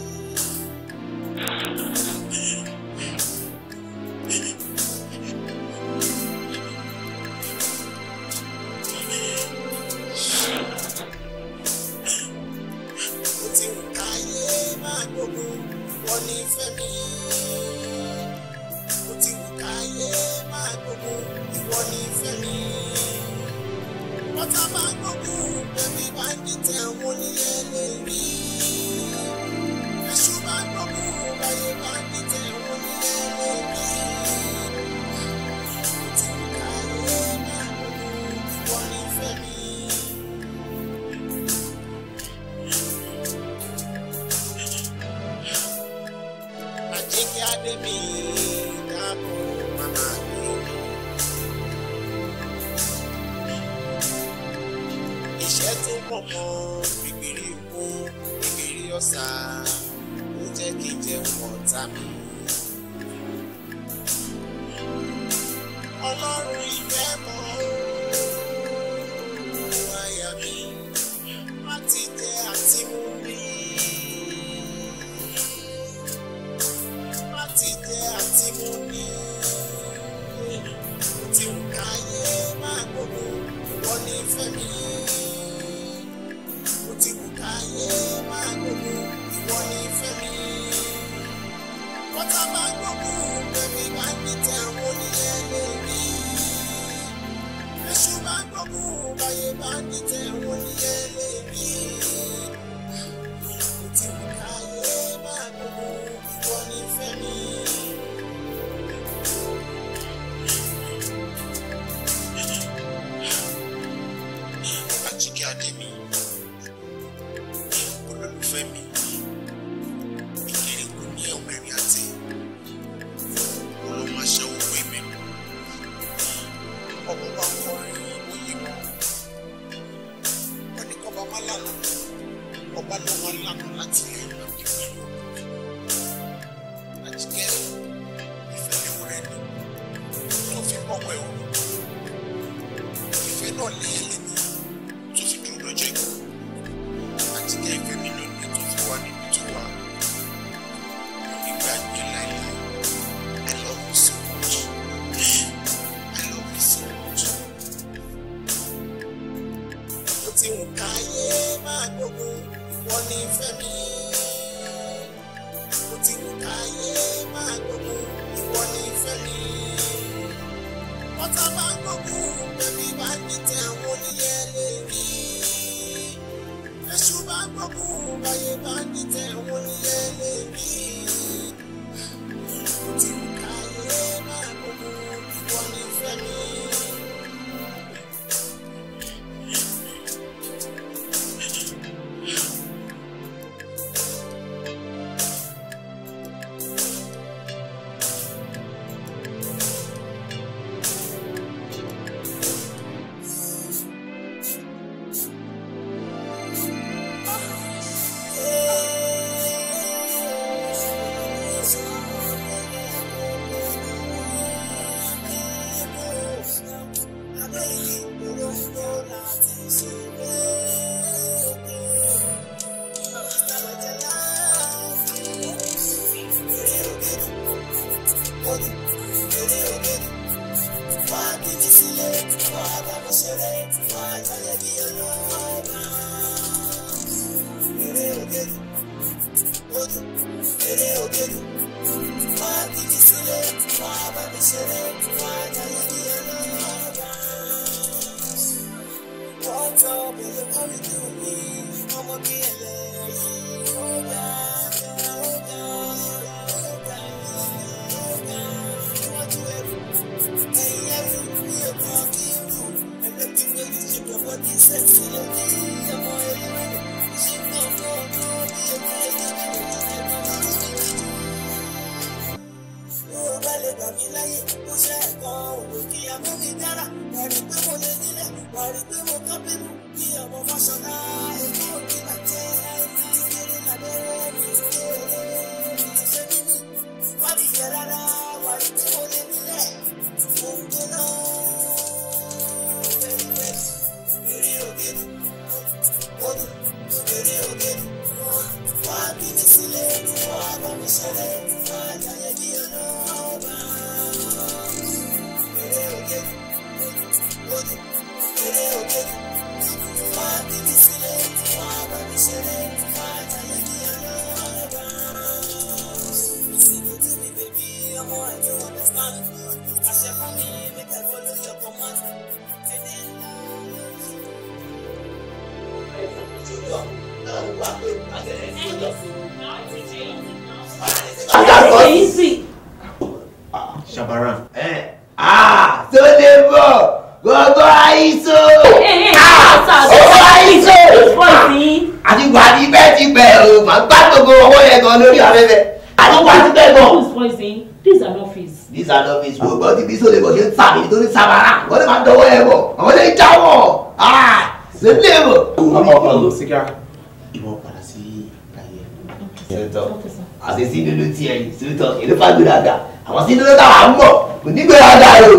S2: àṣìṣe ló ló tiẹ̀ sòótọ́ èló fagbéraga àwọn sí ló táwa ń bọ̀ kò ní gbéraga o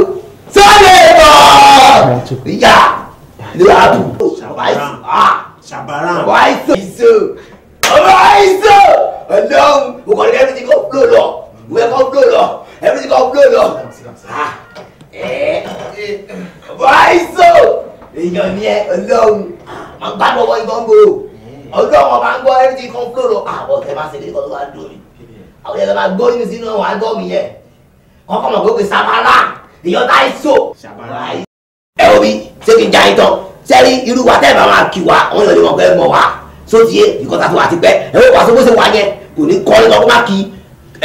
S3: sọ́ọ̀lẹ̀ bọ̀
S2: ìyá ló wà bù. ṣàbàrà ọba àìsàn ìṣó ọba àìsàn ọlọ́run òkòlù ẹ̀rù ti kọ́ bló lọ ìwé kọ́ bló lọ ẹ̀rù ti kọ́ bló lọ. ọba ah! eh, eh, àìsàn èèyàn ni ẹ ọlọ́run máa gbàgbọ́ wọ ìbọn gbòòrò ọjọ́ wọn bá ń gbọ́ ẹni tí kan ah, kúrò àwọn ọ̀tẹ̀ máa ṣe kíkọ́ tó bá dùn mí àwọn yẹn máa gbóyún sínú àwọn àgọ́ mi yẹn wọ́n kọ́ mọ̀ pé ó pe sabara ìyọ́n táì so. ẹ wo bí ṣé kí n ja ìtàn sẹ́rí irú wa tẹ́ẹ̀ bá máa kí wa àwọn yóò lè mọ̀ pé ẹ mọ̀ wa sóti yé ìkọ́ tó wà ti pẹ́ ẹ wọ́n pàṣẹ bó wà yẹn kò ní kọ́ ní lọ́kọ́ má kí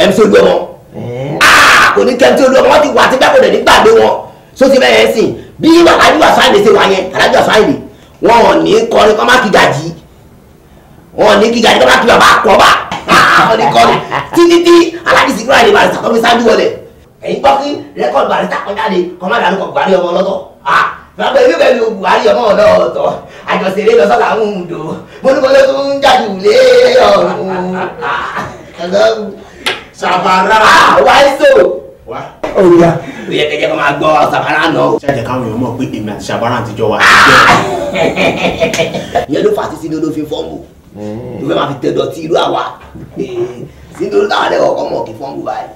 S2: mc olúwẹ̀mọ́ ah, kò ní kẹ́ mc olúwẹ̀mọ́ ti wà ti pẹ́ kò dẹ̀ ní gbàgbé wọn sóti bẹ́ẹ̀ yẹn sìn bí alájúwàsáyìn ṣe wà yẹn alájúwàsáyìn wọn ò ní kọ́ ní kọ́ má kí dàjí wọn ní gíga ní tọ́ba kí bàbá kọ́ bá wọn ní kọ́ni títí tí aládìsí kúrò àyè barista kọ́ mi ṣáájú wọlé ẹ̀yin gbọ́ kí rẹ́kọ̀dì barista kọjá de kọ́ má dànù kọ́ Buhari ọmọ ọlọ́tọ̀ bàbá èmi pẹ̀lú Buhari ọmọ ọlọ́tọ̀ àjọṣeré lọ sọ́la ń dò mo ní kọ́lé tó ń jáde wùlé ọ̀hún. sàbàrà wáìsò. wá òyà. ó yẹ kẹjẹ kó máa gbọ́ sàbàrà náà. ṣáàjẹ káwọn èèyàn mọ̀ pé èmi àti sàbàrà àtijọ́ wa ti ìyẹn ló fà á sí sínú olófin fọ́ọ̀mù tó fẹ́ máa fi tẹ̀dọ̀ tí irú àwa síndúró táwọn ẹlẹ́wọ̀n kọ́ mọ̀ kí fọ́nbù báyìí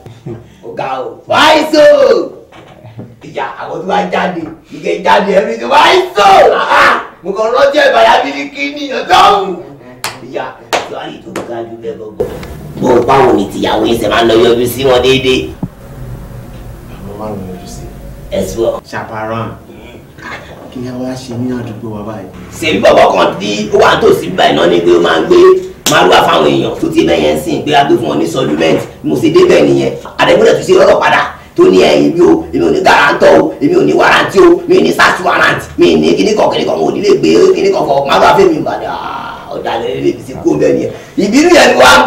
S2: ọ̀gá o wáyé so ìyá àwọn tó bá jáde ìgẹ̀ jáde ẹ̀rí tó wáyé so mo kàn rọ́jọ́ ìbàdà bíríkì ní ọ̀dọ́hùn ìyá sọ́ọ́rì tó ga jù bẹ́ẹ̀ gbọ́gbọ́. bó o báwo ni tìyàwó yìí ṣe máa ń lọ yọjú sí wọn déédéé. àwọn máa ń lọ yọjú sí. ẹ sọ. chaperon. Hmm kí ni a wá ṣe ní àdúgbò wa báyìí. ṣèbí bàbá kan tí ó wà tòsí báyìí náà ni pé ó máa ń gbé márùwá fáwọn èèyàn tó ti bẹ́yẹn ń sìn pé a gbé fún wọn ní sọdúmẹ́ǹtì mo sì débẹ̀ nìyẹn àdẹ́gbẹ́dẹ̀ tó ṣe rọ́rọ̀ padà tó ní ẹ̀yìn mi o èmi ò ní garantọ o èmi ò ní warranty o mi ò ní search warrant mi ò ní kíní kan kíní kan mo ò ní lè gbé kíní kan kan máa bá fẹ́ mi ìbàdàn kó bẹ́ẹ̀ nìyẹn ìbínú yẹn ni wọ́n á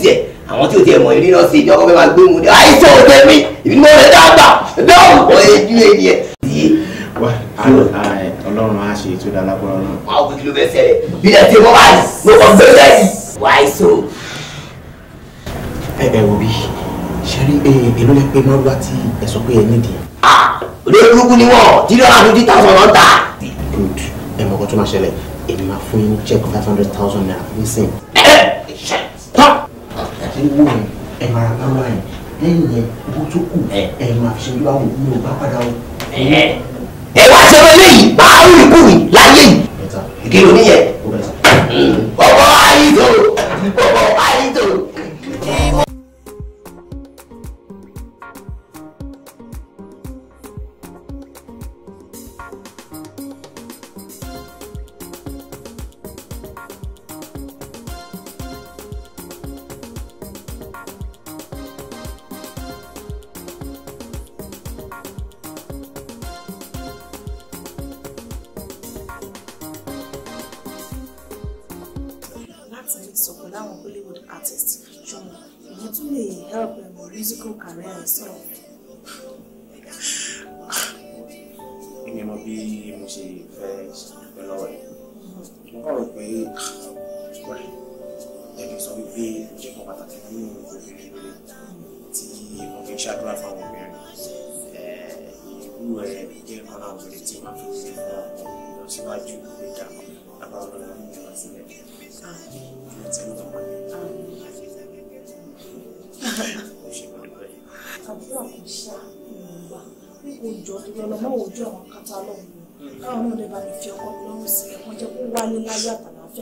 S2: bá àwọn tí o ti ẹ̀ mọ̀ ìrìnà sí ìjọba fẹ́ máa gbé mu ní àìsàn òde mi ìbínú rẹ̀ dàgbà dáhùn kọ́ ejú ẹni ẹ̀. ọlọ́run á ṣe ètò ìdálágbọ́n náà. wà á kí ló fẹ́ bí ẹ ti mọ́ wáyé mo kàn gbé bẹ́ẹ̀ wà á sọ. ẹ ẹ wò bí ṣe rí èlò lẹ pé mọ́lúwa tí ẹ sọ pé ẹ nídìí. a olè burúkú ni wọn tí lọ́la tó ti tàwọn ọ̀rọ̀ ta. good ẹ mọ̀ kó tó máa ṣẹlẹ̀ èmi máa fún yín check five hundred thousand naira nísìnyí. ẹ ẹ ṣe tán àti owó yẹn ẹ máa ra báwa yẹn lẹ́yìn yẹn owó tó kù ẹ máa fi ṣe bí báwo mi bá padà o. ẹ wá ṣe wọlé yìí máa ń rí kúrì láyé yìí kí ló níyẹn.
S3: ayé tó bọ̀bọ̀ ayé tó.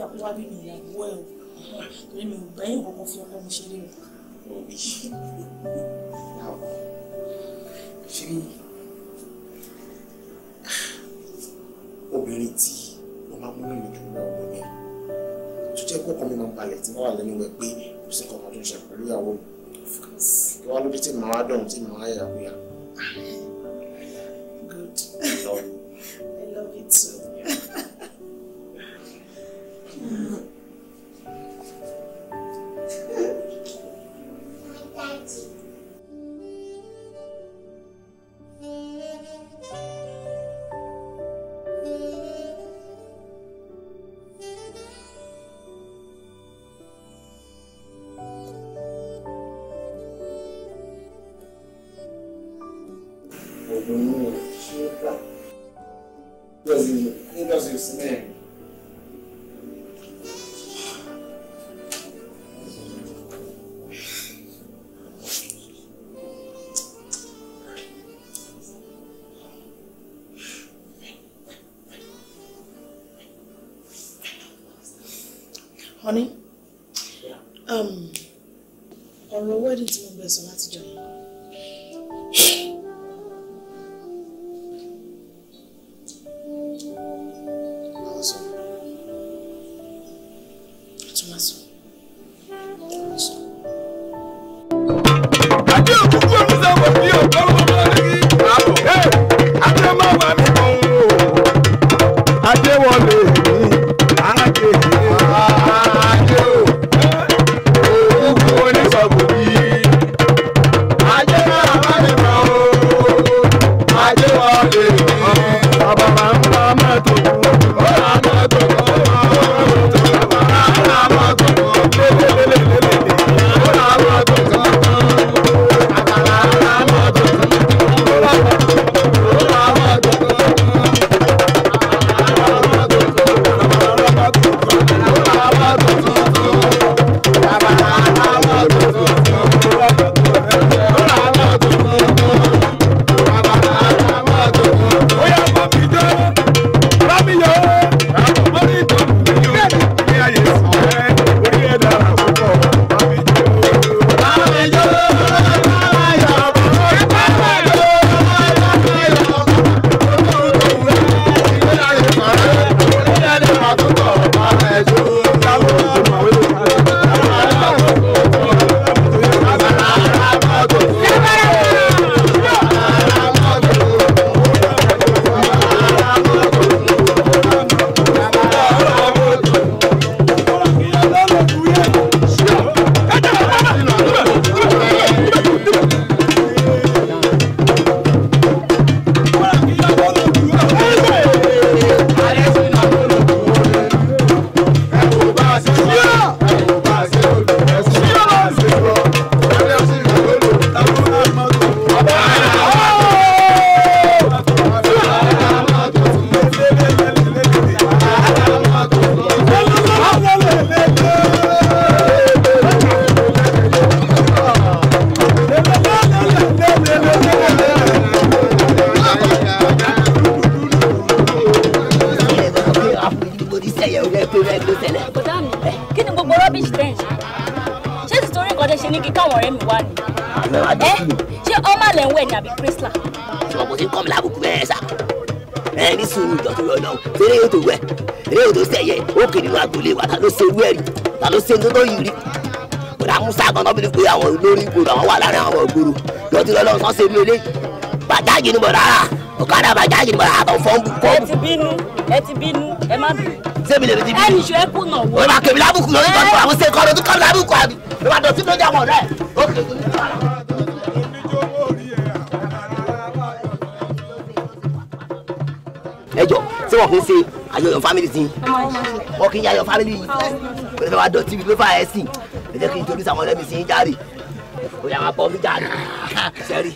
S4: kó wá bí mi ìyàwó ẹ o torí mi ò bẹ́yìn kankan fi ọkọ mi ṣeré o.
S6: ṣé obìnrin tí mo máa mú nínú ìdúró ọmọ mi tó jẹ́ pé ọkọ mi máa ń balẹ̀ tí wọ́n wà lẹ́nu ẹ̀ pé kò sí kankan tó ń ṣe pẹ̀lú ìyàwó mi kí wọ́n lóde tí màá dọ̀hún tí màá yà wíyà.
S4: Good. I love, I it too. Hum.
S2: ìgboro àwọn wà láàrin àwọn ìgboro lọ ti lọ́lọ́ sọ́ọ́ sẹ́mi ilé bàjáàjì ni bọ̀dá rà ọ̀kadà bàjáàjì ni bọ̀dá àtọ̀ fọ́ọ̀mù. ẹ ti
S4: bínú ẹ ti bínú ẹ má bínú.
S2: sẹ́mi lè ti bínú. ẹnì ṣe é
S4: kùnà wọ. ìwà kèmí lábùkù lórí kan tó àwọn ṣe kọ́ lójú kọ́mí lábùkù
S2: àbí ìwà dọ̀tí lójú àwọn ọ̀rẹ́ ẹ jọ ṣé wọn kì í ṣe àjọyọ̀ fámìlì sí i
S3: wọn kì í ṣe àjọyọ̀ fámìlì yìí pẹ̀lú
S2: fẹ́ wá dọ̀tí mi ló fà ẹ́ sìn ẹ jẹ́ kí n torí sàwọn ọ̀rẹ́ sí í járe pọ̀ mí jáde sẹ́rí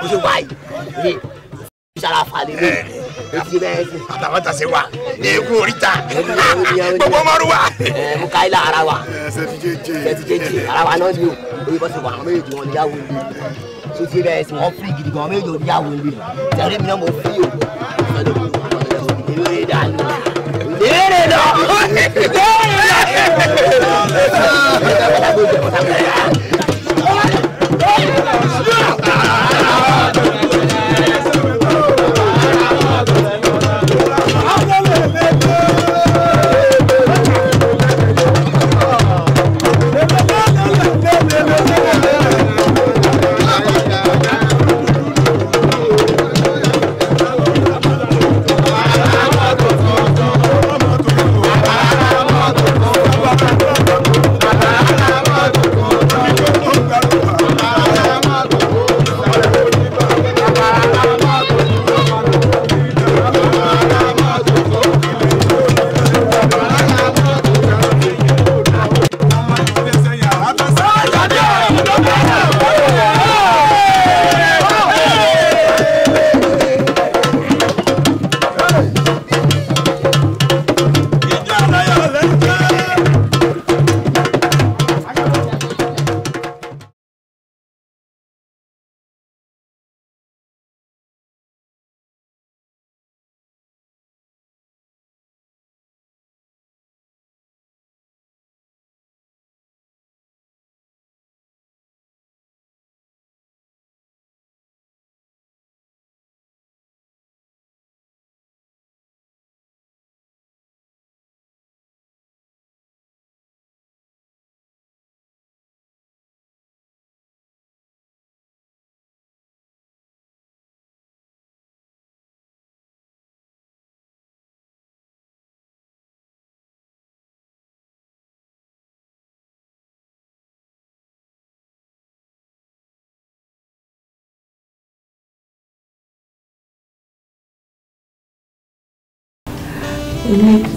S2: mo ṣe wáyé ní ìṣara falẹ̀ lé etí bẹ́ẹ̀ sí. àtàwọn ta ṣe wa ní ikú oríta gbogbo ọmọdún wa. ẹ mú káyílá ara wa sẹtijéjì ara wa náà ni o oye bọ́sẹ̀ wà àwọn méjèèjì wọn níyàwó ilé sotí bẹ́ẹ̀ sí wọn fún ìgidi gan méjèèjì wọn níyàwó ilé sẹ́rí mi náà mo fi o ìrere dànù
S3: ìrere dànù ìrere dànù.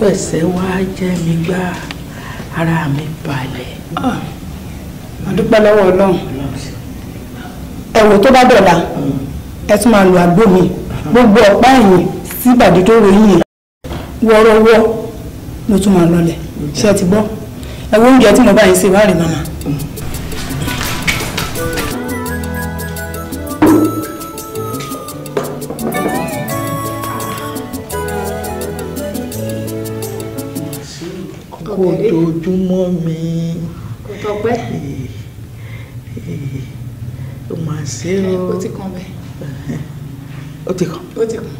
S1: fẹsẹ̀ wá jẹ́ mi gbá ara mi balẹ̀.
S2: àdúpẹ́ ah, lọ́wọ́ ọlọ́run
S8: ẹ̀wọ̀ tó bá dọ̀la
S2: ẹ tún máa lo àgbo mi gbogbo ọ̀pá ẹ̀yìn sí ìbàdí tó ròyìn yẹn wọ́ọ́rọ́wọ́ ló tún máa lọlẹ̀ ṣé ẹ ti gbọ́ ẹ̀wọ̀ oúnjẹ tí mo bá yín ṣe wá rè màmá. ṣé o. o ti kàn bẹ́ẹ̀. o ti kàn. o ti kàn.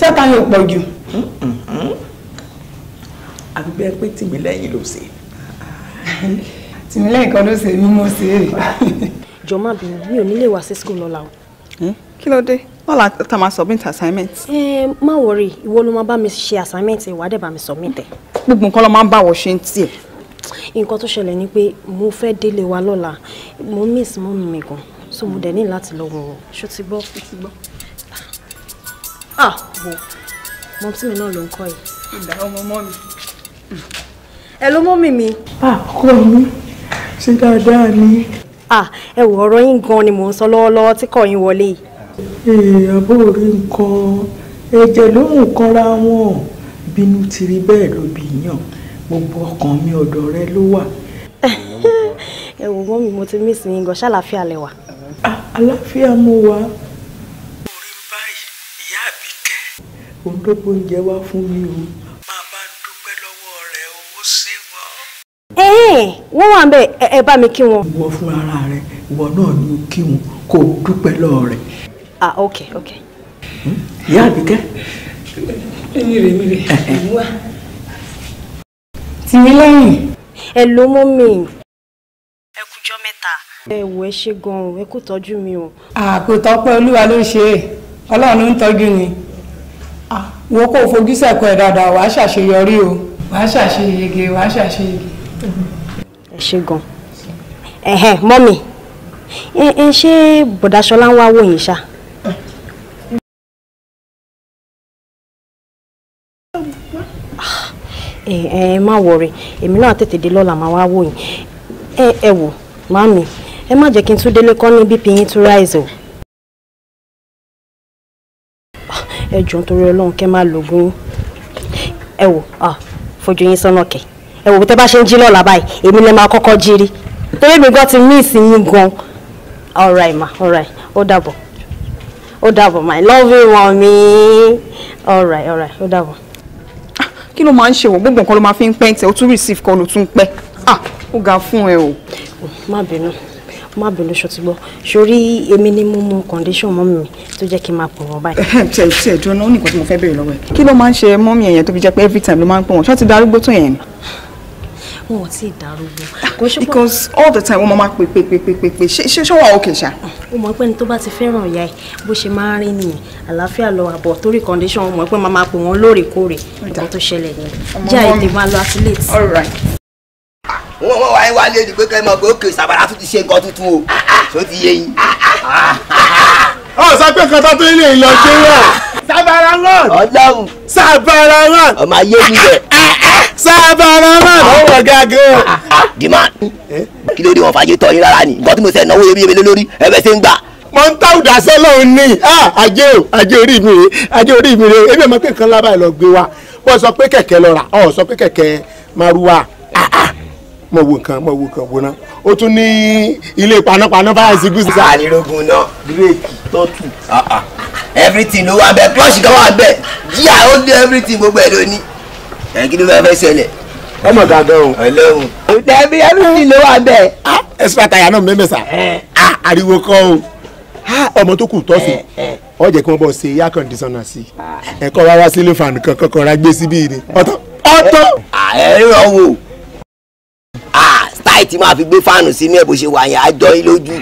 S2: sẹ́ta yóò pọ̀ jù. àbí bẹ́ẹ̀ pé tìmílẹ́yìn ló ṣe. tìmílẹ́yìn kan ló ṣe mí mo ṣe é. jọ má bínú mi ò ní lè wá sí school lọ́la o. Hm? kí ló dé
S8: lọ́la tá a máa submit assignment. ẹ má wọrí ìwọ ló máa bá mi ṣe assignment ìwádìí bá mi submit
S2: ẹ. gbogbo nǹkan ló máa ń bá wọ ṣe ń tiẹ̀
S8: nǹkan tó ṣẹlẹ̀ ni pé mo fẹ́ délé wa lọ́la mo miss mọ́mì mi gan so mo dẹ̀ ní láti lọ wọ̀ wọ́n ṣó ti gbọ́ ṣó ti gbọ́. ah, ah wo mọ tí mi náà ló ń kọ́ yìí.
S5: ìgbà ọmọ mọ́ mi.
S8: ẹ ló mọ́mì mi. àkọ mi ṣe dáadáa ni. ah ẹ wọ ọ̀rọ̀ yín gan ni mò ń sọ lọ́wọ́lọ́wọ́ tí kò yín wọlé yìí.
S2: Eh, àbó orí nǹkan ẹ̀jẹ̀ ló ń kanra wọn ìbínú ti rí bẹ́ẹ̀ ló bí yàn gbogbo ọkàn mi ọ̀dọ̀ rẹ ló wà.
S8: ẹ wò mọ́ mi mo ti mí sí yíngàn ṣàlàáfíà lẹ wà. àlàáfíà mo wà. orí ń báyìí
S2: ìyá Àbíkẹ́. òun ló gbóúnjẹ wá fún mi o. máa bá ń dúpẹ́ lọ́wọ́ rẹ̀ owó sí wọn. wọ́n wà ń bẹ̀ ẹ bá mi kí wọn. ìwọ fún ara rẹ ìwọ náà ni ó kí wọn kó o dúpẹ́ lọ́wọ́ rẹ̀.
S8: ah ok ok.
S5: Hm? ìyá Àbíkẹ́. ẹyin rèé mi rèé ìmú wa.
S8: tìmí lẹ́yìn. ẹ ló mú mi. ẹ kújọ mẹ́ta. ẹ ẹ ṣe gan-an ẹ kò mi o.
S4: àkótọ́ pé olúwa ló ṣe é ọlọ́run ń tọ́jú ni wo kó fojú dáadáa wàá ṣàṣeyọrí o
S5: wàá ṣàṣeyege wàá ṣàṣeyege.
S8: ẹ ṣe gan-an
S1: ẹ̀hẹ̀ mọ́mì ẹ ṣe bọ̀dá ń wá ẹ ẹ má wọrí èmi náà tètè dé lọ́la máa wá wò yín ẹ ẹ wò
S8: màmí ẹ má jẹ́ kí n tún délé kọ́ ní bp yín tún ráìsì o. Ah, ẹ jọ̀ọ́ nítorí ọlọ́run kẹ́ máa lògùn yín ẹ wò ah, fojú yín sọ́nà kẹ̀ ẹ wò bí tẹ́ bá ṣe ń jí lọ́la báyìí èmi lè máa kọ́kọ́ jírí torí mi gan ti miss yín gan all right ma all right ó dàbọ̀ ó dàbọ̀ my loving one mi all right all right ó dàbọ̀ kí ló máa ń ṣe wọ́n gbogbo nǹkan ló máa fi ń pẹ́ǹtẹ̀ ó tún receive kọ́ ló tún pẹ́ ah ó ga fún ẹ o. má bínú má bínú ṣọtígbọ́ sórí èmi ni mo mú condition mọ́mì mi tó jẹ́ kí n máa pọ̀ wọ́n báyìí. tẹ tẹ jọ náà ó nìkan tí mo fẹ́ béèrè lọ́wọ́
S2: ẹ. kí ló máa ń ṣe mọ́mì ẹ̀yẹn tó fi jẹ́ pé every time ló máa ń pọ̀ wọ́n ṣọ́ọ́
S8: ti darúgbó tó yẹn ni wọn ò tí because all the time wọ́n máa pè pè pè pè pè pè ṣé ṣé wàá òkè ṣá. o mọ̀ pé ní tó bá ti fẹ́ràn ìyá ẹ̀ bó ṣe máa ń rí nìyẹn àlàáfíà lọ àbọ̀ torí condition o mọ̀ pé màmá pè wọ́n lóòrèkóòrè nǹkan tó ṣẹlẹ̀ nìyẹn jẹ́ àìtè
S2: máa lọ àti late. wọ́n wọ́n wáyé wálé ni pé kẹ́ ẹ mọ̀ pé òkè sàbàrà tún ti ṣe nǹkan tuntun o ṣó ti yé yín. ọ̀ sọ pé kọ́tà tó ilé ìyọ̀ ṣe wà sabara wọn. ọlọ́run. sabara wọn. ọmọ ayé mi bẹ. sabara wọn. àwọn ọ̀gá gan. dima kí ló dé wọn fàájì tọ́ yín rárá ni nǹkan tí mo sẹ́ náwó iyebíyebe lórí ẹ ṣe ń gbà mo ń tá òdàsẹ́ lọ́hùn ní ah, ajé o ajé orí mi rè ajé orí mi rè ebi ọmọ pé nǹkan lábàá lọ gbé wa wọ́n sọ pé kẹ̀kẹ́ lọ rà ọ̀ sọ pé kẹ̀kẹ́ maruwa ah, ah. mo wo nǹkan mo wo nǹkan wo ná o tún ní ilé panápaná báyìí sí gúúsù. àlérògùn náà bírèkì tó tù everything ló wà bẹ́ẹ̀ clutch kan wà bẹ́ẹ̀ jíà ó ní everything gbogbo ẹ̀ ló ní ẹ̀ kí ló fẹ́ fẹ́ ṣẹlẹ̀. ọmọ gàdán o. ọlọ́run. òtẹ́ bí everything ló wà bẹ́ẹ̀. Ah, expert àyà náà mẹ́mẹ́ sà ah, ariwo kọ́ o ah, ọmọ tó kù tọ́sí ọ jẹ́ kí
S7: wọ́n bọ̀ ṣe air conditioner sí ẹ̀kọ́ rárá sílé fan kankan kan ra gbé síbí ni ọ̀tọ̀ ọ̀tọ̀.
S2: ẹ ẹ rọ wo style tí máa fi gbé fáànù sí ní ẹ bó ṣe wà yẹn á jọ yín lójú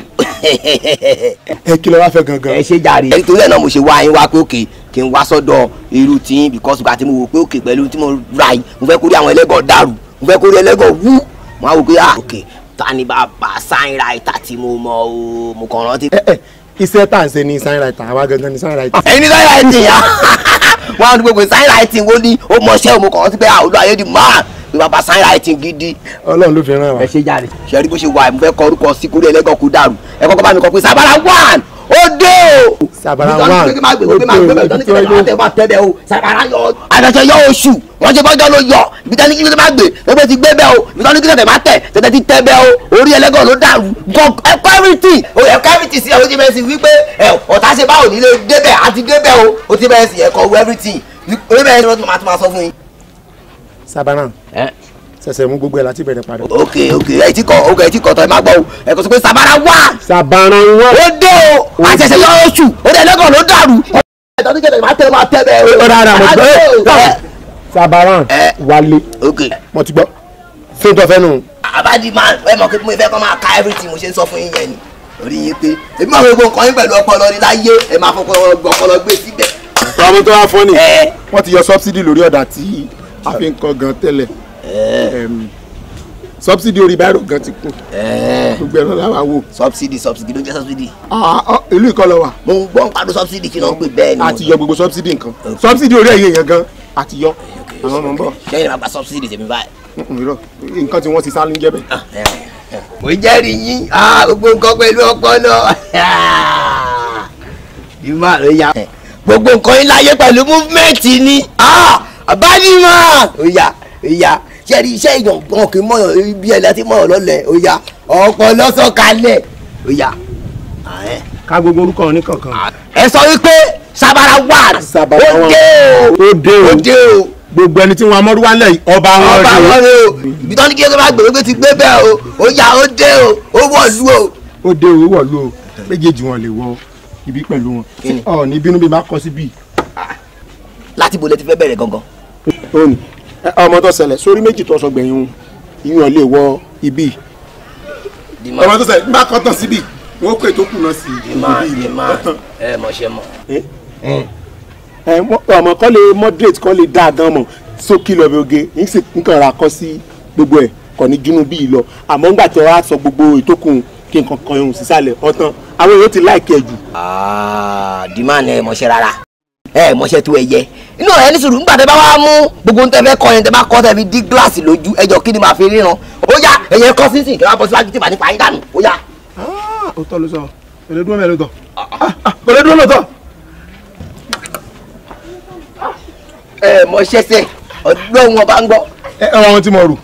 S2: ẹ kí ló wá fẹ́ gangan. ẹ ṣe jàre. ẹni torí ẹ náà mo ṣe wá yín wá pé òkè kí n wá sọ́dọ̀ irú tí because gba tí mo wò pé òkè pẹ̀lú tí mo ra yìí mo fẹ́ kó àwọn ẹlẹ́gọ̀ dàrú mo fẹ́ kó rí wú mo á wò pé ah òkè ta bàbá sign writer tí mo mọ o mo kàn rántí. iṣẹ́ tá à ń ṣe ni sign writer àwa gangan ni sign writer. ẹni sign writer yà. Ah. wọn á ní gbogbo sign writing ó ní ó mọṣẹ́ òun kàn án sí pé àwòrán ayé di máa pé bàbá sign writing gidi. Ọlọ́run ló fi ràn wá. ẹ ṣe jáde ṣe rí bó ṣe wà ẹ mú kọ orúkọ sí kórè ẹlẹ́gàn dàrú ẹ kọ́kọ́ bá mi kọ pé sábàrà one ó dé o. yọ oṣù wọ́n ṣe bọ́jọ́ ló yọ bitani ló máa gbé gbogbo ti gbé bẹ́ẹ̀ o bitani kí tẹ̀tẹ̀ máa tẹ̀ ti tẹ̀ bẹ́ẹ̀ o orí ẹlẹ́gàn ló dàrú gọ́g ẹ̀kọ́ sí ẹ̀wọ́n ti sí wípé ọ̀tá ṣe báwo nílé débẹ̀ àti débẹ̀ o o ti bẹ̀rẹ̀ sí ẹ̀kọ́ everything orí bẹ̀rẹ̀ sí wọ́n ti máa tún máa sọ fún yín. sabara. ẹ ṣẹ̀ṣẹ̀ mú gbogbo ẹ̀ láti bẹ̀rẹ̀ padà. ok ok ẹ ti kọ ok ẹ ti kọ tọ ẹ má gbọ́ o ẹ kò sọ pé sabara wá. sabara wá. ó
S3: dé o àṣẹ̀ṣẹ̀ yọ oṣù ó dẹ lẹkọọ ló dàrú.
S2: ẹ tọ́jú kẹlẹ̀ máa tẹ máa tẹ bẹ́ẹ̀. ó dára mo gbọ́
S7: sabara wálé. ok mo ti gbọ́ fún tó fẹ́ nù.
S2: abadi man ẹ mọ̀ pé mo fẹ́ kọ́ máa ka everything mo ṣe ń sọ fún yín yẹn ni orí yín pé èmi máa gbogbo nǹkan yín pẹ̀lú ọpọlọ ní láyé ẹ máa fọpọlọ ọpọlọ gbé síbẹ̀. ìpamọ́ tó wá fọ́ ni
S7: wọ́n ti yọ sọ́bsidì lórí ọ̀dà tí a fi ń kọ́ gan
S2: tẹ́lẹ̀ subsidy orí báyìí gan ti kún eh. gbogbo ẹ̀rọ làwọn wò. subsidy subsidy ló jẹ́ subsidy. Ah, ah, ìlú ìkọlọ wa. mo gbọ́ ń pàdé subsidy kí ló ń pè bẹ́ẹ̀ ni. a ti yọ gbogbo subsidy nǹkan subsidy orí ẹ̀yẹ yẹn gan a ti yọ àwọn ọmọ ń bọ̀. ṣé ìyẹn máa gba subsidy tèmi báyìí. nǹkan tí wọ́n ti sálú ń jẹ́ bẹ́ẹ̀. Ah, eh, eh, mo jẹ́rìí yín gbogbo nǹkan pẹ̀lú ọpọlọ ìmọ̀ rẹ̀ yá. gbogbo nǹkan yín láyé pẹ̀lú movement ni abánimọ̀ ó yá ó yá ṣẹ́ẹ̀rí iṣẹ́ èèyàn gan kì í mọ̀yàn ibi ẹ̀ láti mọ̀yàn lọ́lẹ̀ òyà ọ̀pọ̀ lọ́sọ̀kalẹ̀ òyà. ká gbogbo orúkọ oníkọ̀ọ̀kan. ẹ sọ wípé sabara wà ó dé o ó dé o gbogbo ẹni tí wọn amọ́rú wá lẹ̀ ọba wọn rè o. ọba wọn rè o ibi tó ní kí ẹgbẹ́ bá gbèrò ti gbé bẹ́ẹ̀ o ó yà ó dé o ó wọ̀lú
S7: o. ó dé o ó wọ̀lú o méjèèjì wọn lè wọ ibi pẹ̀lú wọn ọ̀ ní bínú bí bá
S2: kọ́ síbí. Ah. láti bo ti fẹ́ bẹ̀rẹ̀ gangan. Ah, ọmọ tó ṣẹlẹ̀ sórí méjì tó sọ gbẹ̀yìn ìyún lè wọ ibi ọmọ tó ṣẹlẹ̀ má
S7: kọ́ tán síbi wọ́n pè tó kùnà sí ibi
S2: ẹ mọ̀ ṣe mọ̀.
S7: Eh? Eh, ọmọ kọ́ lè moderate kọ́ lè dáa gan mọ̀ sókè lọ́bẹ̀ oge nǹkan ra kọ́ sí gbogbo ẹ̀ kọ́ ní dúnú bíi lọ àmọ́ ńgbà tí wọ́n á sọ gbogbo ìtókùn
S2: kí nǹkan kan ìhùn sísàlẹ̀ ọ̀tán àwọn èèyàn ti láìkẹ́ jù. Ah, dìmọ̀ ni ẹ mọ̀ ṣe rárá ẹ mọṣẹ tó ẹyẹ inú ẹ ní sùúrù nígbà tẹ bá wá mú gbogbo ń tẹfẹ kọ yẹn tẹ bá kọ tẹbi dí gíláàsì lójú ẹjọ kí ni màá fi ríran ó yá ẹyẹ kọ sínsìn kí wọn bọ síwájú tí màá nípa yín dànù ó yá. Ah, ó tọ́ ló sọ pẹ̀lú dúró mẹ́rin tọ̀ pẹ̀lú ah, ah. dúró lọ́tọ̀. ẹ mọṣẹ sẹ ọdún wọn bá ń gbọ́. ẹ ẹ wọn ti mọ rù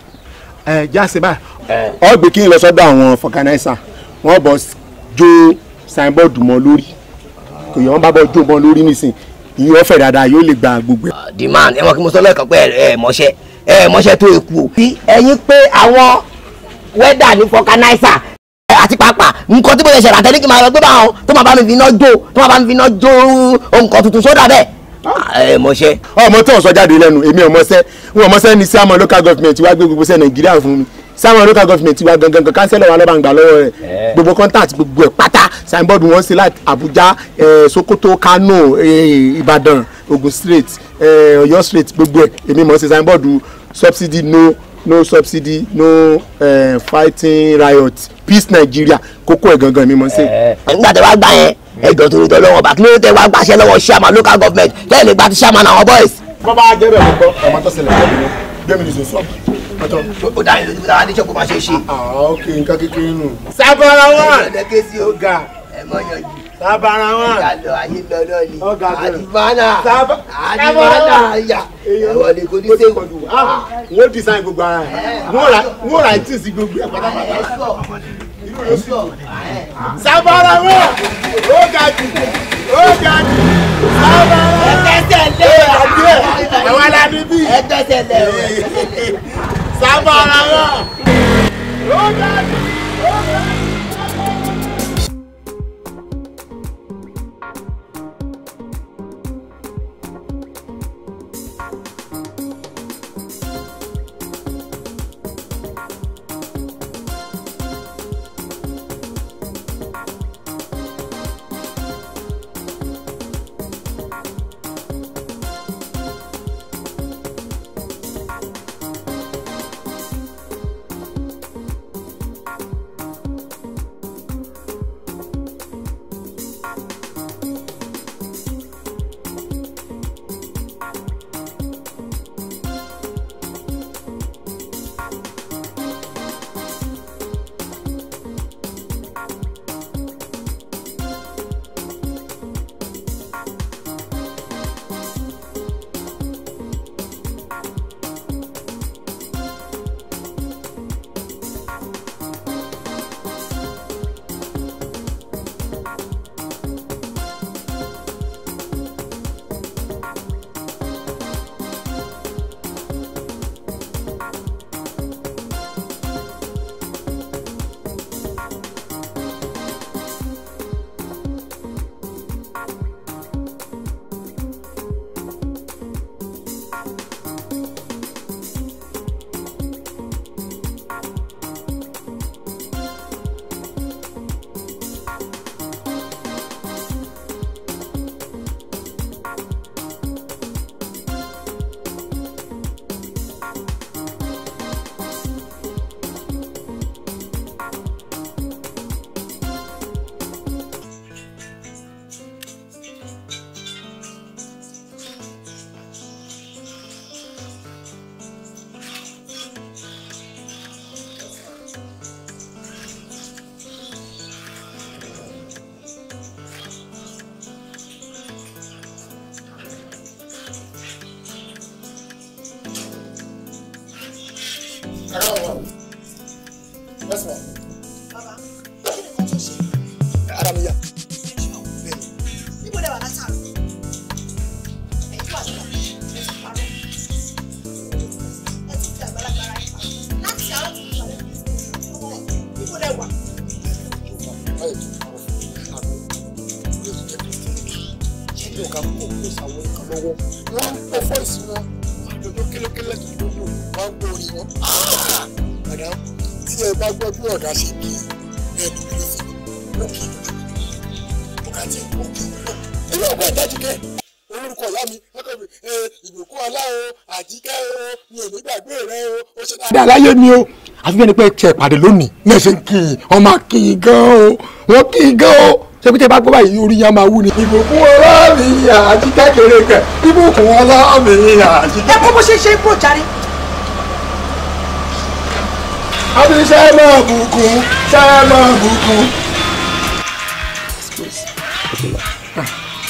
S2: ẹ jáse báyìí ọ gbé kí n lọ sọ́dọ̀ àwọn fọkànáísà wọn bọ jó signboard mọ lórí kò yẹ wọn bá bọ jó mọ lórí nísìnyí ìyẹn ọ̀fẹ́ dáadáa yóò lè gba gbogbo. the ah, man ẹ mọ̀ kí mo sọ lẹ́ẹ̀kan pé ẹ mọ̀ṣẹ́ ẹ mọ̀ṣẹ́ tó eku o. ẹ̀yin pé àwọn wẹ́dà ní fọkanáísà àti pàápàá nǹkan tí mo lè ṣẹlẹ̀ àtẹ́lẹ́ kí n máa lọ gbé bá wọn tó máa bá mi fi iná jó tó máa bá mi fi iná jó nǹkan tuntun sódà bẹ́ẹ̀ ah,
S7: ẹ mọ̀ṣẹ́. ọmọ tó ń sọ jáde lẹ́nu èmi ọmọṣẹ́
S2: wọn ọmọṣẹ́ ni sí
S7: àmọ́ local government wá gbé gbogbo sẹ́ Nàìjíríà fún mi sáwọn local government wa gangan gan kánsẹ́lọ̀ wa lọ́ba ń gbà lọ́wọ́ rẹ̀ gbogbo contact gbogbo ẹ̀ pátá signboard wọn sí láti Abuja Sokoto Kano Ibadan Ogun State Ọ̀yọ́ State gbogbo ẹ̀ èmi mọ̀ sí signboard subsidy no no subsidy no uh, fighting riot peace Nigeria
S2: kókó ẹ̀ gangan mi mọ̀ sí. nígbà tí wàá gbà yẹn ẹjọ́
S1: torí tọ lọ́wọ́ bá kí ló tẹ wàá gbàṣẹ lọ́wọ́
S2: chairman local government tẹ́lẹ̀ lè gba ti chairman àwọn boys.
S7: bọ́ bá jẹ́ bẹ́ẹ̀ mo gbọ́ ọmọ tó ṣẹlẹ̀ gbẹ́mi ní gbẹ́mi ní
S2: sọ́sọ́ ọ̀tọ̀ ó dá ah, ok nǹkan kékeré nù. sábàrà wọn. ọ̀dọ̀ kéésì ó ga. ẹ mọ̀ yàn jù. sábàrà wọn. ìyá lọ ayé lọ náà ni. ọ̀gá bẹ̀rẹ̀ àdìmọ́nà àdìmọ́nà ìyá. ẹ̀wọ̀n lè kó ní sẹ́wọ̀n. Ah, wọ́n design gbogbo ara ẹ̀ wọ́n ra ẹtí sí gbogbo ẹ̀ pátápátá. sábàrà wọn. ó ga jù ó ga jù. sábàrà wọn. ẹ̀ẹ́dẹ́sẹ̀ lẹ́yìn. ẹ̀wọ̀n la ní bí. ẹ̀ẹ́dẹ́sẹ̀
S1: sábà ara wọn.
S7: ni o àfi bí ẹni pé tiẹ̀ pàdé lónìí ní ẹ̀sìn kì í ọmọ kì í gan o wọ́n kì í gan o ṣé pété bá gbọ́ báyìí orí yẹn máa wú ni. ìbùkún ọlá
S2: àti kékeré kẹ ìbùkún ọlá àti. ẹ kó bó ṣe ṣe kúrò járe. àti ṣẹ́ máa bùkún ṣẹ́ máa bùkún.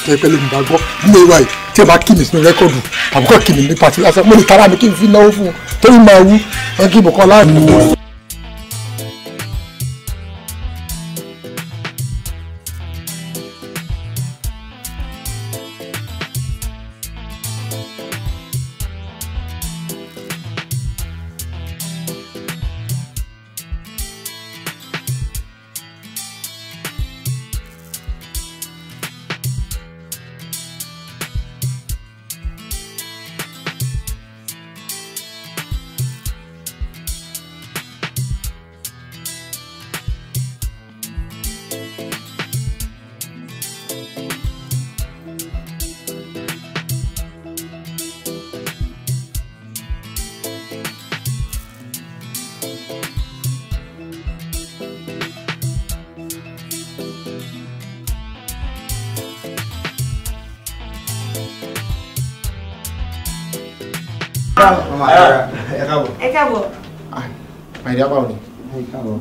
S7: kẹ́kẹ́ ló ń bá gbọ́ nílé wa yìí tí ẹ bá kí mi sínú rẹ́kọ̀dù àbúkọ́ kí mi ní pàtí lásán mo lè tara mi kí n fi náwó fún un torí máa wú ẹ kí Bùkọ́lá.
S1: ẹ káàbọ̀. ẹ káàbọ̀.
S6: màìdí apá ò ní. ẹ káàbọ̀.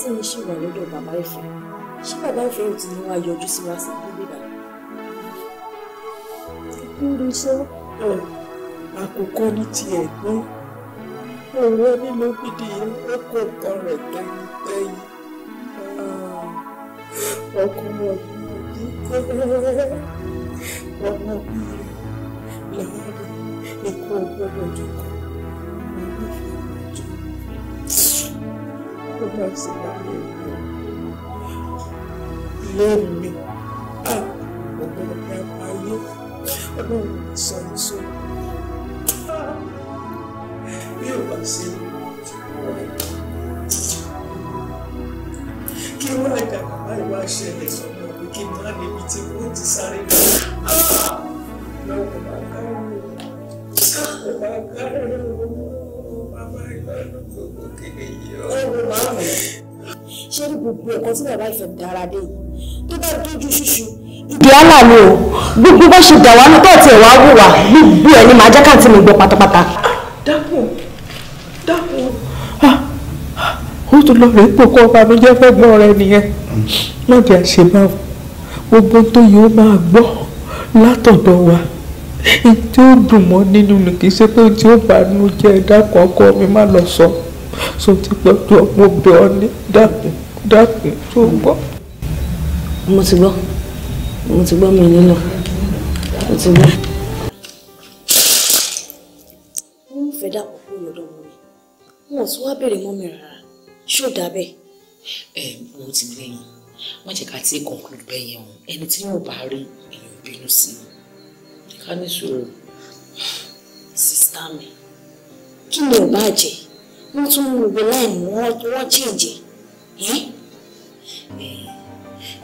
S8: tí ń ṣì wà lọ́dọ̀ bàbá ìfẹ́ ṣé bàbá ìfẹ́ ò ti ní wá yọjú sí wa sí bíbí bàbá. ìkúrú sọ àkókò ní tiẹ̀ gbọ́n
S6: òun ẹni ló bìdí ọkọ̀ kan rẹ̀ tẹ́yìntẹ́yìn
S3: ọkùnrin ọ̀gbìn ọmọ bíi làwọn èkó gbọ́dọ̀ jókòó. people talks about it. tí bàbá ìfẹ́ dára dé yìí tó bá dójú ṣíṣú.
S8: ìdí àlà ni o gbogbo bá ṣe dà ní tọ́ọ̀tì ẹ̀wà wù wá gbogbo ẹ̀ ni màá mi gbọ́ pátápátá.
S3: dákun dákun
S8: ó tún lọ rèé pò kó ọba mi jẹ́ fẹ́
S2: gbọ́ rẹ nìyẹn má àṣemá gbogbo tó yóò máa gbọ́
S5: látọ̀dọ̀ wa tí ó dùn mọ́ nínú ni kì í ṣe pé tí ó bá nu jẹ́ dákun ọkọ mi má lọ sọ sọ ti pẹ́ tó ọmọ bẹ́ọ̀ ní dákun
S2: dákun tó gbọ́. mo ti gbọ́ mo ti gbọ́ mi nílò
S8: mo ti gbọ́. wọ́n fẹ́ dàpọ̀
S4: kúrò lọ́dọ̀ mọ́
S8: mi wọ́n tún wá bèrè mọ́ mi rárá
S4: ṣó dáa bẹ́ẹ̀. ẹ mo ti lẹ́yìn má jẹ́ ká tí conclude bẹ́ẹ̀ yẹn o ẹni tí yóò bá rí èèyàn bínú sí i ká ní sùúrù. sísá mi kí ni ò bá jẹ́ tún mú gbogbo láì mú wọ́n jẹ́jẹ́. 咦？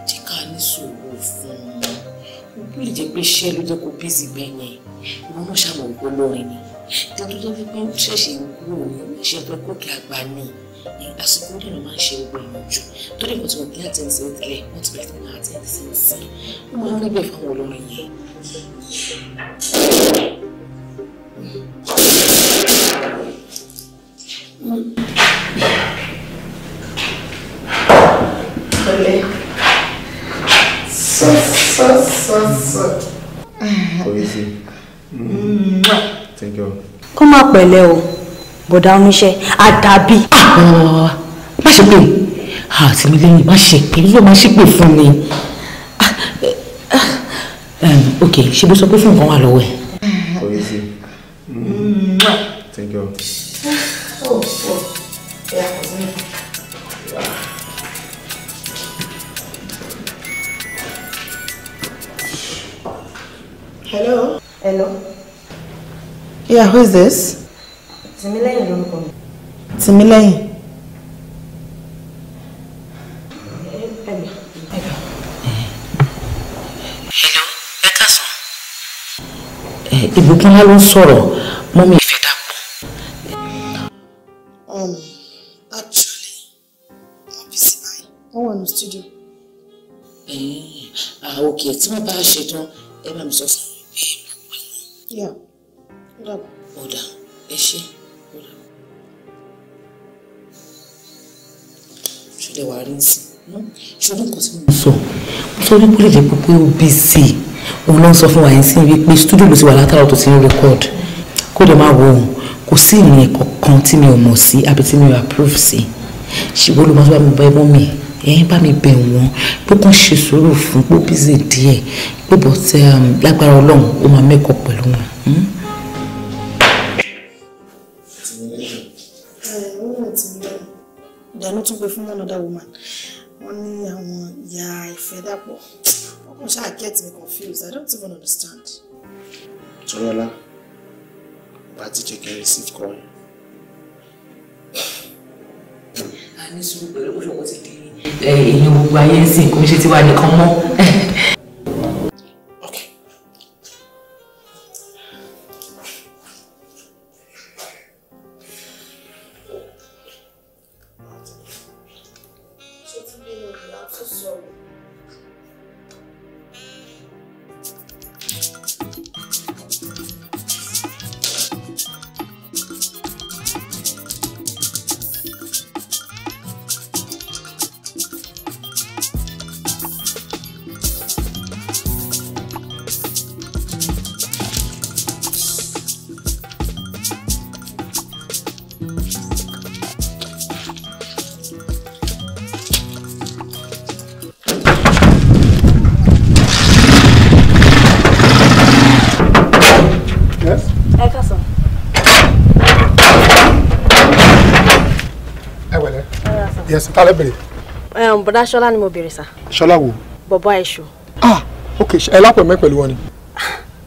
S4: jẹ́ ká ní sòwò fún un ó lè jẹ́ pé iṣẹ́ ló jẹ́ kó bízì bẹ́ẹ̀ yẹn ìwọ náà ṣàmọ̀ ògbó lórin ni tẹ́tù tó fi pé ṣẹ̀ṣẹ̀ ń kúrò ní iṣẹ́ tó kókè àgbà ni àsìkò lè máa ń ṣe gbogbo ìyànjú torí ìwọ̀n tí wọ́n gbé àtẹ̀ǹtì sí wọ́n ti bẹ̀rẹ̀ sí máa àtẹ̀ǹtì sí ìsìn máa ń rí bẹ́ẹ̀ fáwọn olórin yẹn. Mm-hmm.
S2: pẹ̀lẹ́. sọ sọ sọ sọ. Thank you.
S8: Come up, o bọ̀dá oníṣẹ́ àdàbí. Ah, má ṣe pé àti
S4: mi lẹ́yìn má ṣe pé yóò má ṣe pé fún mi. Ah, eh, ah, eh, ok ṣe bó sọ pé fún nǹkan wà lọ́wọ́ ẹ̀. oyisi. Thank you. Oh, oh. Yeah,
S8: Hello. Hello.
S2: Yeah, who is this?
S8: Tìmílẹ́yìn lórúkọ mi.
S2: Tìmílẹ́yìn.
S4: Hello, ẹ káàsán. Ìbùkúnlá ló ń sọ̀rọ̀ mọ́ mi ìfẹ́ dàpọ̀. Um, actually, wọ́n bí sí báyìí. Wọ́n wà ní studio. Ah, ok, tí wọ́n bá ṣetán, ẹ bá mi sọ fún mi. Yeah. Dàbọ̀. Ó Is ẹ ṣe. Ṣọlẹ̀ wà rí nsìn. Ṣọlẹ̀ nǹkan tí mo
S2: sọ. Mo sọ wípé lè pé pé busy. Òun náà
S4: sọ fún wa yẹn sí wípé stúdíò ló ti wà látara tó ti ń rẹ́kọ̀d. Kó dẹ̀ máa wo òun. Kò sí ìrìn kankan mi ò mọ̀ sí àbí tí mi ò approve sí. Ṣìwọ́ ló máa tó bá mi bá ẹgbọ́n mi ẹ̀yin bá mi bẹ̀ wọ́n pé kàn ṣe sùúrù fún pé bísí díẹ̀ pé but um,
S2: lágbára ọlọ́run ó máa mẹ́kọ̀ọ́ pẹ̀lú wọn. Hmm?
S8: ìdáná tún pe fún another woman wọ́n ní àwọn ìyá ìfẹ́ dàpọ̀ ọkàn ṣáà get me confused I don't even
S4: understand.
S6: Tọ́lọ́lá bá ti jẹ́ kẹ́rin sí kọ́ ẹ̀.
S4: àní sùúrù pẹ̀lú òṣùwọ̀n ti dé
S2: èèyàn gbogbo ayé ń sìn kò ń ṣe tiwa nìkan mọ́
S7: ta lẹ
S8: bèrè. bọ̀dá ṣọlá ni mo bèrè sá. ṣọlá wo. bọ̀bọ̀ àìṣù.
S7: ah ok ẹ lápò mẹ́ pẹ̀lú wọn ni.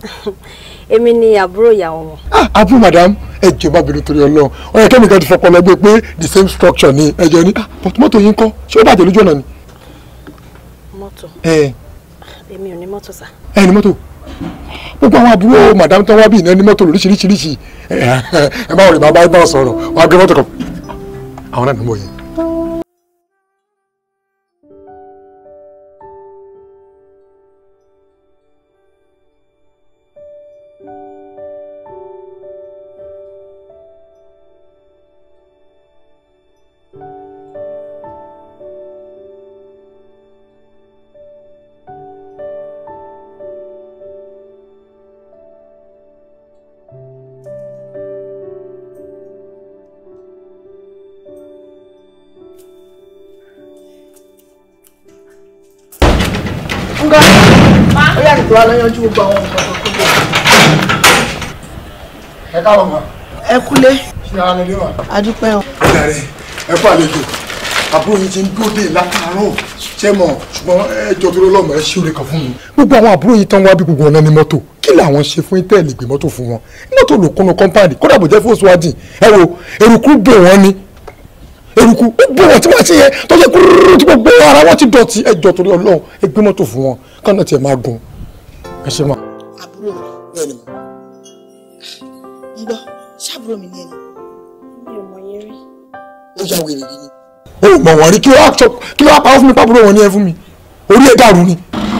S8: èmi ni àbúrò ìyàwó wọn.
S7: ah àbúrò madam ẹ jẹ́ bá bèrè torí Ọlọ́run ó yẹ kẹ́mi kan ti fọpọ́ lọ́gbẹ́ pé the same structure ni ẹ jẹ́ ní ah but mọ́tò yín kọ́ ṣé ó bàjẹ́ lójú ọ̀nà ni.
S8: mọ́tò. ẹ èmi ò ní mọ́tò sá.
S7: ẹ ní mọ́tò gbogbo àwọn àbúrò madam tán wá bí ìnáwó ní mọ́tò lóríṣiríṣi ẹ bá wọlé bá
S1: bá sọ̀rọ̀ wọn á gbé mọ́tò kan àwọn náà ní mọ̀ yẹn.
S2: gbogbo aláyanjú gbogbo àwọn nǹkan tó kúlẹ̀. ẹ káàbọ̀ mọ́. ẹ kúlé. ṣé ara nílé wa. a dúpẹ́ o.
S7: ìyàrá ẹ kú àlejò àbúrò yìí ti ń dóde látàárọ̀ ṣé mọ̀ ṣùgbọ́n ẹ jọ tó lọ́mọ ẹ ṣe oore kan fún mi. gbogbo àwọn àbúrò yìí tán wá bí gbogbo ọ̀nà ni mọ́tò kí làwọn ṣe fún tẹ́ẹ̀lì gbé mọ́tò fún wọn mọ́tò ló kúnnú kọ́ńpáàdì kódà bò jẹ́ fóòsù wájì ẹ wo eruku bò wọ́n ni eruku ó bò wọ́n tí wọ́n ṣe yẹ tó ṣe kúrúrú tí gbogbo ara wọn ti dọ̀tí ẹ jọ torí Ọlọ́run ẹ gbé mọ́tò fún wọn kọ́ńtà tiẹ̀ máa gùn ẹ ṣe mọ.
S2: àbúrò mi bẹ́ẹ̀ ni mo ń ṣàbúrò mi ní ẹni. mi ò
S1: mọ yẹn ó ya wèrè yìí ni. ó mọ̀ wọ́n rí kí wọ́n kí wọ́n
S7: pa ó fún mi pápúrò wọn ní ẹ fún mi orí ẹ̀ dàrú ni.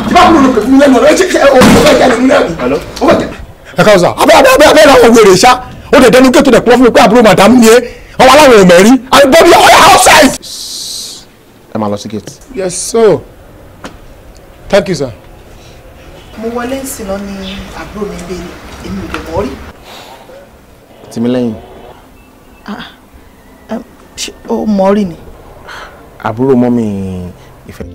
S7: tí pápúrò ló pè lẹ́nu ọ̀rọ̀ ẹ ṣe ẹ òun ló fẹ́ jáde fún mi náà. ó dẹ̀ dẹnu kéètò dẹ̀ pọ́ fún mi pé àbúrò màdàmú ni ẹ ọmọ aláwọ̀ ò mẹ́rin
S2: àbí bọ́bí ọ̀yà outside.
S7: ẹ máa lọ sí gate. yes sir thank you sir
S2: mo wọlé ìsìn lọ ní àbúrò mi bẹ èmi ò dẹ̀ mọ́ rí. Tìmílẹ́yìn. ó ah, ah, mọ̀ rí ni. àbúrò mọ́ mi ìfẹ́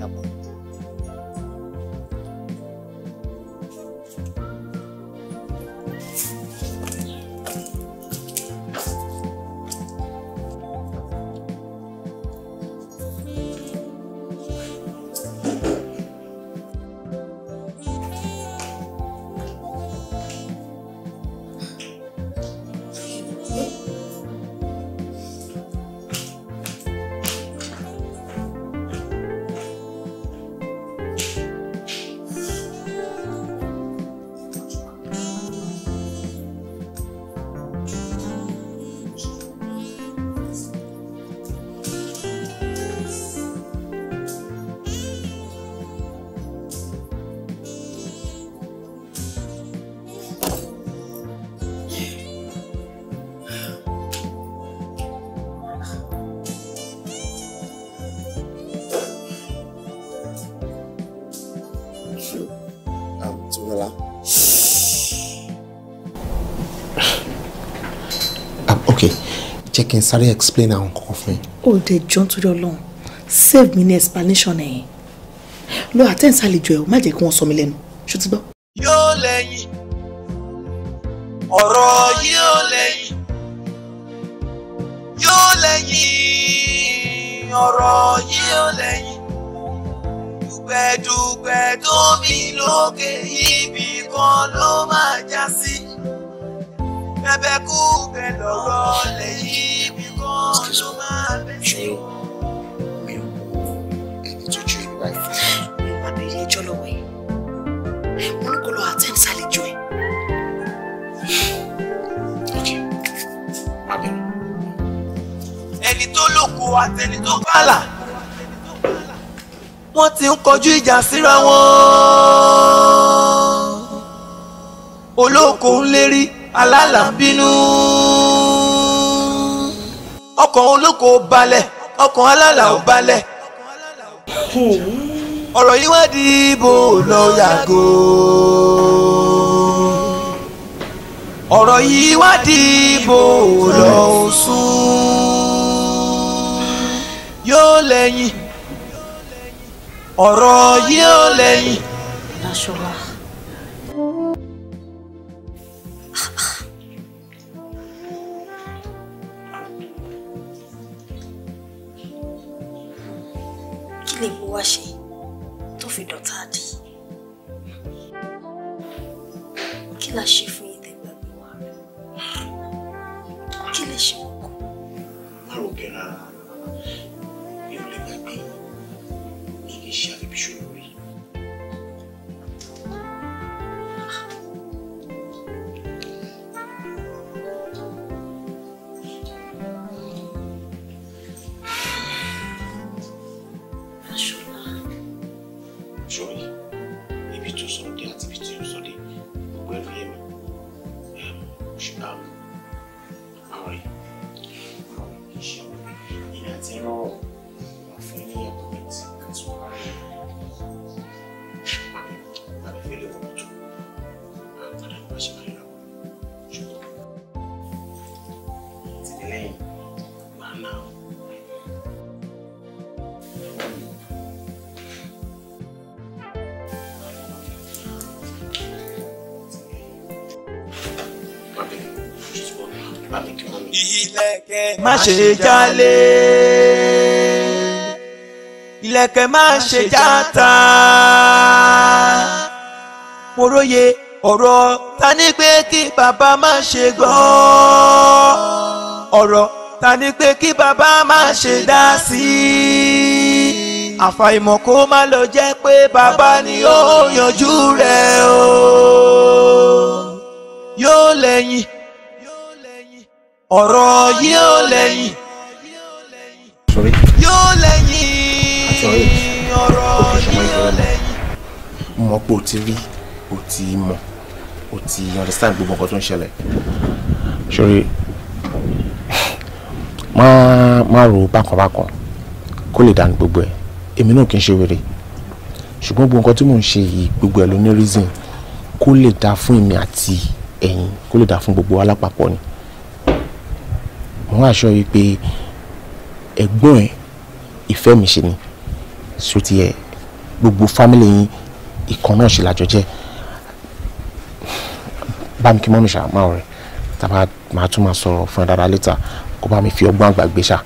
S2: kí n sáré explain àwọn kankan fún yín. ó dé jọ́ nítorí ọlọ́run save me ní explanation ẹ̀yìn lọ àtẹ̀sálejò ẹ̀ o má jẹ́ kí wọ́n sọ mi lẹ́nu ṣùtúbọ̀. kọjú ìjà síra wọn olóko ń lérí alálà ń bínú ọkàn olóko balẹ̀ ọkàn alálà ò balẹ̀ ọ̀rọ̀ yìí wá di ibo lọ yàgò ọ̀rọ̀ yìí wá di ibo lọ sùn yóò lẹ́yìn. ọ̀rọ̀ yìí ó lẹ́yìn. má ṣe jálé ìlẹ̀kẹ̀ má ṣe játa poróye ọ̀rọ̀ ta ní pé kí bàbá má ṣe gbọ́ ọ̀rọ̀ ta ní pé kí bàbá má ṣe dá sí àfàìmọ̀ kó má lọ jẹ́ pé bàbá ni ó yanjú rẹ̀ o
S5: yóò lẹ́yìn ọ̀rọ̀ yóò lẹ́yìn yóò lẹ́yìn
S2: ọ̀rọ̀ yóò lẹ́yìn. mo mọ̀ pé o ti rí o ti mọ̀ o ti understand gbogbo nǹkan tó ń ṣẹlẹ̀ sori máa máa rò bákanbákan kó lè dànù gbogbo ẹ̀ èmi náà kì í ṣe wèrè ṣùgbọ́n gbogbo nǹkan tí mò ń ṣe yìí gbogbo ẹ̀ ló ní reason kó lè dá fún èmi àti ẹ̀yin kó lè dá fún gbogbo alápapọ̀ ni wọ́n á sọ wípé ẹ̀gbọ́n ẹ̀ ìfẹ́ mi ṣe ni sotí ẹ̀ gbogbo fámìlì yín ìkan náà ṣe làjọ jẹ́ bá mi kí mọ́mí ṣá máa rẹ̀ tàbá máa tún máa sọ̀rọ̀ fún ẹ dáadáa létà kó bá mi fi ọgbọ́n àgbà gbé ṣá.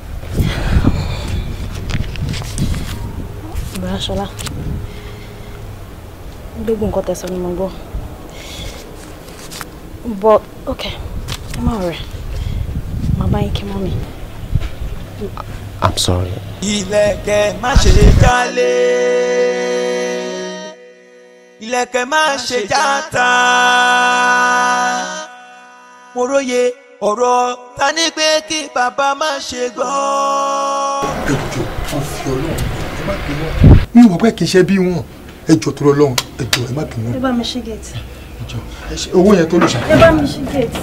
S8: Ìbáraṣọlá gbogbo nǹkan tẹ̀sán ni mo gbọ́ but okay ẹ máa rẹ̀ bá kí
S2: mọ́ mi. I'm sorry. Ìlẹ̀kẹ̀ má ṣe jálé. Ìlẹ̀kẹ̀ má ṣe játa. Mo róye ọ̀rọ̀ ta ní pé kí bàbá má ṣe gbọ́.
S7: Mi ò pẹ́ kì í ṣe bí wọn. Ẹjọ́ tó lọ lọ́run ẹjọ́ ẹ má bínú. Ẹ
S2: bá mi ṣe gẹ̀ẹ́tì.
S7: Owó yẹn tó lè ṣàkóso. Ẹ bá
S8: mi ṣe gẹ̀ẹ́tì.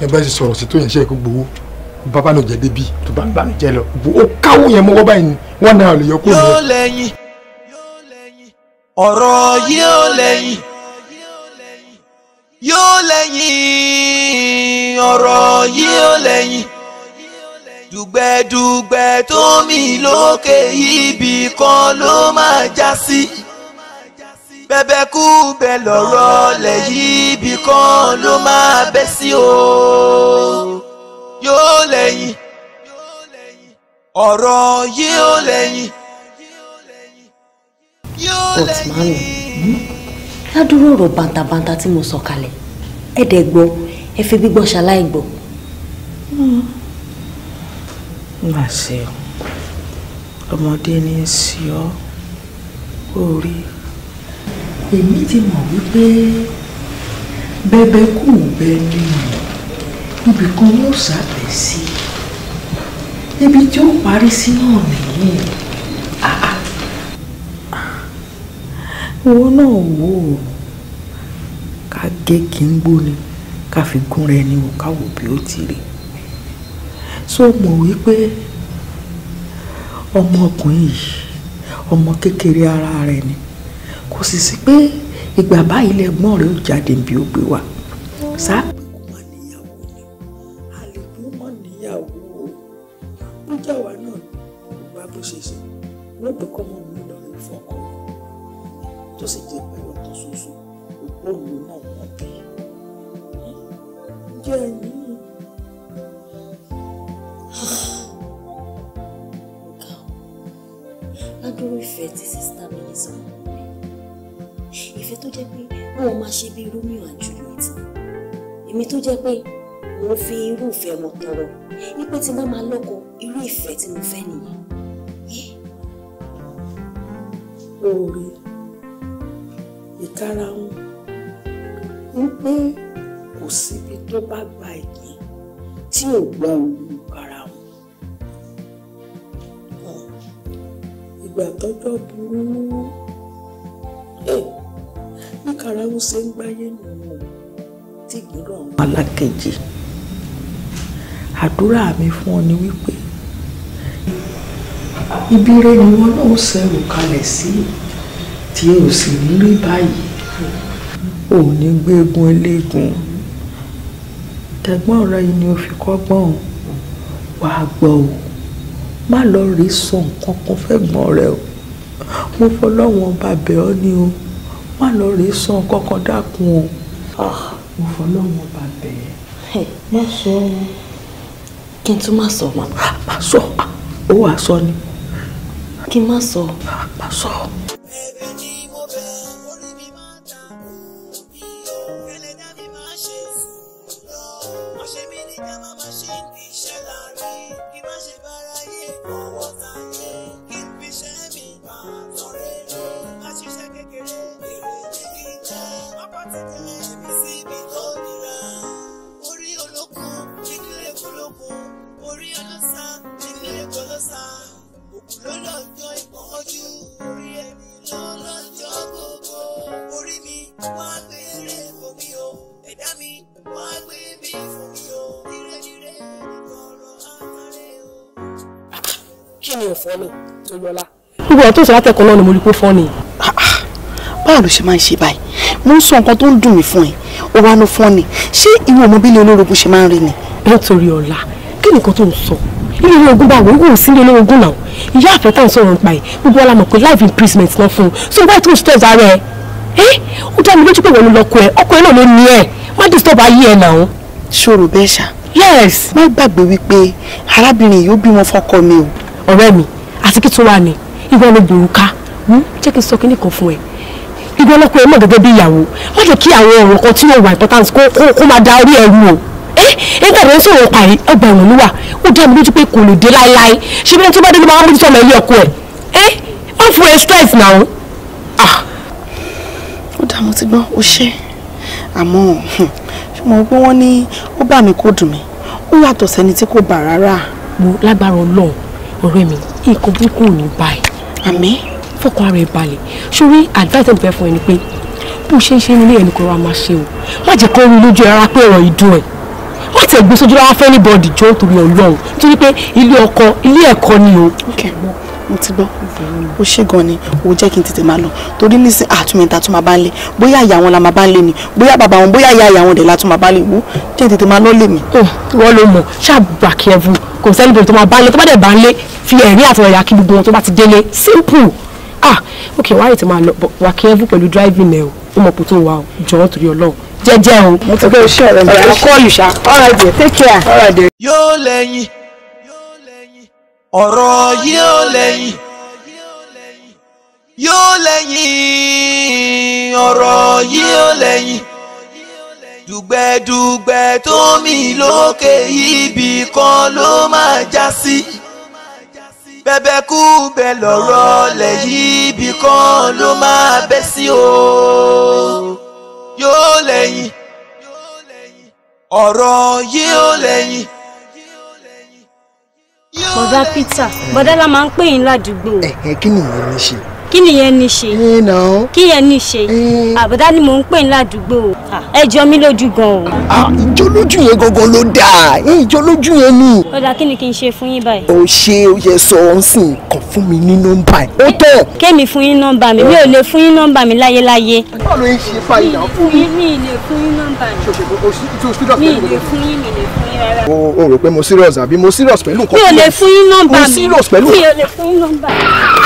S7: ṣe bá ṣe sọ̀rọ̀ sí tó yẹn ṣe kó gbowó bàbá náà jẹ́ débi tó bá ń bà mí jẹ́ lọ ó káwó yẹn mọ́wọ́ báyìí wọ́n náà lè yọ kó lọ. yóò
S5: lẹ́yìn ọ̀rọ̀ yóò lẹ́yìn yóò lẹ́yìn ọ̀rọ̀ yóò lẹ́yìn
S2: dùgbẹ̀dùgbẹ̀ tó lókè ibi kan ló máa já sí bẹ́bẹ́ kú bẹ́ lọ́rọ̀ lẹ̀ yìí ibì kan ló máa bẹ́ sí o yóò lẹ́yìn ọ̀rọ̀ yóò lẹ́yìn
S8: yóò ládùúrò ọ̀rọ̀ bàǹtàbàǹtà tí mo sọ kalẹ̀ ẹ̀dẹ̀ gbọ́ ẹ fi gbígbọ́ ṣaláì gbọ́.
S2: má ṣe ọmọdé ní í ṣe ọ́ orí èmi ti mọ̀ wípé bẹ́bẹ́ kù bẹ́ẹ̀ ni ibì kan ló sábẹ̀ sí ibi tí ó parí sí náà nìyí owó náà wò ó ká gé kí n gbóni ká fi gúnra ẹni wò ká wò bí ó ti rí so mọ̀ wípé ọmọkùnrin yìí ọmọ kékeré ara rẹ̀ ni kò sì sí pé ìgbà báyìí lẹ́gbọ́n rẹ̀ ó jáde bí ó gbé wa sá. lọ́dọ̀ kọ́ mọ́ mi
S3: lọ́rùn ìfọ̀kọ́ tó sì jẹ́ pé ọkàn ṣoṣo òpó òun náà wọ́n bí
S8: ọ̀rẹ́ tó jẹ́ pé wọn ò máa ṣe bí Romeo and Juliet èmi tó jẹ́ pé mo fi irú ìfẹ́ wọn tọrọ wípé tí wọ́n máa lọ́kọ irú ìfẹ́ tí mo fẹ́ nìyẹn.
S3: oore ìkarahun wípé kò síbi tó bá gba ìyè tí ò gbọ́ olùkara wọn. ìgbà tọ́jọ́
S4: burú lákàrà ó ṣe ń gbáyé nù ú
S2: tí ìgbìrọ̀ ọ̀hún alákejì àdúrà mi fún ọ ni wípé ibi rẹ ni wọn náà ṣẹrù kalẹ̀ sí tí ò sì ń rí báyìí
S5: ò ní gbégun
S2: eléegun tẹ̀gbọ́n rẹ ni o fi kọ́gbọ́n wàá gbọ́ o má lọ rí sọ nǹkan kan fẹ́gbọ́n rẹ o mo fọlọ́wọ́n bàbẹ́ ọ ni o má lọ rèé sọ kankan dákun o ah, mo fọlọ́run ọba bẹ́ẹ̀ má sọ ọ́ kí n tún má sọ mọ́. Ah, má sọ ah, ó wàá ni. kí n má sọ. má
S3: sọ.
S6: fọ́nì tó yọlá.
S3: gbogbo àwọn tó sọ látẹ̀kọ́ náà
S2: ni mo rí pé fọ́nì. Ah, ah, báwo ló ṣe máa ń ṣe báyìí mo ń sọ nǹkan tó ń dùn mí fún ẹ
S8: ó wá ló fọ́nì ṣé ìwé ọmọ bílẹ̀ olórogún ṣe máa ń rí ni. nítorí ọ̀la kí nìkan tó ń sọ ilé olórogún bá wọ́n kò sí ilé olórogún náà ìyá àfẹ́tà ń sọ̀rọ̀ nípa ẹ̀ gbogbo wa la mọ̀ pé life
S2: imprisonment náà fún un so why two steps ara ẹ ẹ eh? ó dá mi lójú pé wọ́n lọ kọ ẹ ọkọ ẹ náà ló ní ẹ má disturb ayé ẹ náà. ṣòro bẹ́ẹ̀ ṣá. yes. má gbàgbé wípé arábìnrin yìí ó bímọ fọ́kọ mi o. ọ̀rẹ́ mi àsìkí tó wà ní ìwọ ló gbòòrò ká
S4: hmm? jẹ́ kí n sọ kíní kan fún ẹ ìwọ ọlọ́kùnrin ẹ mọ̀ gẹ́gẹ́ bí ìyàwó má jẹ́ kí àwọn ọ̀rọ̀ kan tí yóò wà important kó máa da orí ẹrú o eh? nígbà tó ń sọ̀rọ̀ parí ọgbà ìwọ̀n ló wà ó dá mi lójú pé kò lè dé láéláé ṣé bí wọ́n tó bá dé ló máa ń mójútó ọmọ ilé ọkọ ẹ̀ wọ́n eh? fún ẹ
S2: stress náà. Ah! ó dá mo ti gbọ́ ó ṣe àmọ́ hmm, mo rò pé wọ́n ní ó bá mi kó dùn mí ó yàtọ̀ sẹ́ni tí kò bà rárá.
S4: mo lágbára Ọlọ́run ọ̀rẹ́ mi nǹkan burúkú ò ní báyìí àmín fọkàn ara ẹ balẹ̀ sórí advice ẹ̀dùn fẹ́ fún ẹ ni pé bó ṣe ń ṣe nílé ẹnì kan ra máa ṣe o má jẹ́ kó rí lójú ara pé ọ̀rọ̀ ìdùn ẹ̀ má tẹ̀ gbé sójú rárá fẹ́ ní bọ́ọ̀dì jọ́ torí ọlọ́run torí pé ilé ọkọ ilé ẹ̀kọ́ ni o
S2: mo ti gbọ́ ó ṣe gan ni ó jẹ́ kí n tètè máa lọ torí nísìn àtúmẹ̀ta tó máa bá ń lé bóyá ìyá wọn la máa bá ń lé ni bóyá bàbá wọn
S4: bóyá ìyá ìyá wọn dẹ̀ la tó máa bá lè wú jẹ́ n tètè máa lọ lè mí. wọ́n ló mọ̀ ṣàbà kẹ́ẹ̀fù kò sẹ́ni bẹ̀rẹ̀ tó máa bá ń lé tó bá dẹ̀ bá ń lé fi ẹ̀rín àti ọ̀yà kí gbogbo wọn tó bá ti délé simple ah ok wáyé ti máa lọ wà kẹ́ẹ̀fù pẹ̀lú driving ẹ̀ ó
S2: yóò lẹ́yìn ọ̀rọ̀ yóò lẹ́yìn yóò lẹ́yìn ọ̀rọ̀ yóò lẹ́yìn dùgbẹ̀dùgbẹ̀ tó mì lókè ibì kan ló máa já sí bẹ́bẹ́ kú bẹ́ lọ́rọ̀ lẹ̀ ibì kan ló máa bẹ́ sí o yóò lẹ́yìn ọ̀rọ̀ yóò lẹ́yìn bọ̀dá Peter bọ̀dá
S8: la máa ń pè yín ládùúgbò. ẹ ẹ kí nìyẹn ní í ṣe kí nìyẹn ní ṣe kí yẹn ní ṣe àbúdá ni mò ń pè ní ládùúgbò ah. ẹ
S2: jọ mí lójú gan ah, o. ìjọ lójú yẹn gangan ló dáa ìjọ lójú yẹn ni.
S8: ó dáa kí ni kí n ṣe fún yín báyìí.
S2: o ṣe o yẹ sọ ọ sìn kàn fún mi ní nọ́mbà ẹ ó tọ. kémi
S8: fún yín nọ́mbà mi mi ò lè fún yín nọ́mbà mi láyéláyé. báwo ló ń ṣe fàyà fún mi. mi ì lè fún yín nọ́mbà mi. mi ì lè fún yín mi lè fún yín o o rò pé mo serious àbí mo serious
S5: pẹ̀lú nǹkan. mi ò lè fún yín nọ́mbà mi. mo serious pẹ̀lú. mi ò
S3: lè fún yín nọ́mbà mi.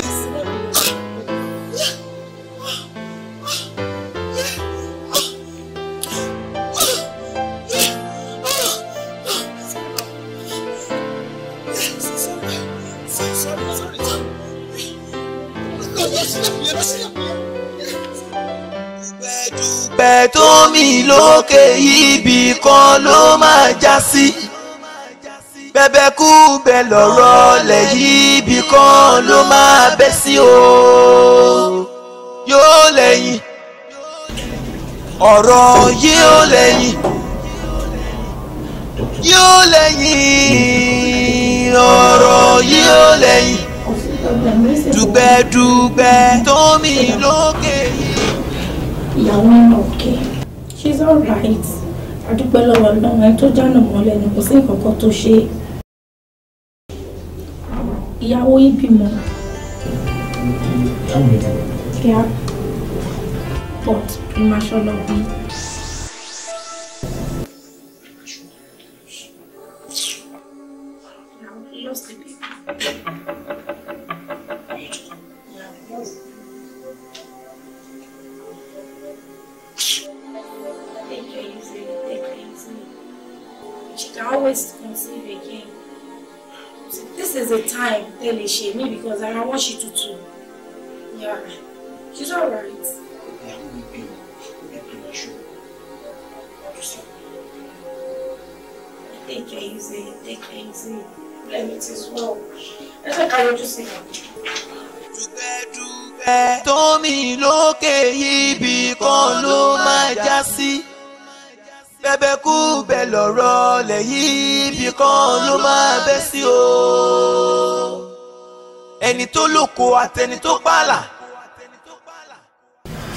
S2: òkè ibì kan ló máa já sí bẹ́bẹ́ kú bẹ́ lọ́rọ̀ lẹ̀ yìí ibì kan ló máa bẹ́ sí o yóò lẹ́yìn ọ̀rọ̀ yìí ó yóò lẹ́yìn ọ̀rọ̀ yìí ó lẹ́yìn
S4: tómi lókè yìí. ìyàwó náà kẹ́ she's all right adúpẹ́ lọ́wọ́ ọlọ́run ẹni tó jáná mọ́lẹ̀ ni kò sí nǹkan kan tó ṣe ìyàwó yìí bímọ. Yeah, but premature love. ẹ lè ṣe mí because ara wọn ṣì tutù yeah she's all right. Take it easy, take it easy. Let me as well. Let's look at you to see.
S2: Dúpẹ́ tómi lókè ibi kan ló máa já sí. Bẹ́bẹ́ kú bẹ́ lọ̀rọ̀ lẹ́yìn kan ló máa bẹ́ sí o ẹni tó lòkò àtẹni tó pààlà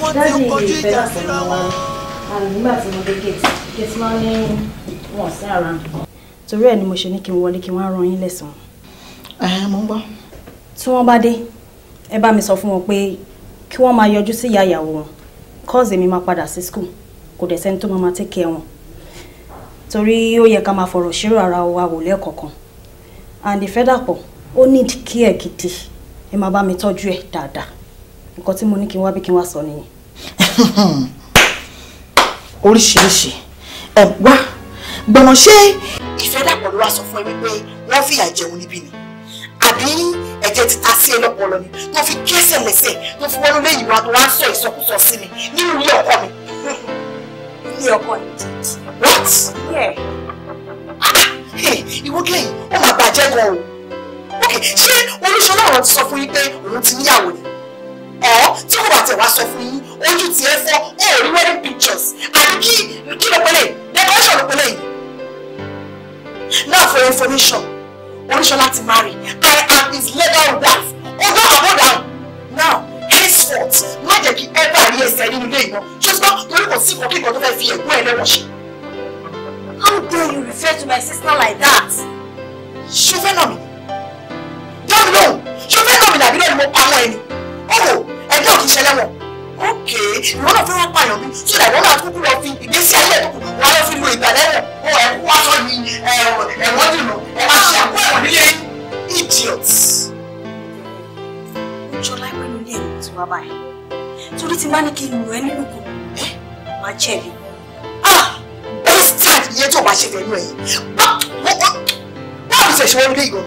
S3: wọ́n ti ń kọjú ìjà síra wọn. nígbà tí mo
S8: dé gate gate máa ní wọn sí ara. torí ẹ̀ ni mo ṣe ní kí n wọlé kí n wá ran yín lẹ́sàn. ẹ̀hẹ́n mo ń gbọ́. tí wọ́n bá dé ẹ bá mi sọ fún wọn pé kí wọ́n máa yọjú sí ìyá ìyàwó wọn kọ́ọ̀sì mi máa padà sí school kò dẹ̀ sẹ́ni tó máa máa tẹ́kẹ̀ wọn torí ó yẹ ká máa fọ̀rọ̀ ṣírò ara wa wò lẹ́ẹ̀kọ̀ọ̀kan and ìfẹ́ dàpọ̀ ó need care gidi ẹ máa bá mi tọ́jú ẹ̀ dáadáa nǹkan tí mo ní kí n wá bí kí n wá sọ nìyẹn. oríṣiríṣi ẹ wá gbọmọ ṣé
S2: ìfẹ́ dàpọ̀ ló wá sọ fún ẹ wípé wọ́n
S4: fìyà jẹun níbí ni àbí ẹ̀jẹ̀ ti ta sí ẹ lọ́pọlọ ni tó fi kẹ́sẹ̀ lẹ́sẹ̀ tó fi wọ́n lé ìwà tó wá ń sọ ìsọkúsọ sí mi nínú ilé ọkọ mi. ilé ọkọ mi. what? Ah, ìwọ gẹ́yìn ó máa bàjẹ́ gan o ṣé olúṣọlá ọ̀rọ̀ ti sọ fún yín pé òun ti níyàwó ni
S2: ọ̀ tí kò bá tẹ̀ wá sọ fún yín ojú ti ẹ fọ́ ẹ rí wedding pictures àbí kí
S4: kí ló pẹ́lẹ̀ decoration ló pẹ́lẹ̀ yìí. now for information olúṣọlá ti marry i am his legal wife although i hold am now
S2: henceforth má jẹ́ kí ẹ bá rí ẹsẹ̀ nínú ilé ìná ṣùgbọ́n torí kò sí kọ̀kíkọ̀ tó fẹ́ fi ẹ̀gbọ́n
S4: ẹ ṣe. how dare you refer to my sister like that. ṣùgbọ́n náà mi mi lóhùn ṣé o fẹ́ nà mí làbí lọ́ni mo pa wọ́n ẹni ọ̀hún ẹgbẹ́ òkè ìṣẹ̀lẹ̀ wọn ókè ìwọ náà fẹ́ wọ́n pààyàn mi so that wọ́n máa kúkú lọ fi ìgbésí ayé ẹ̀kú wọ́n lọ fi lo ìgbàlẹ̀ wọn ó ẹ̀kú wá sọ ní ẹ̀wọ́n dìbò ẹ̀ máa ṣe àpò ẹ̀wọ̀n nílé idiot.
S3: ìjọba ìpín ní ilé
S8: ẹ̀rọ tí wàá báyìí torí ti máa ní kí n lù ẹ́ nínú kù máa jẹ̀bi.
S4: bẹ́sítàn ìyẹn tó wàá ṣe fẹ́ nù ẹ̀yìn báwo ṣe
S5: mr ìwọ̀.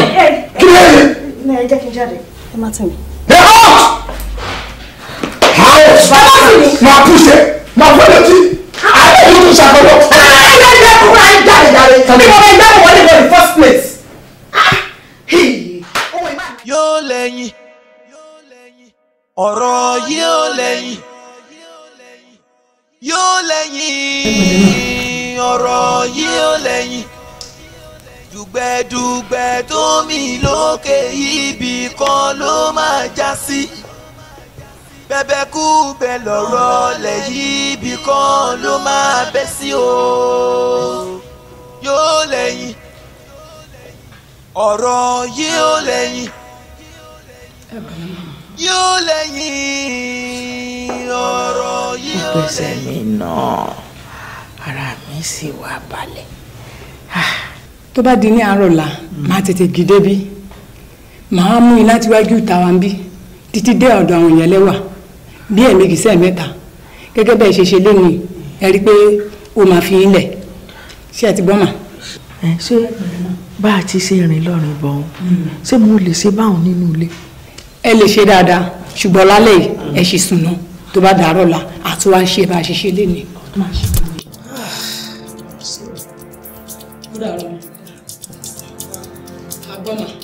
S8: kí ló yẹ. ẹ jẹ́ kí n jáde ẹ má tẹ̀ mí.
S2: ẹ out out máa pùṣẹ máa fọlẹ́ tí
S3: àyè
S8: yóò tún ṣàkóso.
S5: ẹ ẹ ẹ ẹ kúrò
S3: ayé jáde
S2: jáde bí wọn bẹ dáhùn wọlé wọlé
S3: first
S5: place.
S2: yóò lẹ́yìn
S5: ọ̀rọ̀ yóò lẹ́yìn
S2: yóò lẹ́yìn ọ̀rọ̀ lẹ́yìn dùgbẹ̀dùgbẹ̀ tó mì lókè ibì kan ló máa já sí bẹ́bẹ́ kú bẹ́ lọ́rọ̀ lẹ̀ ibì kan ló máa bẹ́ sí o yóò lẹ́yìn ọ̀rọ̀ yóò lẹ́yìn yóò lẹ́yìn ọ̀rọ̀ yóò lẹ́yìn. ìgbésẹ̀ mi náà ara
S4: mi sì wá balẹ̀. Ah tó bá di ní àárọ̀ la máa tètè gidé bí màá mú iná tíwájú ìta wa ń bí títí dé ọ̀dọ̀ àwọn èèyàn lẹ́wà bí ẹ̀mí kìí sẹ́ẹ̀ mẹ́ta gẹ́gẹ́ bẹ́ẹ̀ ṣe ṣe lónìí ẹ rí i pé o máa fi ilẹ̀ ṣé ẹ ti gbọ́n mà.
S8: ẹ ṣé bá a ti ṣe rìn lọ́rìn bọ̀ ọ́n
S4: ṣé mo lè ṣe báwọn nínú ilé. ẹ lè ṣe dáadáa ṣùgbọ́n lálẹ́ yìí ẹ ṣì sùnà tó bá dàárọ̀ la àti wá ṣe bá a ṣe ṣe lónìí.
S3: Антонович.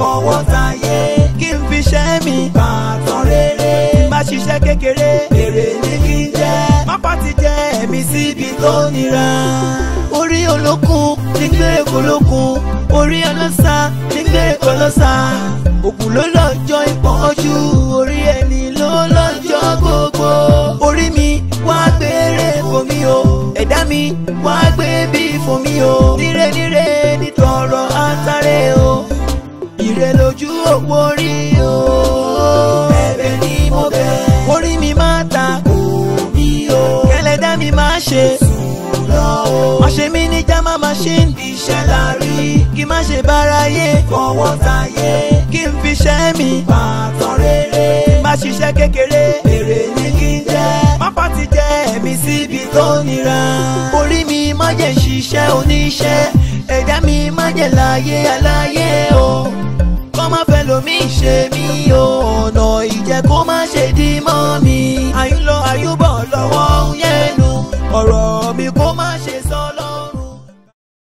S2: fọwọ́ tayé kí n fi ṣẹ́ mi bàtàn rere má ṣiṣẹ́ kékeré èrè ní kí n jẹ́ má pàtì jẹ́ ẹ̀mí síbi tó nira. orí olókun ní gbé kolókun orí ọlọ́sà ní gbé ọlọ́sà òkun ló lọ́jọ́ ìpọ́njú orí ẹni ló lọ́jọ́ gbogbo orí mi wá gbére fún mi o ẹ̀dá mi wá gbé bí fún mi o nírè má má ṣe ń di iṣẹ́ láàrí kí má ṣe báráyé fọwọ́ tayé kí n fi ṣẹ́ mi pàtàn rere má ṣiṣẹ́ kékeré èrè ní kí n jẹ́ má pàtì jẹ́ mi síbi tó nira orí mi má jẹ́ ṣiṣẹ́ oníṣẹ́ ẹ̀dá mi má jẹ́ láyé aláyé o kọ́ má fẹ́ lomi ṣe mí o ọ̀nà ìjẹ́ kó má ṣe dí mọ́ mi àyùn lọ àyùbọ̀ lọ́wọ́ ń yẹnu ọ̀rọ̀ mi kó má
S1: ṣe sí.